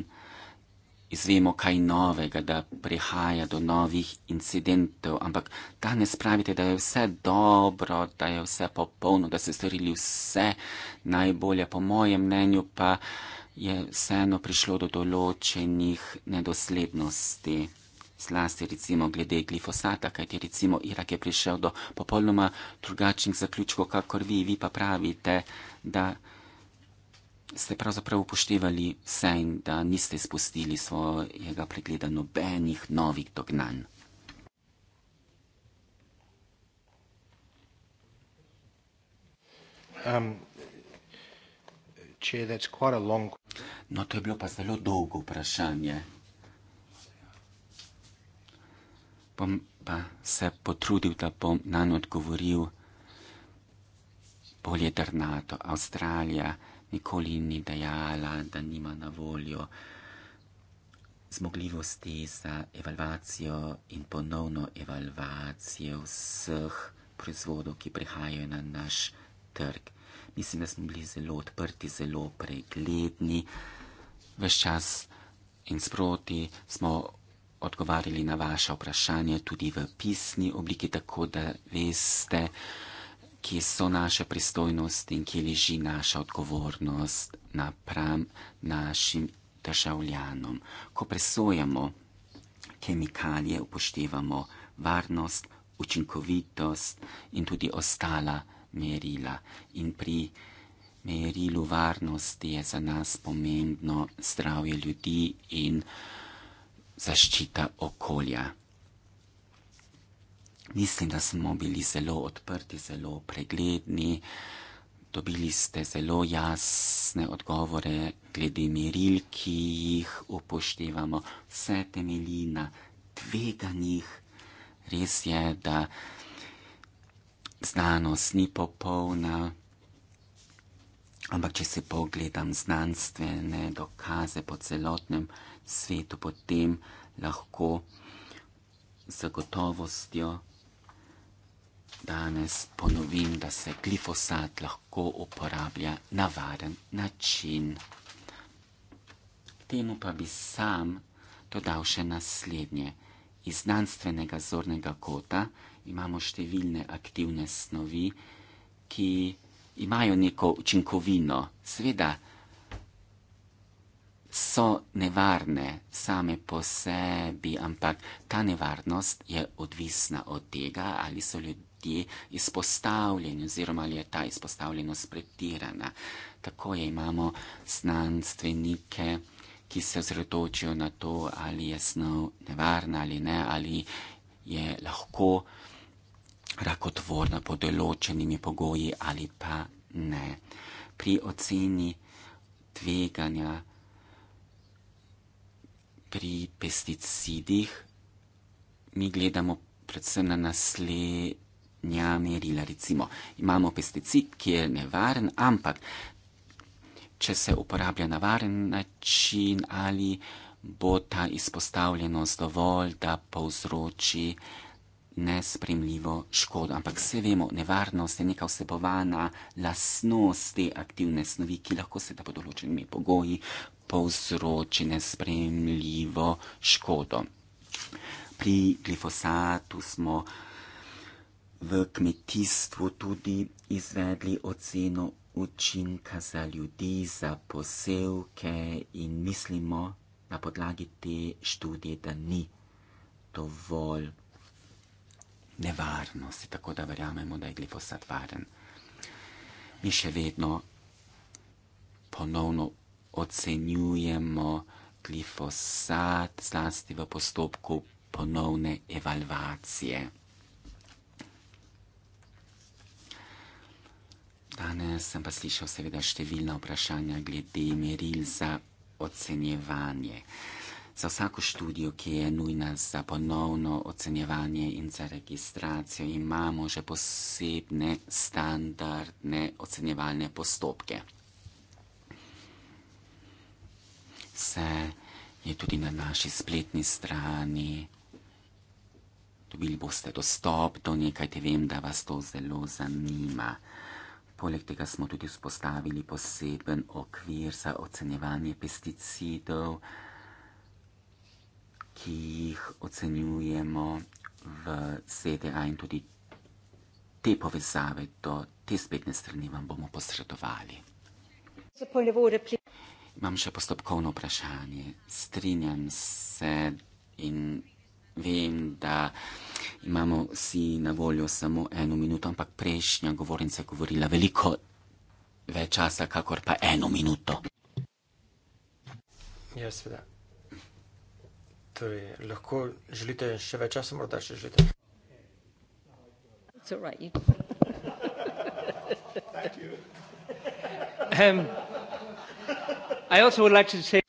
izvemo kaj novega, da prihaja do novih incidentov, ampak danes pravite, da je vse dobro, da je vse popolno, da ste storili vse najbolje. Po mojem mnenju pa je vseeno prišlo do določenih nedoslednosti. Zlasti recimo glede glifosata, kajti recimo Irak je prišel do popolnoma drugačnih zaključkov, kakor vi, vi pa pravite, da ste pravzaprav upoštevali vse in da niste spustili svojega pregleda nobenih novih dognanj. Um, no, to je bilo pa zelo dolgo vprašanje. Bom pa se potrudil, da bom na njo odgovoril bolje, da je to Avstralija nikoli ni dejala, da nima na voljo zmogljivosti za evalvacijo in ponovno evalvacijo vseh proizvodov, ki prihajajo na naš trg. Mislim, da smo bili zelo odprti, zelo pregledni, vse čas in sproti smo odgovarjali na vaše vprašanje tudi v pisni obliki, tako da veste, kje so naše pristojnosti in kje leži naša odgovornost napram našim državljanom. Ko presojamo kemikalije, upoštevamo varnost, učinkovitost in tudi ostala merila. In pri merilu varnosti je za nas pomembno zdravje ljudi in zaščita okolja. Mislim, da smo bili zelo odprti, zelo pregledni. Dobili ste zelo jasne odgovore glede meril, ki jih upoštevamo. Vse temelji na tveganjih. Res je, da znanost ni popolna, ampak če se pogledam znanstvene dokaze po celotnem svetu, potem lahko z gotovostjo danes ponovim, da se glifosat lahko uporablja na varen način. Temu pa bi sam dodal še naslednje. Iz znanstvenega zornega kota imamo številne aktivne snovi, ki imajo neko učinkovino. Seveda so nevarne same po sebi, ampak ta nevarnost je odvisna od tega, ali so ljudje ti izpostavljeni oziroma ali je ta izpostavljenost pretirana. Tako je imamo znanstvenike, ki se ozredočijo na to, ali je snov nevarna ali ne, ali je lahko rakotvorna pod določenimi pogoji ali pa ne. Pri oceni tveganja pri pesticidih mi gledamo predvsem na naslednje ne merila. Recimo, imamo pesticid, ki je nevaren, ampak če se uporablja na varen način, ali bo ta izpostavljenost dovolj, da povzroči nespremljivo škodo. Ampak vse vemo, nevarnost je neka vsebovana lasnost te aktivne snovi, ki lahko se da pod določenimi pogoji povzroči nespremljivo škodo. Pri glifosatu smo uh, v kmetijstvu tudi izvedli oceno učinka za ljudi, za posevke in mislimo na podlagi te študije, da ni dovolj nevarnosti, tako da verjamemo, da je glifosat varen. Mi še vedno ponovno ocenjujemo glifosat zlasti v postopku ponovne evalvacije. Danes sem pa slišal seveda številna vprašanja glede meril za ocenjevanje. Za vsako študijo, ki je nujna za ponovno ocenjevanje in za registracijo, imamo že posebne standardne ocenjevalne postopke. Vse je tudi na naši spletni strani. Dobili boste dostop do nekaj, te vem, da vas to zelo zanima. Poleg tega smo tudi vzpostavili poseben okvir za ocenjevanje pesticidov, ki jih ocenjujemo v ZDA in tudi te povezave do te spetne strani vam bomo posredovali. Imam še postopkovno vprašanje. Strinjam se in vem, da imamo vsi na voljo samo eno minuto, ampak prejšnja govornica je govorila veliko več časa, kakor pa eno minuto. Ja, seveda. Torej, lahko želite še več časa, morda še želite. Um, I also would like to say,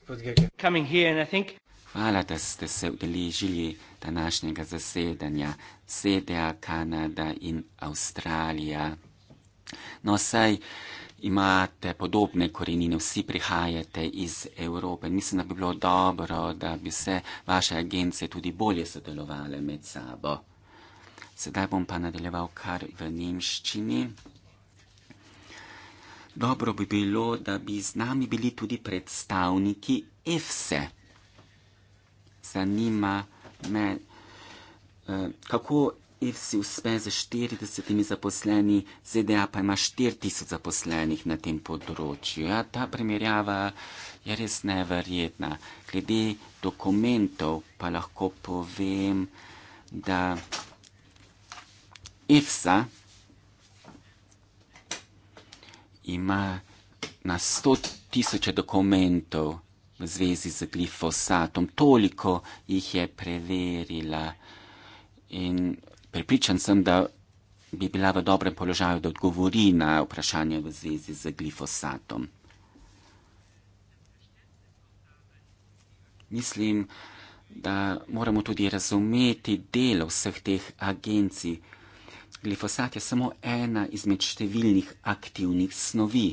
coming here, and I think. Hvala, da ste se udeležili današnjega zasedanja SEDEA, Kanada in Avstralija. No, saj imate podobne korenine, vsi prihajate iz Evrope. Mislim, da bi bilo dobro, da bi se vaše agencije tudi bolje sodelovale med sabo. Sedaj bom pa nadaljeval kar v nemščini. Dobro bi bilo, da bi z nami bili tudi predstavniki EFSE zanima me, eh, kako si uspe z 40 zaposleni, ZDA pa ima 4000 zaposlenih na tem področju. Ja, ta primerjava je res neverjetna. Glede dokumentov pa lahko povem, da IFSA ima na 100 tisoče dokumentov v zvezi z glifosatom. Toliko jih je preverila in pripričan sem, da bi bila v dobrem položaju, da odgovori na vprašanje v zvezi z glifosatom. Mislim, da moramo tudi razumeti delo vseh teh agencij. Glifosat je samo ena izmed številnih aktivnih snovi,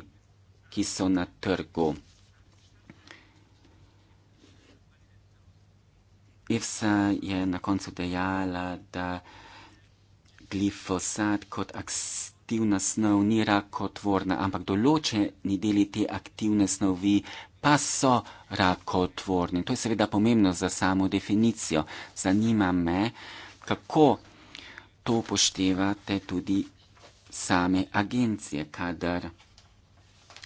ki so na trgu. Ivsa je na koncu dejala, da glifosat kot aktivna snov ni rakotvorna, ampak določeni deli te aktivne snovi pa so rakotvorni. To je seveda pomembno za samo definicijo. Zanima me, kako to upoštevate tudi same agencije, kadar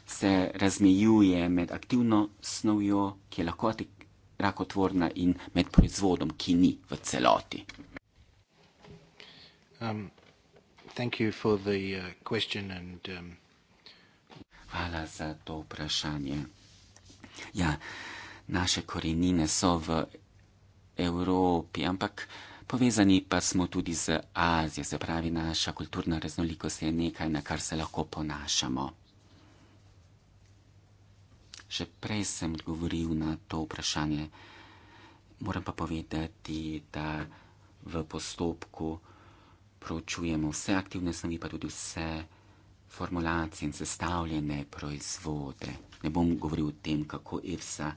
se razmejuje med aktivno snovjo, ki je lahko rakotvorna in med proizvodom, ki ni v celoti. Um, thank you for the uh, question and um... Hvala za to vprašanje. Ja, naše korenine so v Evropi, ampak povezani pa smo tudi z Azijo, se pravi, naša kulturna raznolikost je nekaj, na kar se lahko ponašamo. Že prej sem odgovoril na to vprašanje. Moram pa povedati, da v postopku proučujemo vse aktivne snovi, pa tudi vse formulacije in sestavljene proizvode. Ne bom govoril o tem, kako EFSA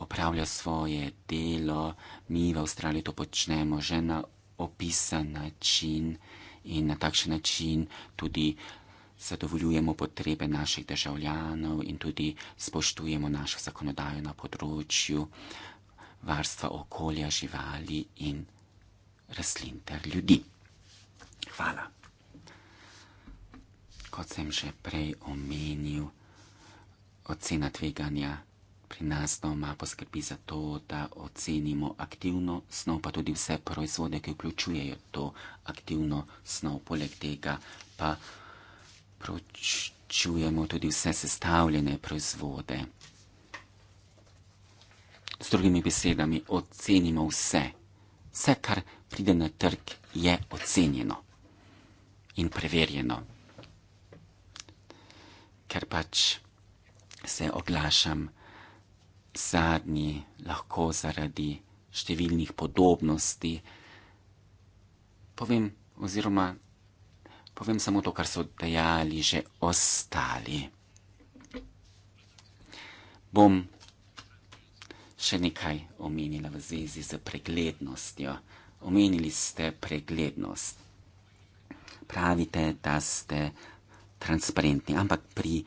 opravlja svoje delo, mi v Avstraliji to počnemo že na opisan način in na takšen način tudi zadovoljujemo potrebe naših državljanov in tudi spoštujemo našo zakonodajo na področju varstva okolja, živali in rastlin ter ljudi. Hvala. Kot sem že prej omenil, ocena tveganja pri nas doma poskrbi za to, da ocenimo aktivno snov, pa tudi vse proizvode, ki vključujejo to aktivno snov. Poleg tega pa čujemo tudi vse sestavljene proizvode. Z drugimi besedami, ocenimo vse. Vse, kar pride na trg, je ocenjeno in preverjeno. Ker pač se oglašam zadnji, lahko zaradi številnih podobnosti, povem oziroma Povem samo to, kar so dejali že ostali. Bom še nekaj omenila v zvezi z preglednostjo. Omenili ste preglednost. Pravite, da ste transparentni, ampak pri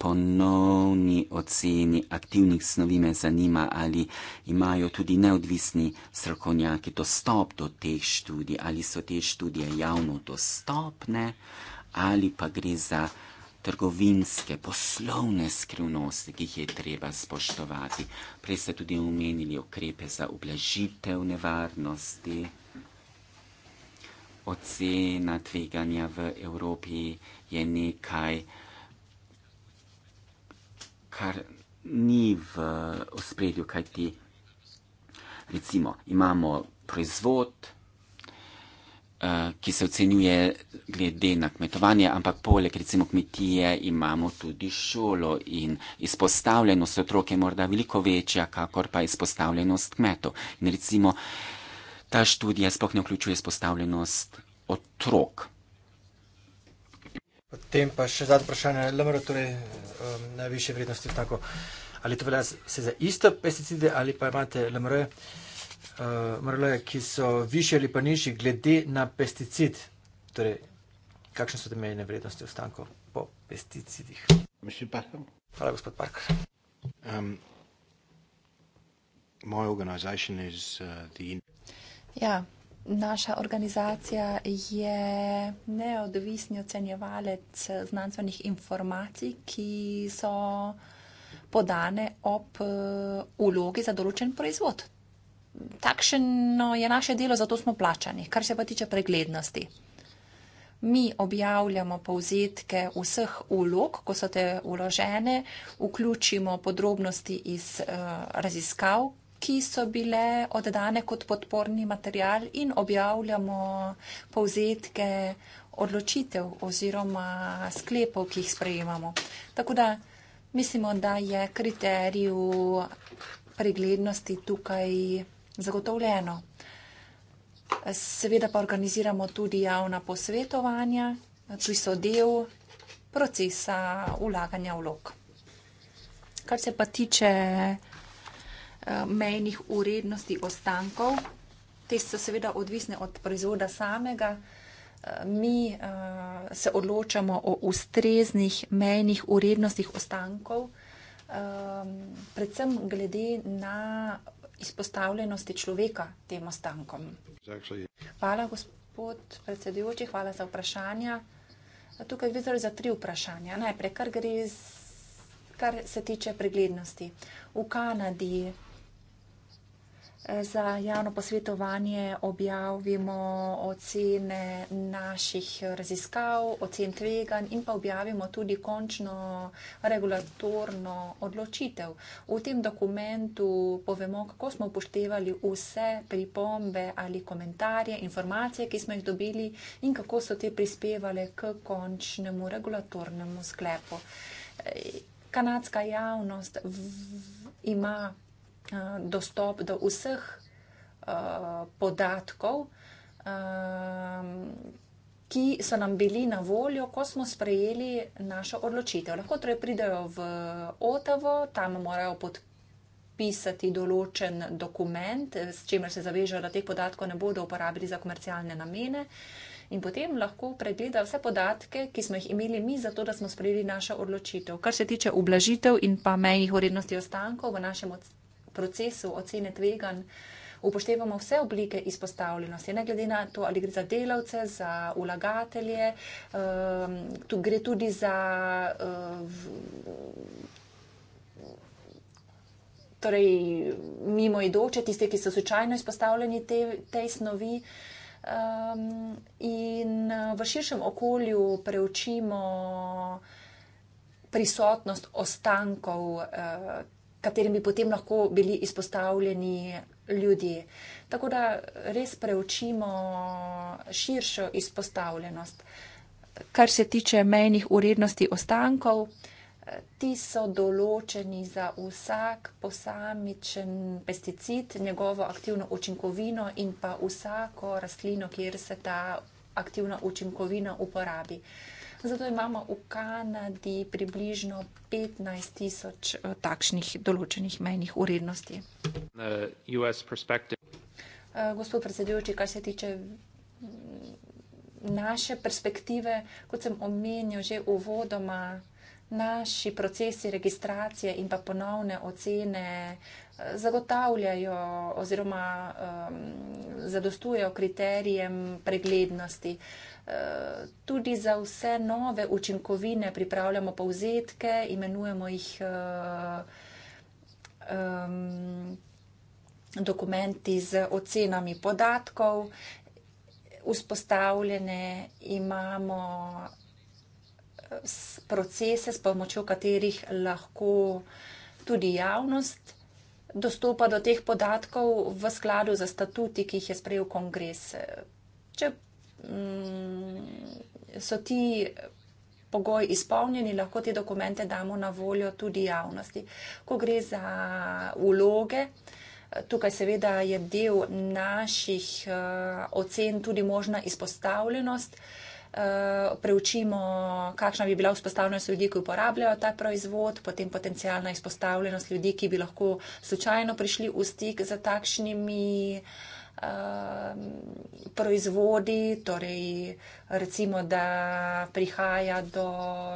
ponovni oceni aktivnih snovi me zanima, ali imajo tudi neodvisni strokovnjaki dostop do teh študij, ali so te študije javno dostopne, ali pa gre za trgovinske, poslovne skrivnosti, ki jih je treba spoštovati. Prej ste tudi omenili okrepe za oblažitev nevarnosti. Ocena tveganja v Evropi je nekaj, kar ni v ospredju, kaj ti recimo imamo proizvod, eh, ki se ocenjuje glede na kmetovanje, ampak poleg recimo kmetije imamo tudi šolo in izpostavljenost otroke morda veliko večja, kakor pa izpostavljenost kmetov. In recimo ta študija spoh ne vključuje izpostavljenost otrok. Potem pa še zadnje vprašanje, LMR, torej um, najviše vrednosti, tako ali to velja se za isto pesticide ali pa imate LMR, uh, MRL, ki so više ali pa nižji glede na pesticid, torej kakšne so te mejne vrednosti ostankov po pesticidih. Hvala, gospod Parker. Um, moja organizacija je uh, the... ja. Naša organizacija je neodvisni ocenjevalec znanstvenih informacij, ki so podane ob ulogi eh, za določen proizvod. Takšno je naše delo, zato smo plačani, kar se pa tiče preglednosti. Mi objavljamo povzetke vseh ulog, ko so te uložene, vključimo podrobnosti iz uh, raziskav, ki so bile oddane kot podporni material in objavljamo povzetke odločitev oziroma sklepov, ki jih sprejemamo. Tako da mislimo, da je kriterij preglednosti tukaj zagotovljeno. Seveda pa organiziramo tudi javna posvetovanja, ki so del procesa ulaganja vlog. Kar se pa tiče mejnih urednosti ostankov. Te so seveda odvisne od proizvoda samega. Mi eh, se odločamo o ustreznih mejnih urednostih ostankov, eh, predvsem glede na izpostavljenosti človeka tem ostankom. Hvala, gospod predsedujoči, hvala za vprašanja. Tukaj gre torej za tri vprašanja. Najprej, kar, gre z, kar se tiče preglednosti. V Kanadi Za javno posvetovanje objavimo ocene naših raziskav, ocen tvegan in pa objavimo tudi končno regulatorno odločitev. V tem dokumentu povemo, kako smo upoštevali vse pripombe ali komentarje, informacije, ki smo jih dobili in kako so te prispevale k končnemu regulatornemu sklepu. Kanadska javnost ima dostop do vseh eh, podatkov, eh, ki so nam bili na voljo, ko smo sprejeli našo odločitev. Lahko torej pridejo v Otavo, tam morajo podpisati določen dokument, s čimer se zavežejo, da teh podatkov ne bodo uporabili za komercialne namene. In potem lahko pregleda vse podatke, ki smo jih imeli mi, zato da smo sprejeli našo odločitev. Kar se tiče ublažitev in pa mejnih vrednosti ostankov v našem odstavku, procesu ocene tvegan upoštevamo vse oblike izpostavljenosti, ne glede na to, ali gre za delavce, za ulagatelje, um, tu gre tudi za. Um, Torej, mimo idoče, tiste, ki so slučajno izpostavljeni te, tej snovi, um, in uh, v širšem okolju preučimo prisotnost ostankov uh, katerim bi potem lahko bili izpostavljeni ljudje. Tako da res preučimo širšo izpostavljenost. Kar se tiče mejnih urednosti ostankov, ti so določeni za vsak posamičen pesticid, njegovo aktivno učinkovino in pa vsako rastlino, kjer se ta aktivna učinkovina uporabi. Zato imamo v Kanadi približno 15 tisoč eh, takšnih določenih menjih urednosti. Eh, gospod predsedujoči, kar se tiče mm, naše perspektive, kot sem omenil že uvodoma, naši procesi registracije in pa ponovne ocene eh, zagotavljajo oziroma um, zadostujejo kriterijem preglednosti. Uh, tudi za vse nove učinkovine pripravljamo povzetke, imenujemo jih um, dokumenti z ocenami podatkov. Vzpostavljene imamo eh, procese, s pomočjo katerih lahko tudi javnost dostopa do teh podatkov v skladu z statuti, ki jih je sprejel kongres. Če Mm, so ti pogoji izpolnjeni, lahko te dokumente damo na voljo tudi javnosti. Ko gre za vloge, tukaj seveda je del naših eh, ocen tudi možna izpostavljenost. Eh, preučimo, kakšna bi bila vzpostavljenost ljudi, ki uporabljajo ta proizvod, potem potencijalna izpostavljenost ljudi, ki bi lahko slučajno prišli v stik z takšnimi uh, Um, proizvodi, torej recimo, da prihaja do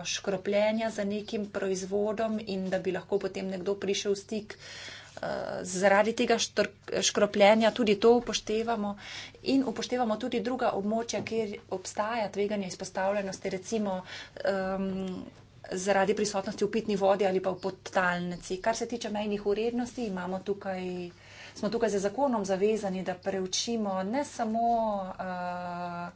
škropljenja za nekim proizvodom in da bi lahko potem nekdo prišel v stik uh, zaradi tega škropljenja, tudi to upoštevamo in upoštevamo tudi druga območja, kjer obstaja tveganje izpostavljenosti, recimo um, zaradi prisotnosti v pitni vodi ali pa v podtalnici. Kar se tiče mejnih urednosti, imamo tukaj smo tukaj z zakonom zavezani, da preučimo ne samo, eh,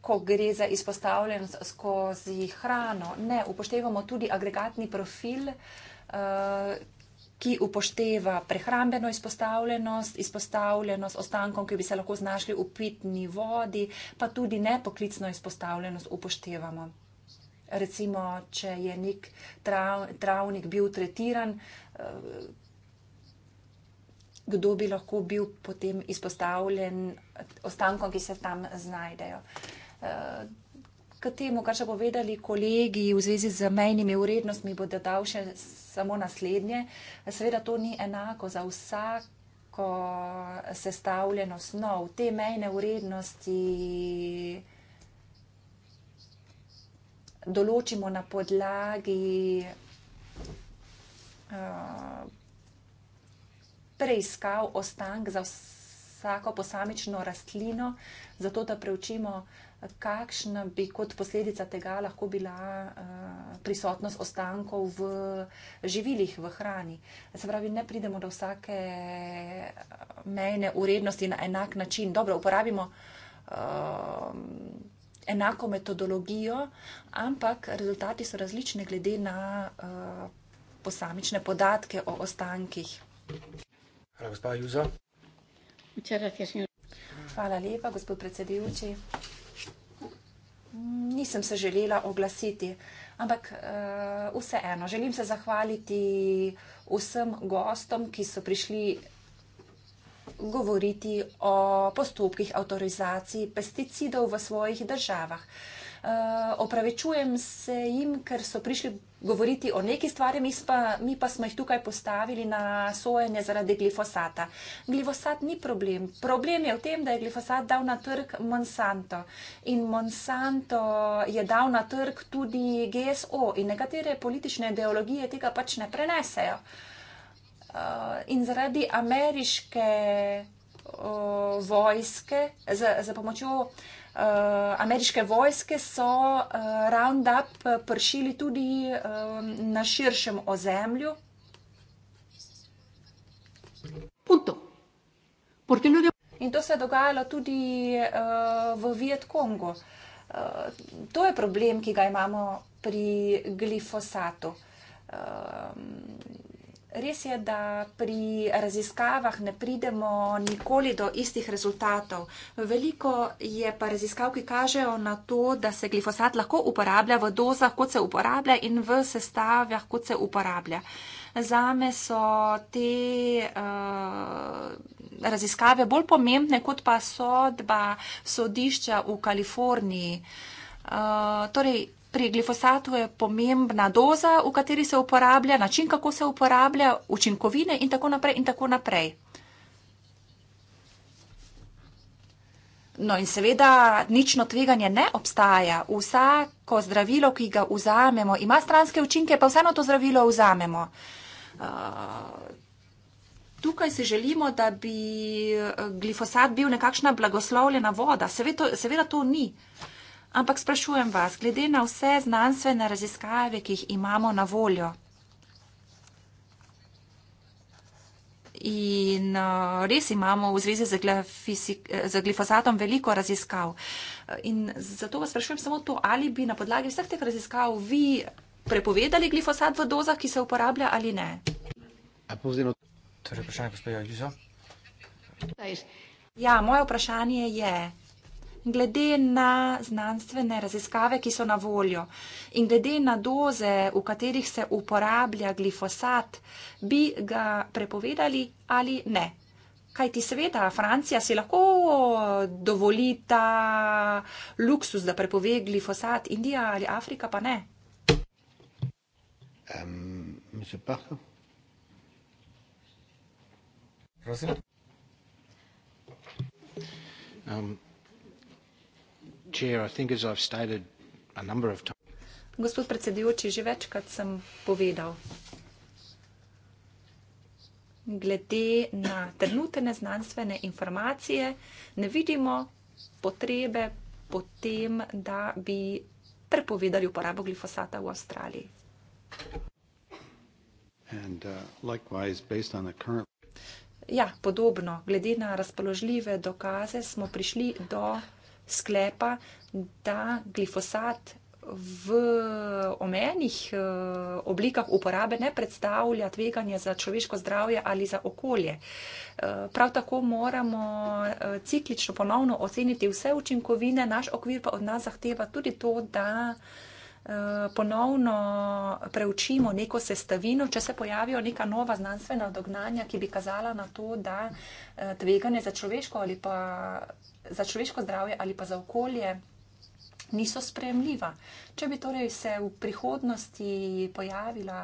ko gre za izpostavljenost skozi hrano, ne, upoštevamo tudi agregatni profil, eh, ki upošteva prehrambeno izpostavljenost, izpostavljenost ostankom, ki bi se lahko znašli v pitni vodi, pa tudi nepoklicno izpostavljenost upoštevamo. Recimo, če je nek travnik bil tretiran, eh, kdo bi lahko bil potem izpostavljen ostankom, ki se tam znajdejo. Eh, k temu, kar so povedali kolegi v zvezi z mejnimi urednostmi, bo dodal še samo naslednje. Seveda to ni enako za vsak. Ko se stavljeno snov, te mejne urednosti določimo na podlagi uh, preiskav ostank za vsako posamično rastlino, zato da preučimo, kakšna bi kot posledica tega lahko bila eh, prisotnost ostankov v živilih, v hrani. Se pravi, ne pridemo do vsake eh, mejne urednosti na enak način. Dobro, uporabimo. Eh, enako metodologijo, ampak rezultati so različni glede na uh, posamične podatke o ostankih. Hvala, gospa Juza. Hvala lepa, gospod predsedujoči. Nisem se želela oglasiti, ampak eh, vseeno želim se zahvaliti vsem gostom, ki so prišli govoriti o postopkih avtorizacij pesticidov v svojih državah. Eh, opravičujem se jim, ker so prišli govoriti o neki stvari, mi, spa, mi pa smo jih tukaj postavili na sojenje zaradi glifosata. Glifosat ni problem. Problem je v tem, da je glifosat dal na trg Monsanto. In Monsanto je dal na trg tudi GSO in nekatere politične ideologije tega pač ne prenesejo. Uh, in zaradi ameriške uh, vojske, za, za pomočjo Eh, ameriške vojske so uh, Roundup eh, pršili tudi um, na širšem ozemlju. No In to se je dogajalo tudi uh, v Vietkongu. Uh, to je problem, ki ga imamo pri glifosatu. Uh, Res je, da pri raziskavah ne pridemo nikoli do istih rezultatov. Veliko je pa raziskav, ki kažejo na to, da se glifosat lahko uporablja v dozah, kot se uporablja in v sestavljah, kot se uporablja. Zame so te uh, raziskave bolj pomembne, kot pa sodba sodišča v Kaliforniji. Uh, torej, pri glifosatu je pomembna doza, v kateri se uporablja, način, kako se uporablja, učinkovine in tako naprej in tako naprej. No in seveda nično tveganje ne obstaja. Vsako zdravilo, ki ga vzamemo, ima stranske učinke, pa vseeno to zdravilo vzamemo. Uh, tukaj si želimo, da bi eh, glifosat bil nekakšna blagoslovljena voda. Seveda to, seveda to ni. Uh, Ampak sprašujem vas, glede na vse znanstvene raziskave, ki jih imamo na voljo in eh, res imamo v zvezi z glifosatom veliko raziskav. Eh, in zato vas sprašujem samo to, ali bi na podlagi vseh teh raziskav vi prepovedali glifosat v dozah, ki se uporablja ali ne? Torej, vprašanje, gospod Jojizo. Ja, moje vprašanje je, glede na znanstvene raziskave, ki so na voljo in glede na doze, v katerih se uporablja glifosat, bi ga prepovedali ali ne. Kaj ti seveda, Francija si lahko dovoli ta luksus, da prepove glifosat, Indija ali Afrika pa ne. Um, Prosim. Um, Gospod predsedujoči, že večkrat sem povedal, glede na trenutne znanstvene informacije ne vidimo potrebe po tem, da bi prepovedali uporabo glifosata v Avstraliji. And, uh, likewise, based on the current... Ja, podobno. Glede na razpoložljive dokaze smo prišli do sklepa, da glifosat v omenjenih eh, oblikah uporabe ne predstavlja tveganja za človeško zdravje ali za okolje. Eh, prav tako moramo eh, ciklično ponovno oceniti vse učinkovine, naš okvir pa od nas zahteva tudi to, da ponovno preučimo neko sestavino, če se pojavijo neka nova znanstvena dognanja, ki bi kazala na to, da tveganje za človeško ali pa za človeško zdravje ali pa za okolje niso sprejemljiva. Če bi torej se v prihodnosti pojavila,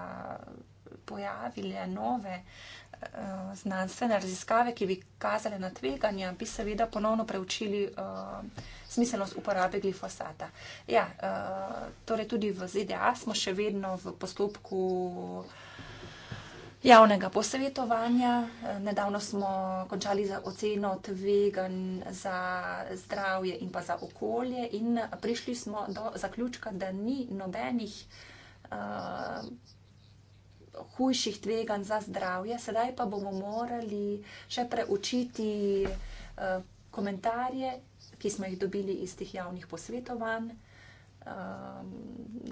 pojavile nove uh, znanstvene raziskave, ki bi kazale na tveganja, bi seveda ponovno preučili uh, smiselnost uporabe glifosata. Ja, uh, torej tudi v ZDA smo še vedno v postopku uh, javnega posvetovanja. Nedavno smo končali za oceno tvegan za zdravje in pa za okolje in prišli smo do zaključka, da ni nobenih uh, hujših tvegan za zdravje. Sedaj pa bomo morali še preučiti uh, komentarje, ki smo jih dobili iz tih javnih posvetovanj. Eh,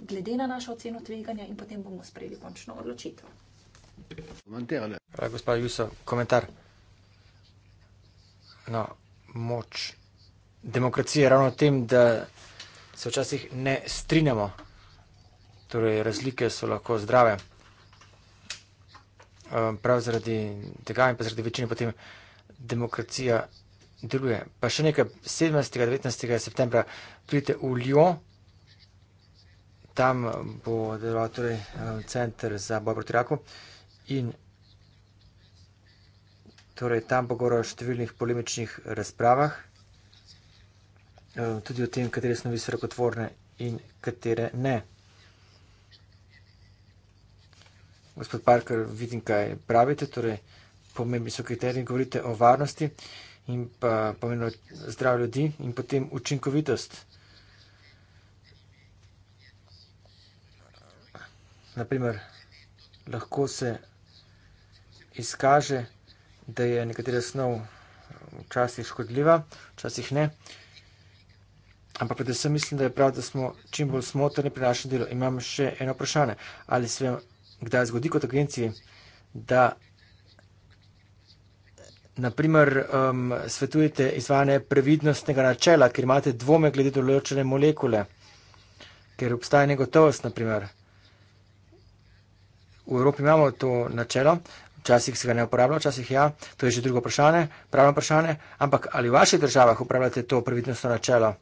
glede na našo oceno tveganja, in potem bomo sprejeli končno odločitev. Gospa Juso, komentar. No, moč. Demokracija je ravno v tem, da se včasih ne strinjamo. Torej, razlike so lahko zdrave. Ehm, prav zaradi tega in pa zaradi večine potem demokracija deluje. Pa še nekaj, 17. in 19. septembra pridete v Ljo, tam bo deloval torej, ehm, center za boj proti raku. In torej tam pogovorajo o številnih polemičnih razpravah, eh, tudi o tem, katere snovi so rakotvorne in katere ne. Gospod Parker, vidim, kaj pravite, torej pomembni so kriteriji, govorite o varnosti in pa pomembno zdrav ljudi in potem učinkovitost. Naprimer, lahko se izkaže, da je nekatera snov včasih škodljiva, včasih ne. Ampak predvsem mislim, da je prav, da smo čim bolj smotrni pri našem delu. Imam še eno vprašanje. Ali se vam kdaj zgodi kot agenciji, da naprimer um, svetujete izvajanje previdnostnega načela, ker imate dvome glede določene molekule, ker obstaja negotovost, naprimer. V Evropi imamo to načelo, Včasih se ga ne uporablja, včasih ja, to je že drugo vprašanje, pravno vprašanje, ampak ali v vaših državah upravljate to previdnostno načelo?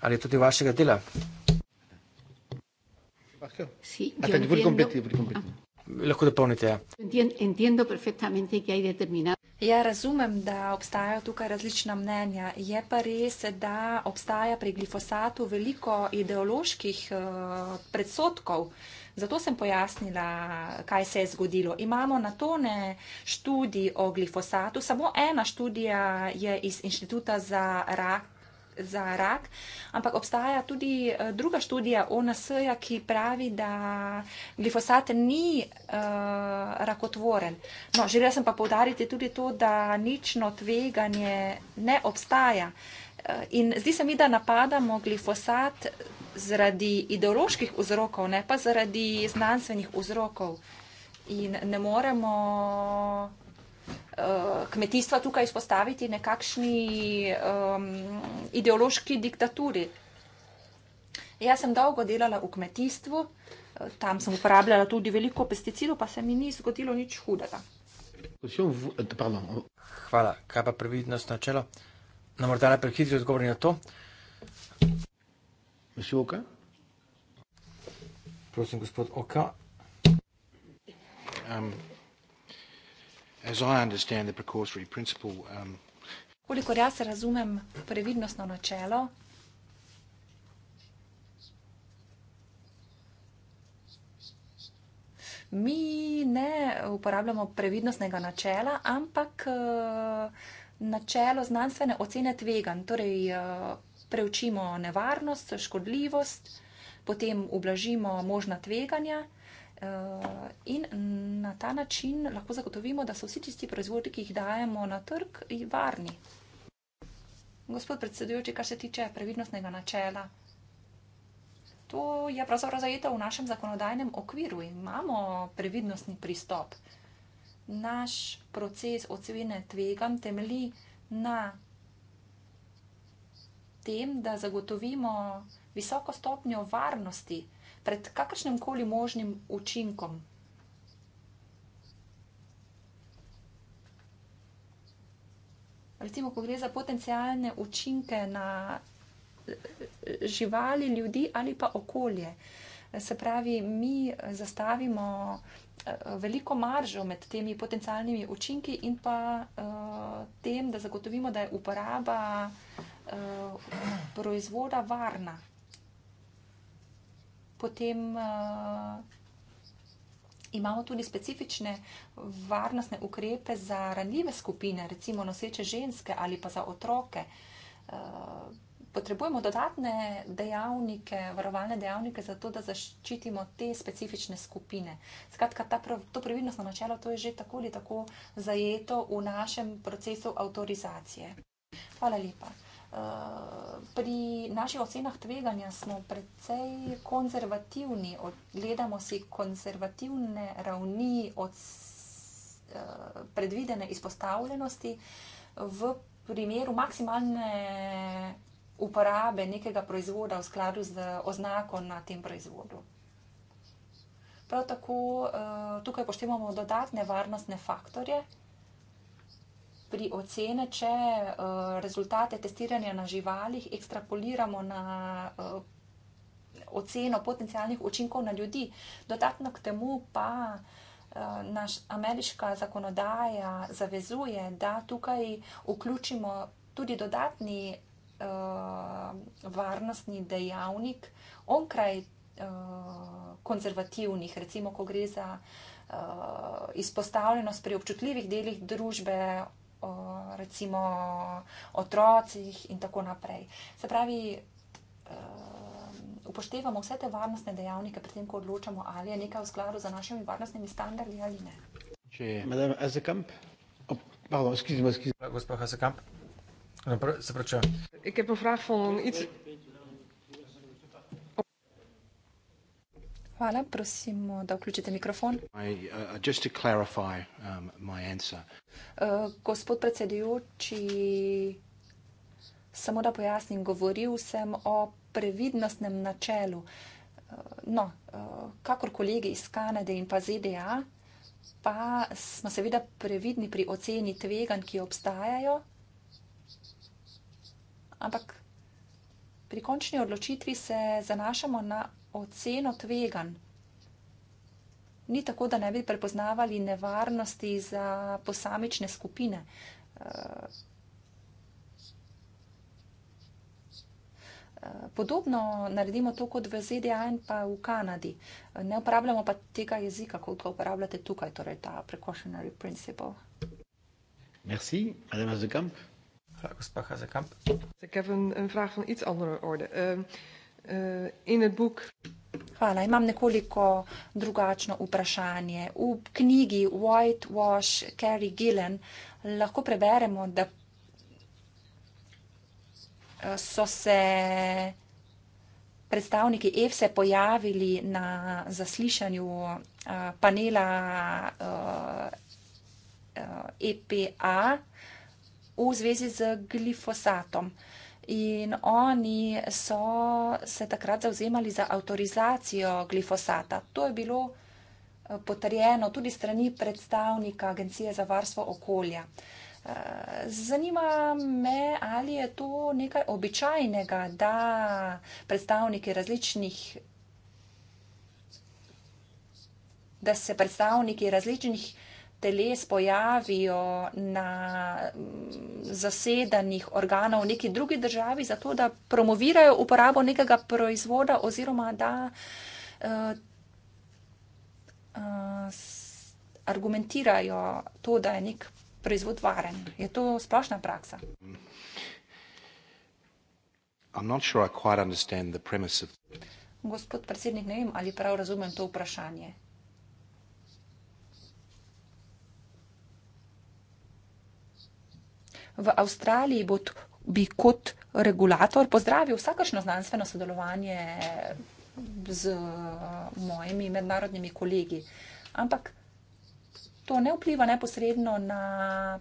Ali je tudi vašega dela? Lahko dopolnite. Ja. ja, razumem, da obstajajo tukaj različna mnenja. Je pa res, da obstaja pri glifosatu veliko ideoloških eh, predsotkov. Zato sem pojasnila, kaj se je zgodilo. Imamo na tone študij o glifosatu, samo ena študija je iz inštituta za rak za rak, ampak obstaja tudi eh, druga študija ONS-ja, ki pravi, da glifosat ni uh, rakotvoren. No, želela sem pa povdariti tudi to, da nično tveganje ne obstaja. Uh, in zdi se mi, da napadamo glifosat zaradi ideoloških vzrokov, ne pa zaradi znanstvenih vzrokov. In ne moremo eh, kmetijstva tukaj izpostaviti nekakšni um, ideološki diktaturi. Jaz sem dolgo delala v kmetijstvu, eh, tam sem uporabljala tudi veliko pesticidov, pa se mi ni zgodilo nič hudega. Hvala. Kaj pa previdnost načelo? Na no, morda najprej hitri odgovor na to. Monsieur Oka. Prosim, gospod Oka. Um, as I understand the precautionary principle, um, Kolikor jaz razumem previdnostno načelo, mi ne uporabljamo previdnostnega načela, ampak uh, načelo znanstvene ocene tvegan, torej uh, preučimo nevarnost, škodljivost, potem ublažimo možna tveganja. Eh, in na ta način lahko zagotovimo, da so vsi tisti proizvodi, ki jih dajemo na trg, varni. Gospod predsedujoči, kar se tiče previdnostnega načela, to je pravzaprav zajeto v našem zakonodajnem okviru. Imamo previdnostni pristop. Naš proces ocene tvegam temelji na tem, da zagotovimo visoko stopnjo varnosti pred kakršnim koli možnim učinkom. Recimo, ko gre za potencijalne učinke na eh, eh, živali, ljudi ali pa okolje. Uh, Se pravi, mi zastavimo eh, veliko maržo med temi potencialnimi učinki in pa uh, tem, da zagotovimo, da je uporaba uh, proizvoda varna. Potem uh, imamo tudi specifične varnostne ukrepe za ranljive skupine, recimo noseče ženske ali pa za otroke. Uh, potrebujemo dodatne dejavnike, varovalne dejavnike, zato da zaščitimo te specifične skupine. Skratka, prav, to previdnostno načelo to je že tako ali tako zajeto v našem procesu avtorizacije. Hvala lepa. Eh, pri naših ocenah tveganja smo precej konzervativni, gledamo si konzervativne ravni od eh, predvidene izpostavljenosti v primeru maksimalne uporabe nekega proizvoda v skladu z oznako na tem proizvodu. Prav tako eh, tukaj poštevamo dodatne varnostne faktorje pri ocene, če eh, rezultate testiranja na živalih ekstrapoliramo na eh, oceno potencijalnih učinkov na ljudi. Dodatno k temu pa naš ameriška zakonodaja zavezuje, da tukaj vključimo tudi dodatni uh, varnostni dejavnik onkraj uh, eh, konzervativnih, recimo, ko gre za uh, izpostavljenost pri občutljivih delih družbe, uh, recimo otrocih in tako naprej. Se pravi, uh, upoštevamo vse te varnostne dejavnike, predtem, ko odločamo, ali je nekaj v skladu z našimi varnostnimi standardi ali ne. Če je madame Azekamp, oh, pardon, skizma, skizma, gospod Azekamp. No, Ik heb een vraag van iets. Hvala, prosim, da vključite mikrofon. Uh, uh, um, uh, gospod predsedujoči, samo da pojasnim, govoril sem o previdnostnem načelu. No, kakor kolegi iz Kanade in pa ZDA, pa smo seveda previdni pri oceni tvegan, ki obstajajo ampak pri končni odločitvi se zanašamo na oceno tvegan. Ni tako, da ne bi prepoznavali nevarnosti za posamične skupine. Eh, podobno naredimo to kot v ZDA in pa v Kanadi. Ne uporabljamo pa tega jezika, kot ga uporabljate tukaj, torej ta precautionary principle. Merci, Madame Zekamp. Mevrouw Gospa Hazekamp. Ik heb een, een vraag van iets andere orde. Uh, uh, in het boek. Hvala, imam nekoliko drugačno vprašanje. V knjigi Whitewash Carrie Gillen lahko preberemo, da eh, so se predstavniki EFSE pojavili na zaslišanju eh, panela EPA. E v zvezi z glifosatom. In oni so se takrat zauzemali za avtorizacijo glifosata. To je bilo eh, potrjeno tudi strani predstavnika Agencije za varstvo okolja. Eh, zanima me, ali je to nekaj običajnega, da predstavniki različnih. da se predstavniki različnih teles pojavijo na mm, zasedanjih organov v neki drugi državi, zato da promovirajo uporabo nekega proizvoda oziroma da eh, eh, argumentirajo to, da je nek proizvod varen. Je to splošna praksa? Sure Gospod predsednik, ne vem, ali prav razumem to vprašanje. v Avstraliji bo bi kot regulator pozdravil vsakršno znanstveno sodelovanje z mojimi mednarodnimi kolegi. Ampak to ne vpliva neposredno na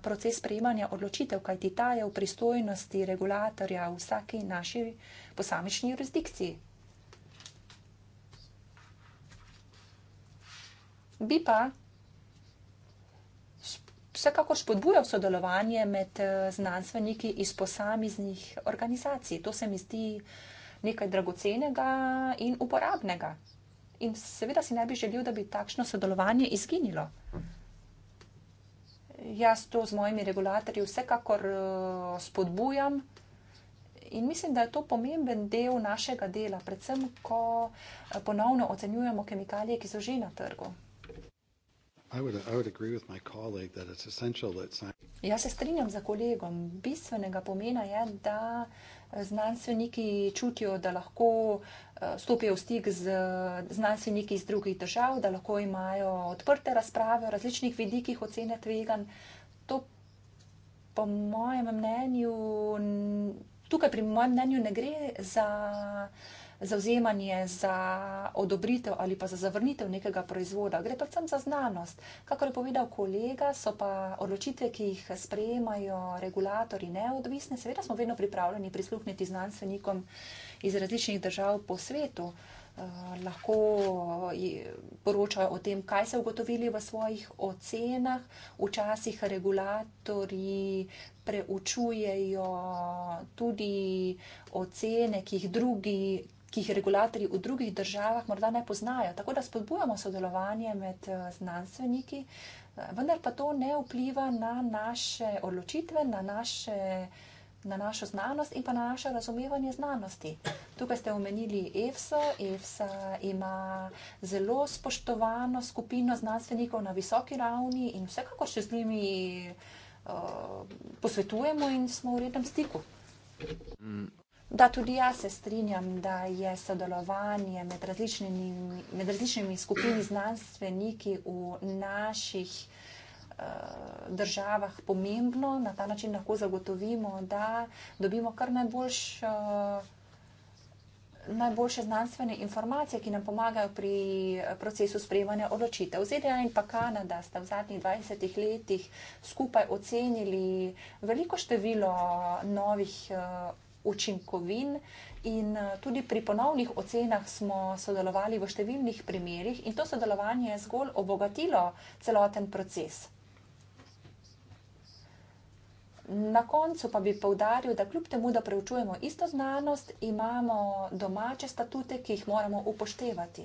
proces sprejemanja odločitev, kajti ta je v pristojnosti regulatorja v vsaki naši posamični jurisdikciji. Bi pa vsekakor spodbujal sodelovanje med eh, znanstveniki iz posameznih organizacij. To se mi zdi nekaj dragocenega in uporabnega. In seveda si ne bi želel, da bi takšno sodelovanje izginilo. Jaz to z mojimi regulatorji vsekakor eh, spodbujam in mislim, da je to pomemben del našega dela, predvsem, ko eh, ponovno ocenjujemo kemikalije, ki so že na trgu. Jaz se strinjam za kolegom. Bistvenega pomena je, da eh, znanstveniki čutijo, da lahko eh, stopijo v stik z eh, znanstveniki iz drugih držav, da lahko imajo odprte razprave o različnih vidikih ocene tvegan. To po mojem mnenju, tukaj pri mojem mnenju ne gre za zauzemanje za odobritev ali pa za zavrnitev nekega proizvoda. Gre predvsem za znanost. Kakor je povedal kolega, so pa odločitve, ki jih sprejemajo regulatori, neodvisne. Seveda smo vedno pripravljeni prisluhniti znanstvenikom iz različnih držav po svetu. Eh, lahko poročajo o tem, kaj so ugotovili v svojih ocenah. Včasih regulatori preučujejo tudi ocene, ki jih drugi, ki jih regulatorji v drugih državah morda ne poznajo. Tako da spodbujamo sodelovanje med eh, znanstveniki, eh, vendar pa to ne vpliva na naše odločitve, na, naše, na našo znanost in pa na naše razumevanje znanosti. Tukaj ste omenili EFSA. EFSA ima zelo spoštovano skupino znanstvenikov na visoki ravni in vsekakor še z njimi uh, posvetujemo in smo v rednem stiku. Mm. Da, tudi jaz se strinjam, da je sodelovanje med različnimi, med različnimi skupini znanstveniki v naših eh, državah pomembno, na ta način lahko zagotovimo, da dobimo kar najboljšo, najboljše znanstvene informacije, ki nam pomagajo pri procesu sprejemanja odločitev. ZDA e in pa Kanada sta v zadnjih 20 letih skupaj ocenili veliko število novih eh, učinkovin. In eh, tudi pri ponovnih ocenah smo sodelovali v številnih primerjih in to sodelovanje je zgolj obogatilo celoten proces. Na koncu pa bi povdaril, da kljub temu, da preučujemo isto znanost, imamo domače statute, ki jih moramo upoštevati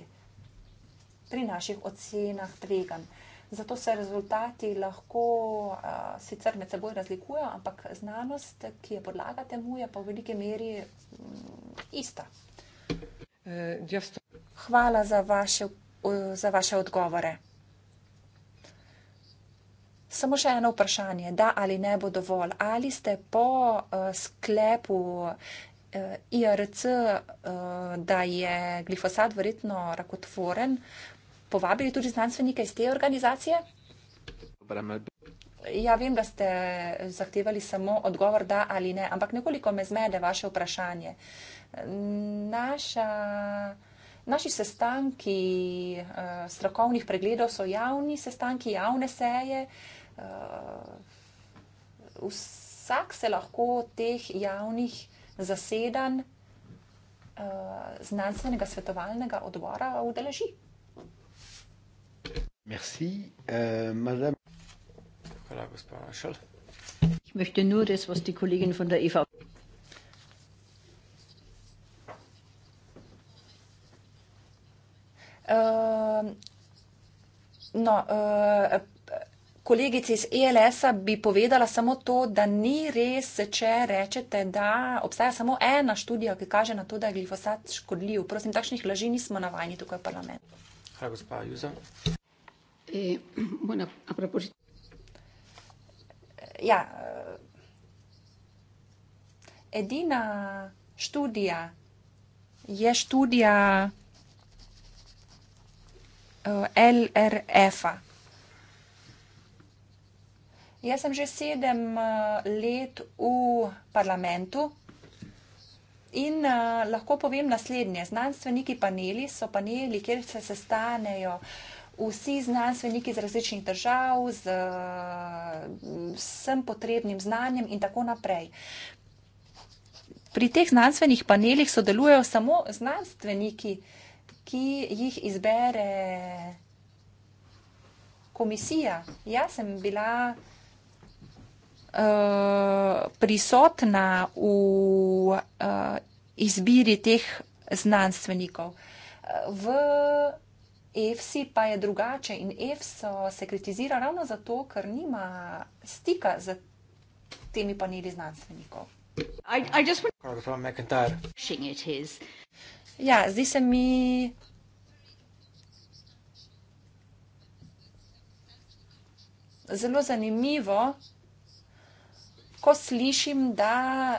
pri naših ocenah tveganj. Zato se rezultati lahko uh, sicer med seboj razlikujejo, ampak znanost, ki je podlaga temu, je pa v veliki meri um, ista. Eh, Hvala za vaše, uh, za vaše odgovore. Samo še eno vprašanje, da ali ne bo dovolj. Ali ste po uh, sklepu uh, eh, IRC, uh, da je glifosat verjetno rakotvoren, uh, povabili tudi znanstvenike iz te organizacije? Ja, vem, da ste zahtevali samo odgovor da ali ne, ampak nekoliko me zmede vaše vprašanje. Naša, naši sestanki eh, strokovnih pregledov so javni sestanki, javne seje. Eh, vsak se lahko teh javnih zasedanj eh, znanstvenega svetovalnega odbora udeleži. Merci, äh, Madame. Ich möchte nur das, was die Kollegin von der EVP. Uh, ähm, no, uh, kolegici iz ELS-a bi povedala samo to, da ni res, če rečete, da obstaja samo ena študija, ki kaže na to, da je glifosat škodljiv. Prosim, takšnih laži nismo navajeni tukaj v parlamentu. Hvala, gospa Juza. Eh, bueno, a propósito. Ja, eh, edina študija je študija eh, LRF-a. Jaz sem že sedem eh, let v parlamentu in lahko povem naslednje. Znanstveniki paneli so paneli, kjer se sestanejo vsi znanstveniki iz različnih držav, z mm, vsem potrebnim znanjem in tako naprej. Pri teh znanstvenih panelih sodelujejo samo znanstveniki, ki jih izbere komisija. Jaz sem bila uh, prisotna v uh, izbiri teh znanstvenikov. V EFSI pa je drugače in EFSO se kritizira ravno zato, ker nima stika z temi paneli znanstvenikov. Ja, zdi se mi. Zelo zanimivo, ko slišim, da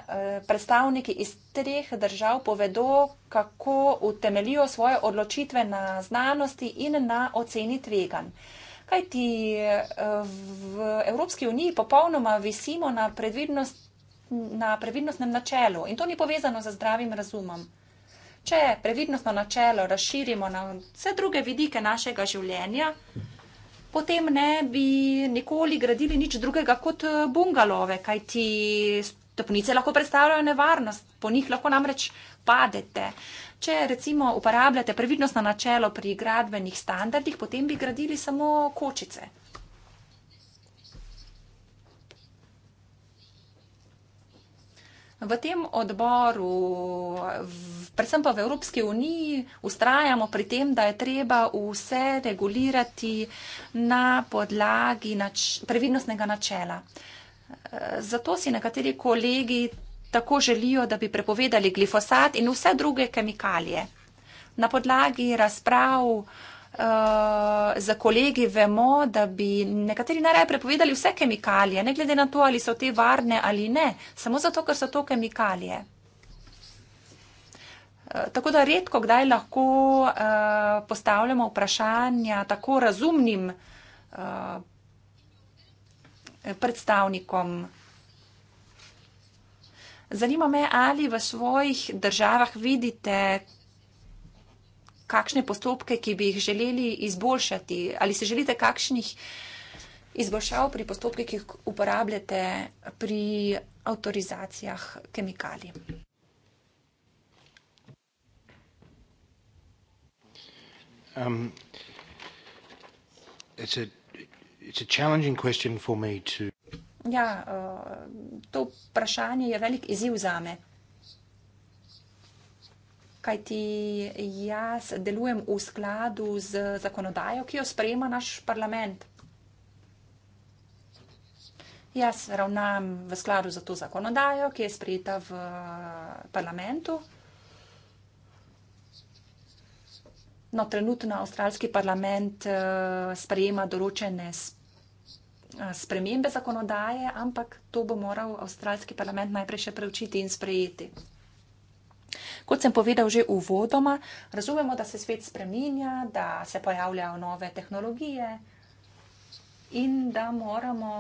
eh, predstavniki iz treh držav povedo, kako utemeljijo svoje odločitve na znanosti in na oceni tvegan. Kaj ti eh, v Evropski uniji popolnoma visimo na, predvidnost, na previdnostnem načelu in to ni povezano z zdravim razumom. Če previdnostno načelo razširimo na vse druge vidike našega življenja, potem ne bi nikoli gradili nič drugega kot eh, bungalove, kaj ti stopnice lahko predstavljajo nevarnost, po njih lahko namreč padete. Če recimo uporabljate previdnostno načelo pri gradbenih standardih, potem bi gradili samo kočice. v tem odboru, predvsem pa v Evropski uniji, ustrajamo pri tem, da je treba vse regulirati na podlagi nač previdnostnega načela. Zato si nekateri kolegi tako želijo, da bi prepovedali glifosat in vse druge kemikalije. Na podlagi razprav, uh, za kolegi vemo, da bi nekateri naraj prepovedali vse kemikalije, ne glede na to, ali so te varne ali ne, samo zato, ker so to kemikalije. Eh, tako da redko kdaj lahko uh, postavljamo vprašanja tako razumnim uh, predstavnikom. Zanima me, ali v svojih državah vidite kakšne postopke, ki bi jih želeli izboljšati, ali se želite kakšnih izboljšav pri postopkih, ki jih uporabljate pri avtorizacijah kemikalij. Um, it's a, it's a challenging question for me to. Ja, uh, to vprašanje je velik izziv za me kajti jaz delujem v skladu z zakonodajo, ki jo sprejema naš parlament. Jaz ravnam v skladu za to zakonodajo, ki je sprejeta v parlamentu. No, trenutno avstralski parlament eh, sprejema določene eh, spremembe zakonodaje, ampak to bo moral avstralski parlament najprej še preučiti in sprejeti. Kot sem povedal že uvodoma, razumemo, da se svet spreminja, da se pojavljajo nove tehnologije in da moramo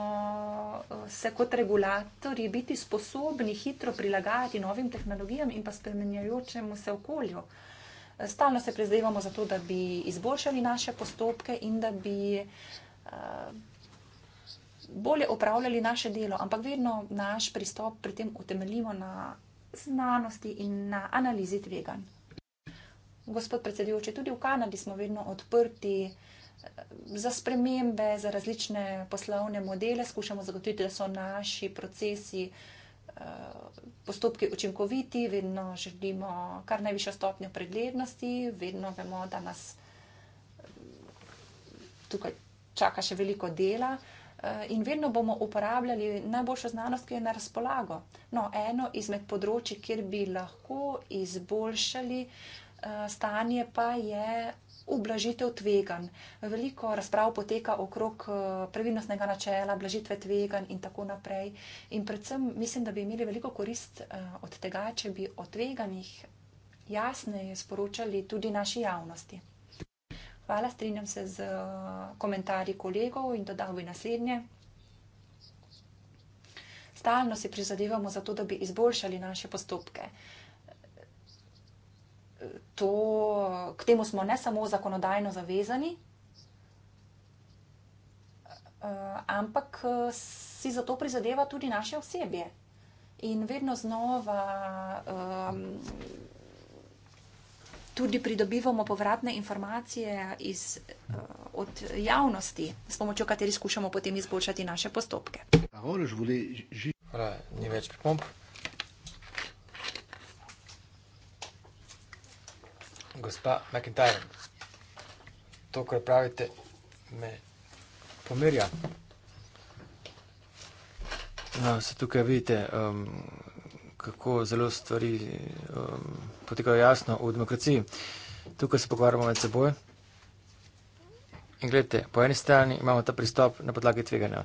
eh, se kot regulatori biti sposobni hitro prilagajati novim tehnologijam in pa spremenjajočemu se okolju. Eh, stalno se prizadevamo za to, da bi izboljšali naše postopke in da bi eh, bolje upravljali naše delo, ampak vedno naš pristop pri tem utemeljimo na znanosti in na analizi tveganj. Gospod predsedujoči, tudi v Kanadi smo vedno odprti eh, za spremembe, za različne poslovne modele, skušamo zagotoviti, da so naši procesi, eh, postopki učinkoviti, vedno želimo kar najvišjo stopnjo preglednosti, vedno vemo, da nas eh, tukaj čaka še veliko dela. Eh, in vedno bomo uporabljali najboljšo znanost, ki je na razpolago. No, eno izmed področji, kjer bi lahko izboljšali eh, stanje, pa je ublažitev tvegan. Veliko razprav poteka okrog eh, previdnostnega načela, blažitve tvegan in tako naprej. In predvsem mislim, da bi imeli veliko korist od tega, če bi o tveganjih jasneje sporočali tudi naši javnosti. Hvala, strinjam se z eh, komentarji kolegov in dodal bi naslednje. Stalno si prizadevamo za to, da bi izboljšali naše postopke. To, k temu smo ne samo zakonodajno zavezani, eh, ampak eh, si za to prizadeva tudi naše osebje. In vedno znova um, tudi pridobivamo povratne informacije eh, iz, eh, od javnosti, s pomočjo katerih skušamo potem izboljšati naše postopke. Hvala, ni več pripomp. Gospa McIntyre, to, kar pravite, me pomirja. No, ja, se tukaj vidite, um, kako zelo stvari um, potekajo jasno v demokraciji. Tukaj se pogovarjamo med seboj. In gledajte, po eni strani imamo ta pristop na podlagi tveganja.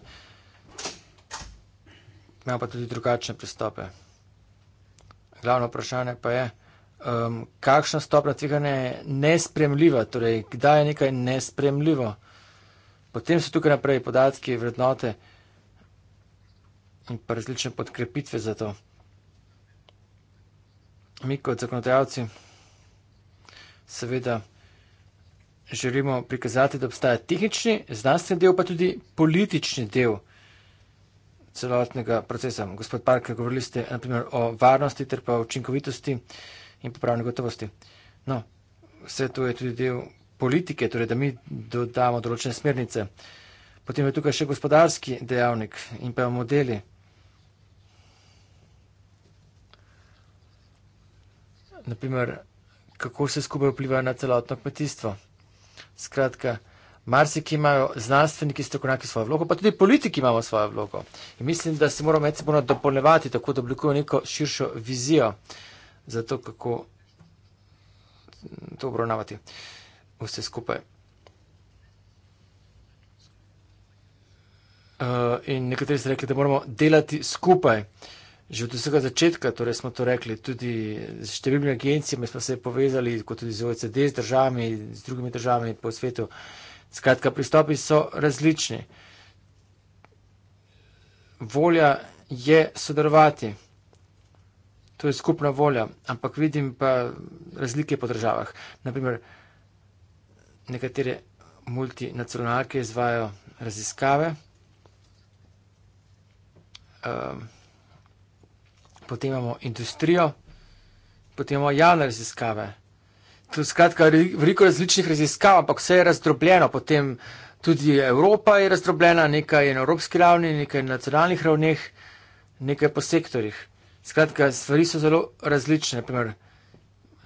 Imamo pa tudi drugačne pristope. Glavno vprašanje pa je, um, kakšna stopna tveganja je nespremljiva, torej kdaj je nekaj nespremljivo. Potem so tukaj naprej podatki, vrednote in pa različne podkrepitve za to mi kot zakonodajalci seveda želimo prikazati, da obstaja tehnični, znanstveni del, pa tudi politični del celotnega procesa. Gospod Parker, govorili ste naprimer o varnosti ter pa učinkovitosti in popravni gotovosti. No, vse to je tudi del politike, torej da mi dodamo določene smernice. Potem je tukaj še gospodarski dejavnik in pa modeli. naprimer, kako vse skupaj vpliva na celotno kmetijstvo. Skratka, marsik imajo znanstveniki, strokovnjaki svojo vlogo, pa tudi politiki imamo svojo vlogo. In mislim, da se moramo medsebojno dopolnevati, tako da oblikujemo neko širšo vizijo za to, kako to obravnavati vse skupaj. Uh, in nekateri ste rekli, da moramo delati skupaj. Uh, Že od vsega začetka torej smo to rekli, tudi s številnimi agencijami smo se povezali, kot tudi z OECD, z državami, z drugimi državami po svetu. Skratka, pristopi so različni. Volja je sodelovati. To je skupna volja, ampak vidim pa razlike po državah. Naprimer, nekatere multinacionalke izvajo raziskave. Um, potem imamo industrijo, potem imamo javne raziskave. Tu skratka veliko različnih raziskav, ampak vse je razdrobljeno. Potem tudi Evropa je razdrobljena, nekaj je na evropski ravni, nekaj na nacionalnih ravneh, nekaj po sektorjih. Skratka, stvari so zelo različne. Naprimer,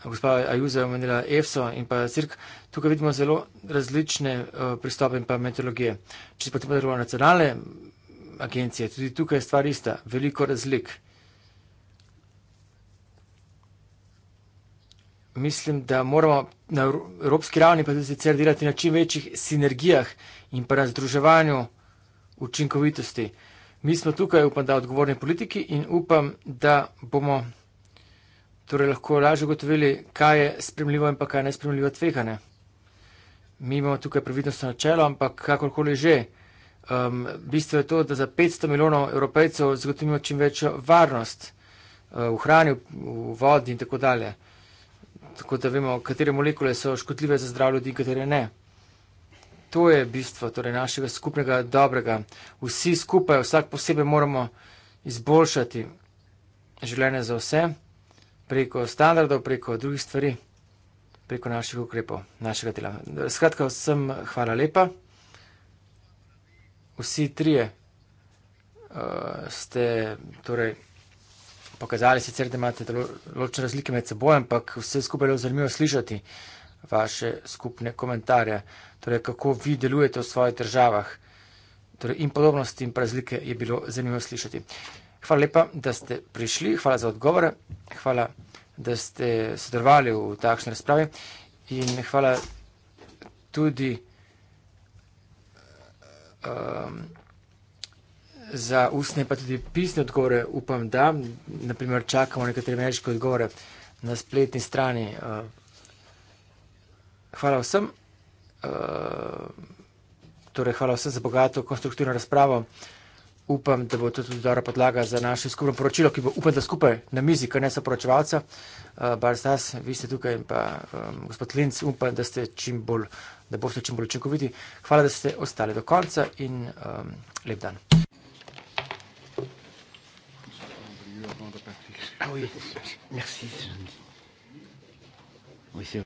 gospa Ajuza je omenila EFSO in pa CIRK, tukaj vidimo zelo različne uh, pristope in pa metodologije. Če potem delujemo nacionalne agencije, tudi tukaj je stvar ista, veliko razlik. mislim, da moramo na evropski ravni pa tudi sicer delati na čim večjih sinergijah in pa na združevanju učinkovitosti. Mi smo tukaj, upam, da odgovorni politiki in upam, da bomo torej lahko lažje gotovili, kaj je spremljivo in pa kaj je nespremljivo tvegane. Mi imamo tukaj previdnostno načelo, ampak kakorkoli že, um, bistvo je to, da za 500 milijonov evropejcev zagotovimo čim večjo varnost uh, v hrani, v, v vodi in tako dalje tako da vemo, katere molekule so škodljive za zdrav ljudi, katere ne. To je bistvo torej našega skupnega dobrega. Vsi skupaj, vsak posebej moramo izboljšati življenje za vse, preko standardov, preko drugih stvari, preko naših ukrepov, našega dela. Skratka, vsem hvala lepa. Vsi trije uh, ste torej pokazali, sicer, da imate določene razlike med seboj, ampak vse skupaj je zanimivo slišati vaše skupne komentarje, torej kako vi delujete v svojih državah. Torej in podobnosti in razlike je bilo zanimivo slišati. Hvala lepa, da ste prišli, hvala za odgovore, hvala, da ste sodelovali v takšni razpravi in hvala tudi. Um, za ustne, pa tudi pisne odgovore, upam, da. Naprimer, čakamo nekatere ameriške odgovore na spletni strani. Eh, hvala vsem. Eh, torej, hvala vsem za bogato konstruktivno razpravo. Upam, da bo to tudi dobra podlaga za naše skupno poročilo, ki bo, upam, da skupaj na mizi, kar ne so poročevalca. Eh, Bar Stas, vi ste tukaj in pa um, gospod Linc, upam, da, čim bolj, da boste čim bolj učinkoviti. Hvala, da ste ostali do konca in um, lep dan. Ah oui, merci. Oui, c'est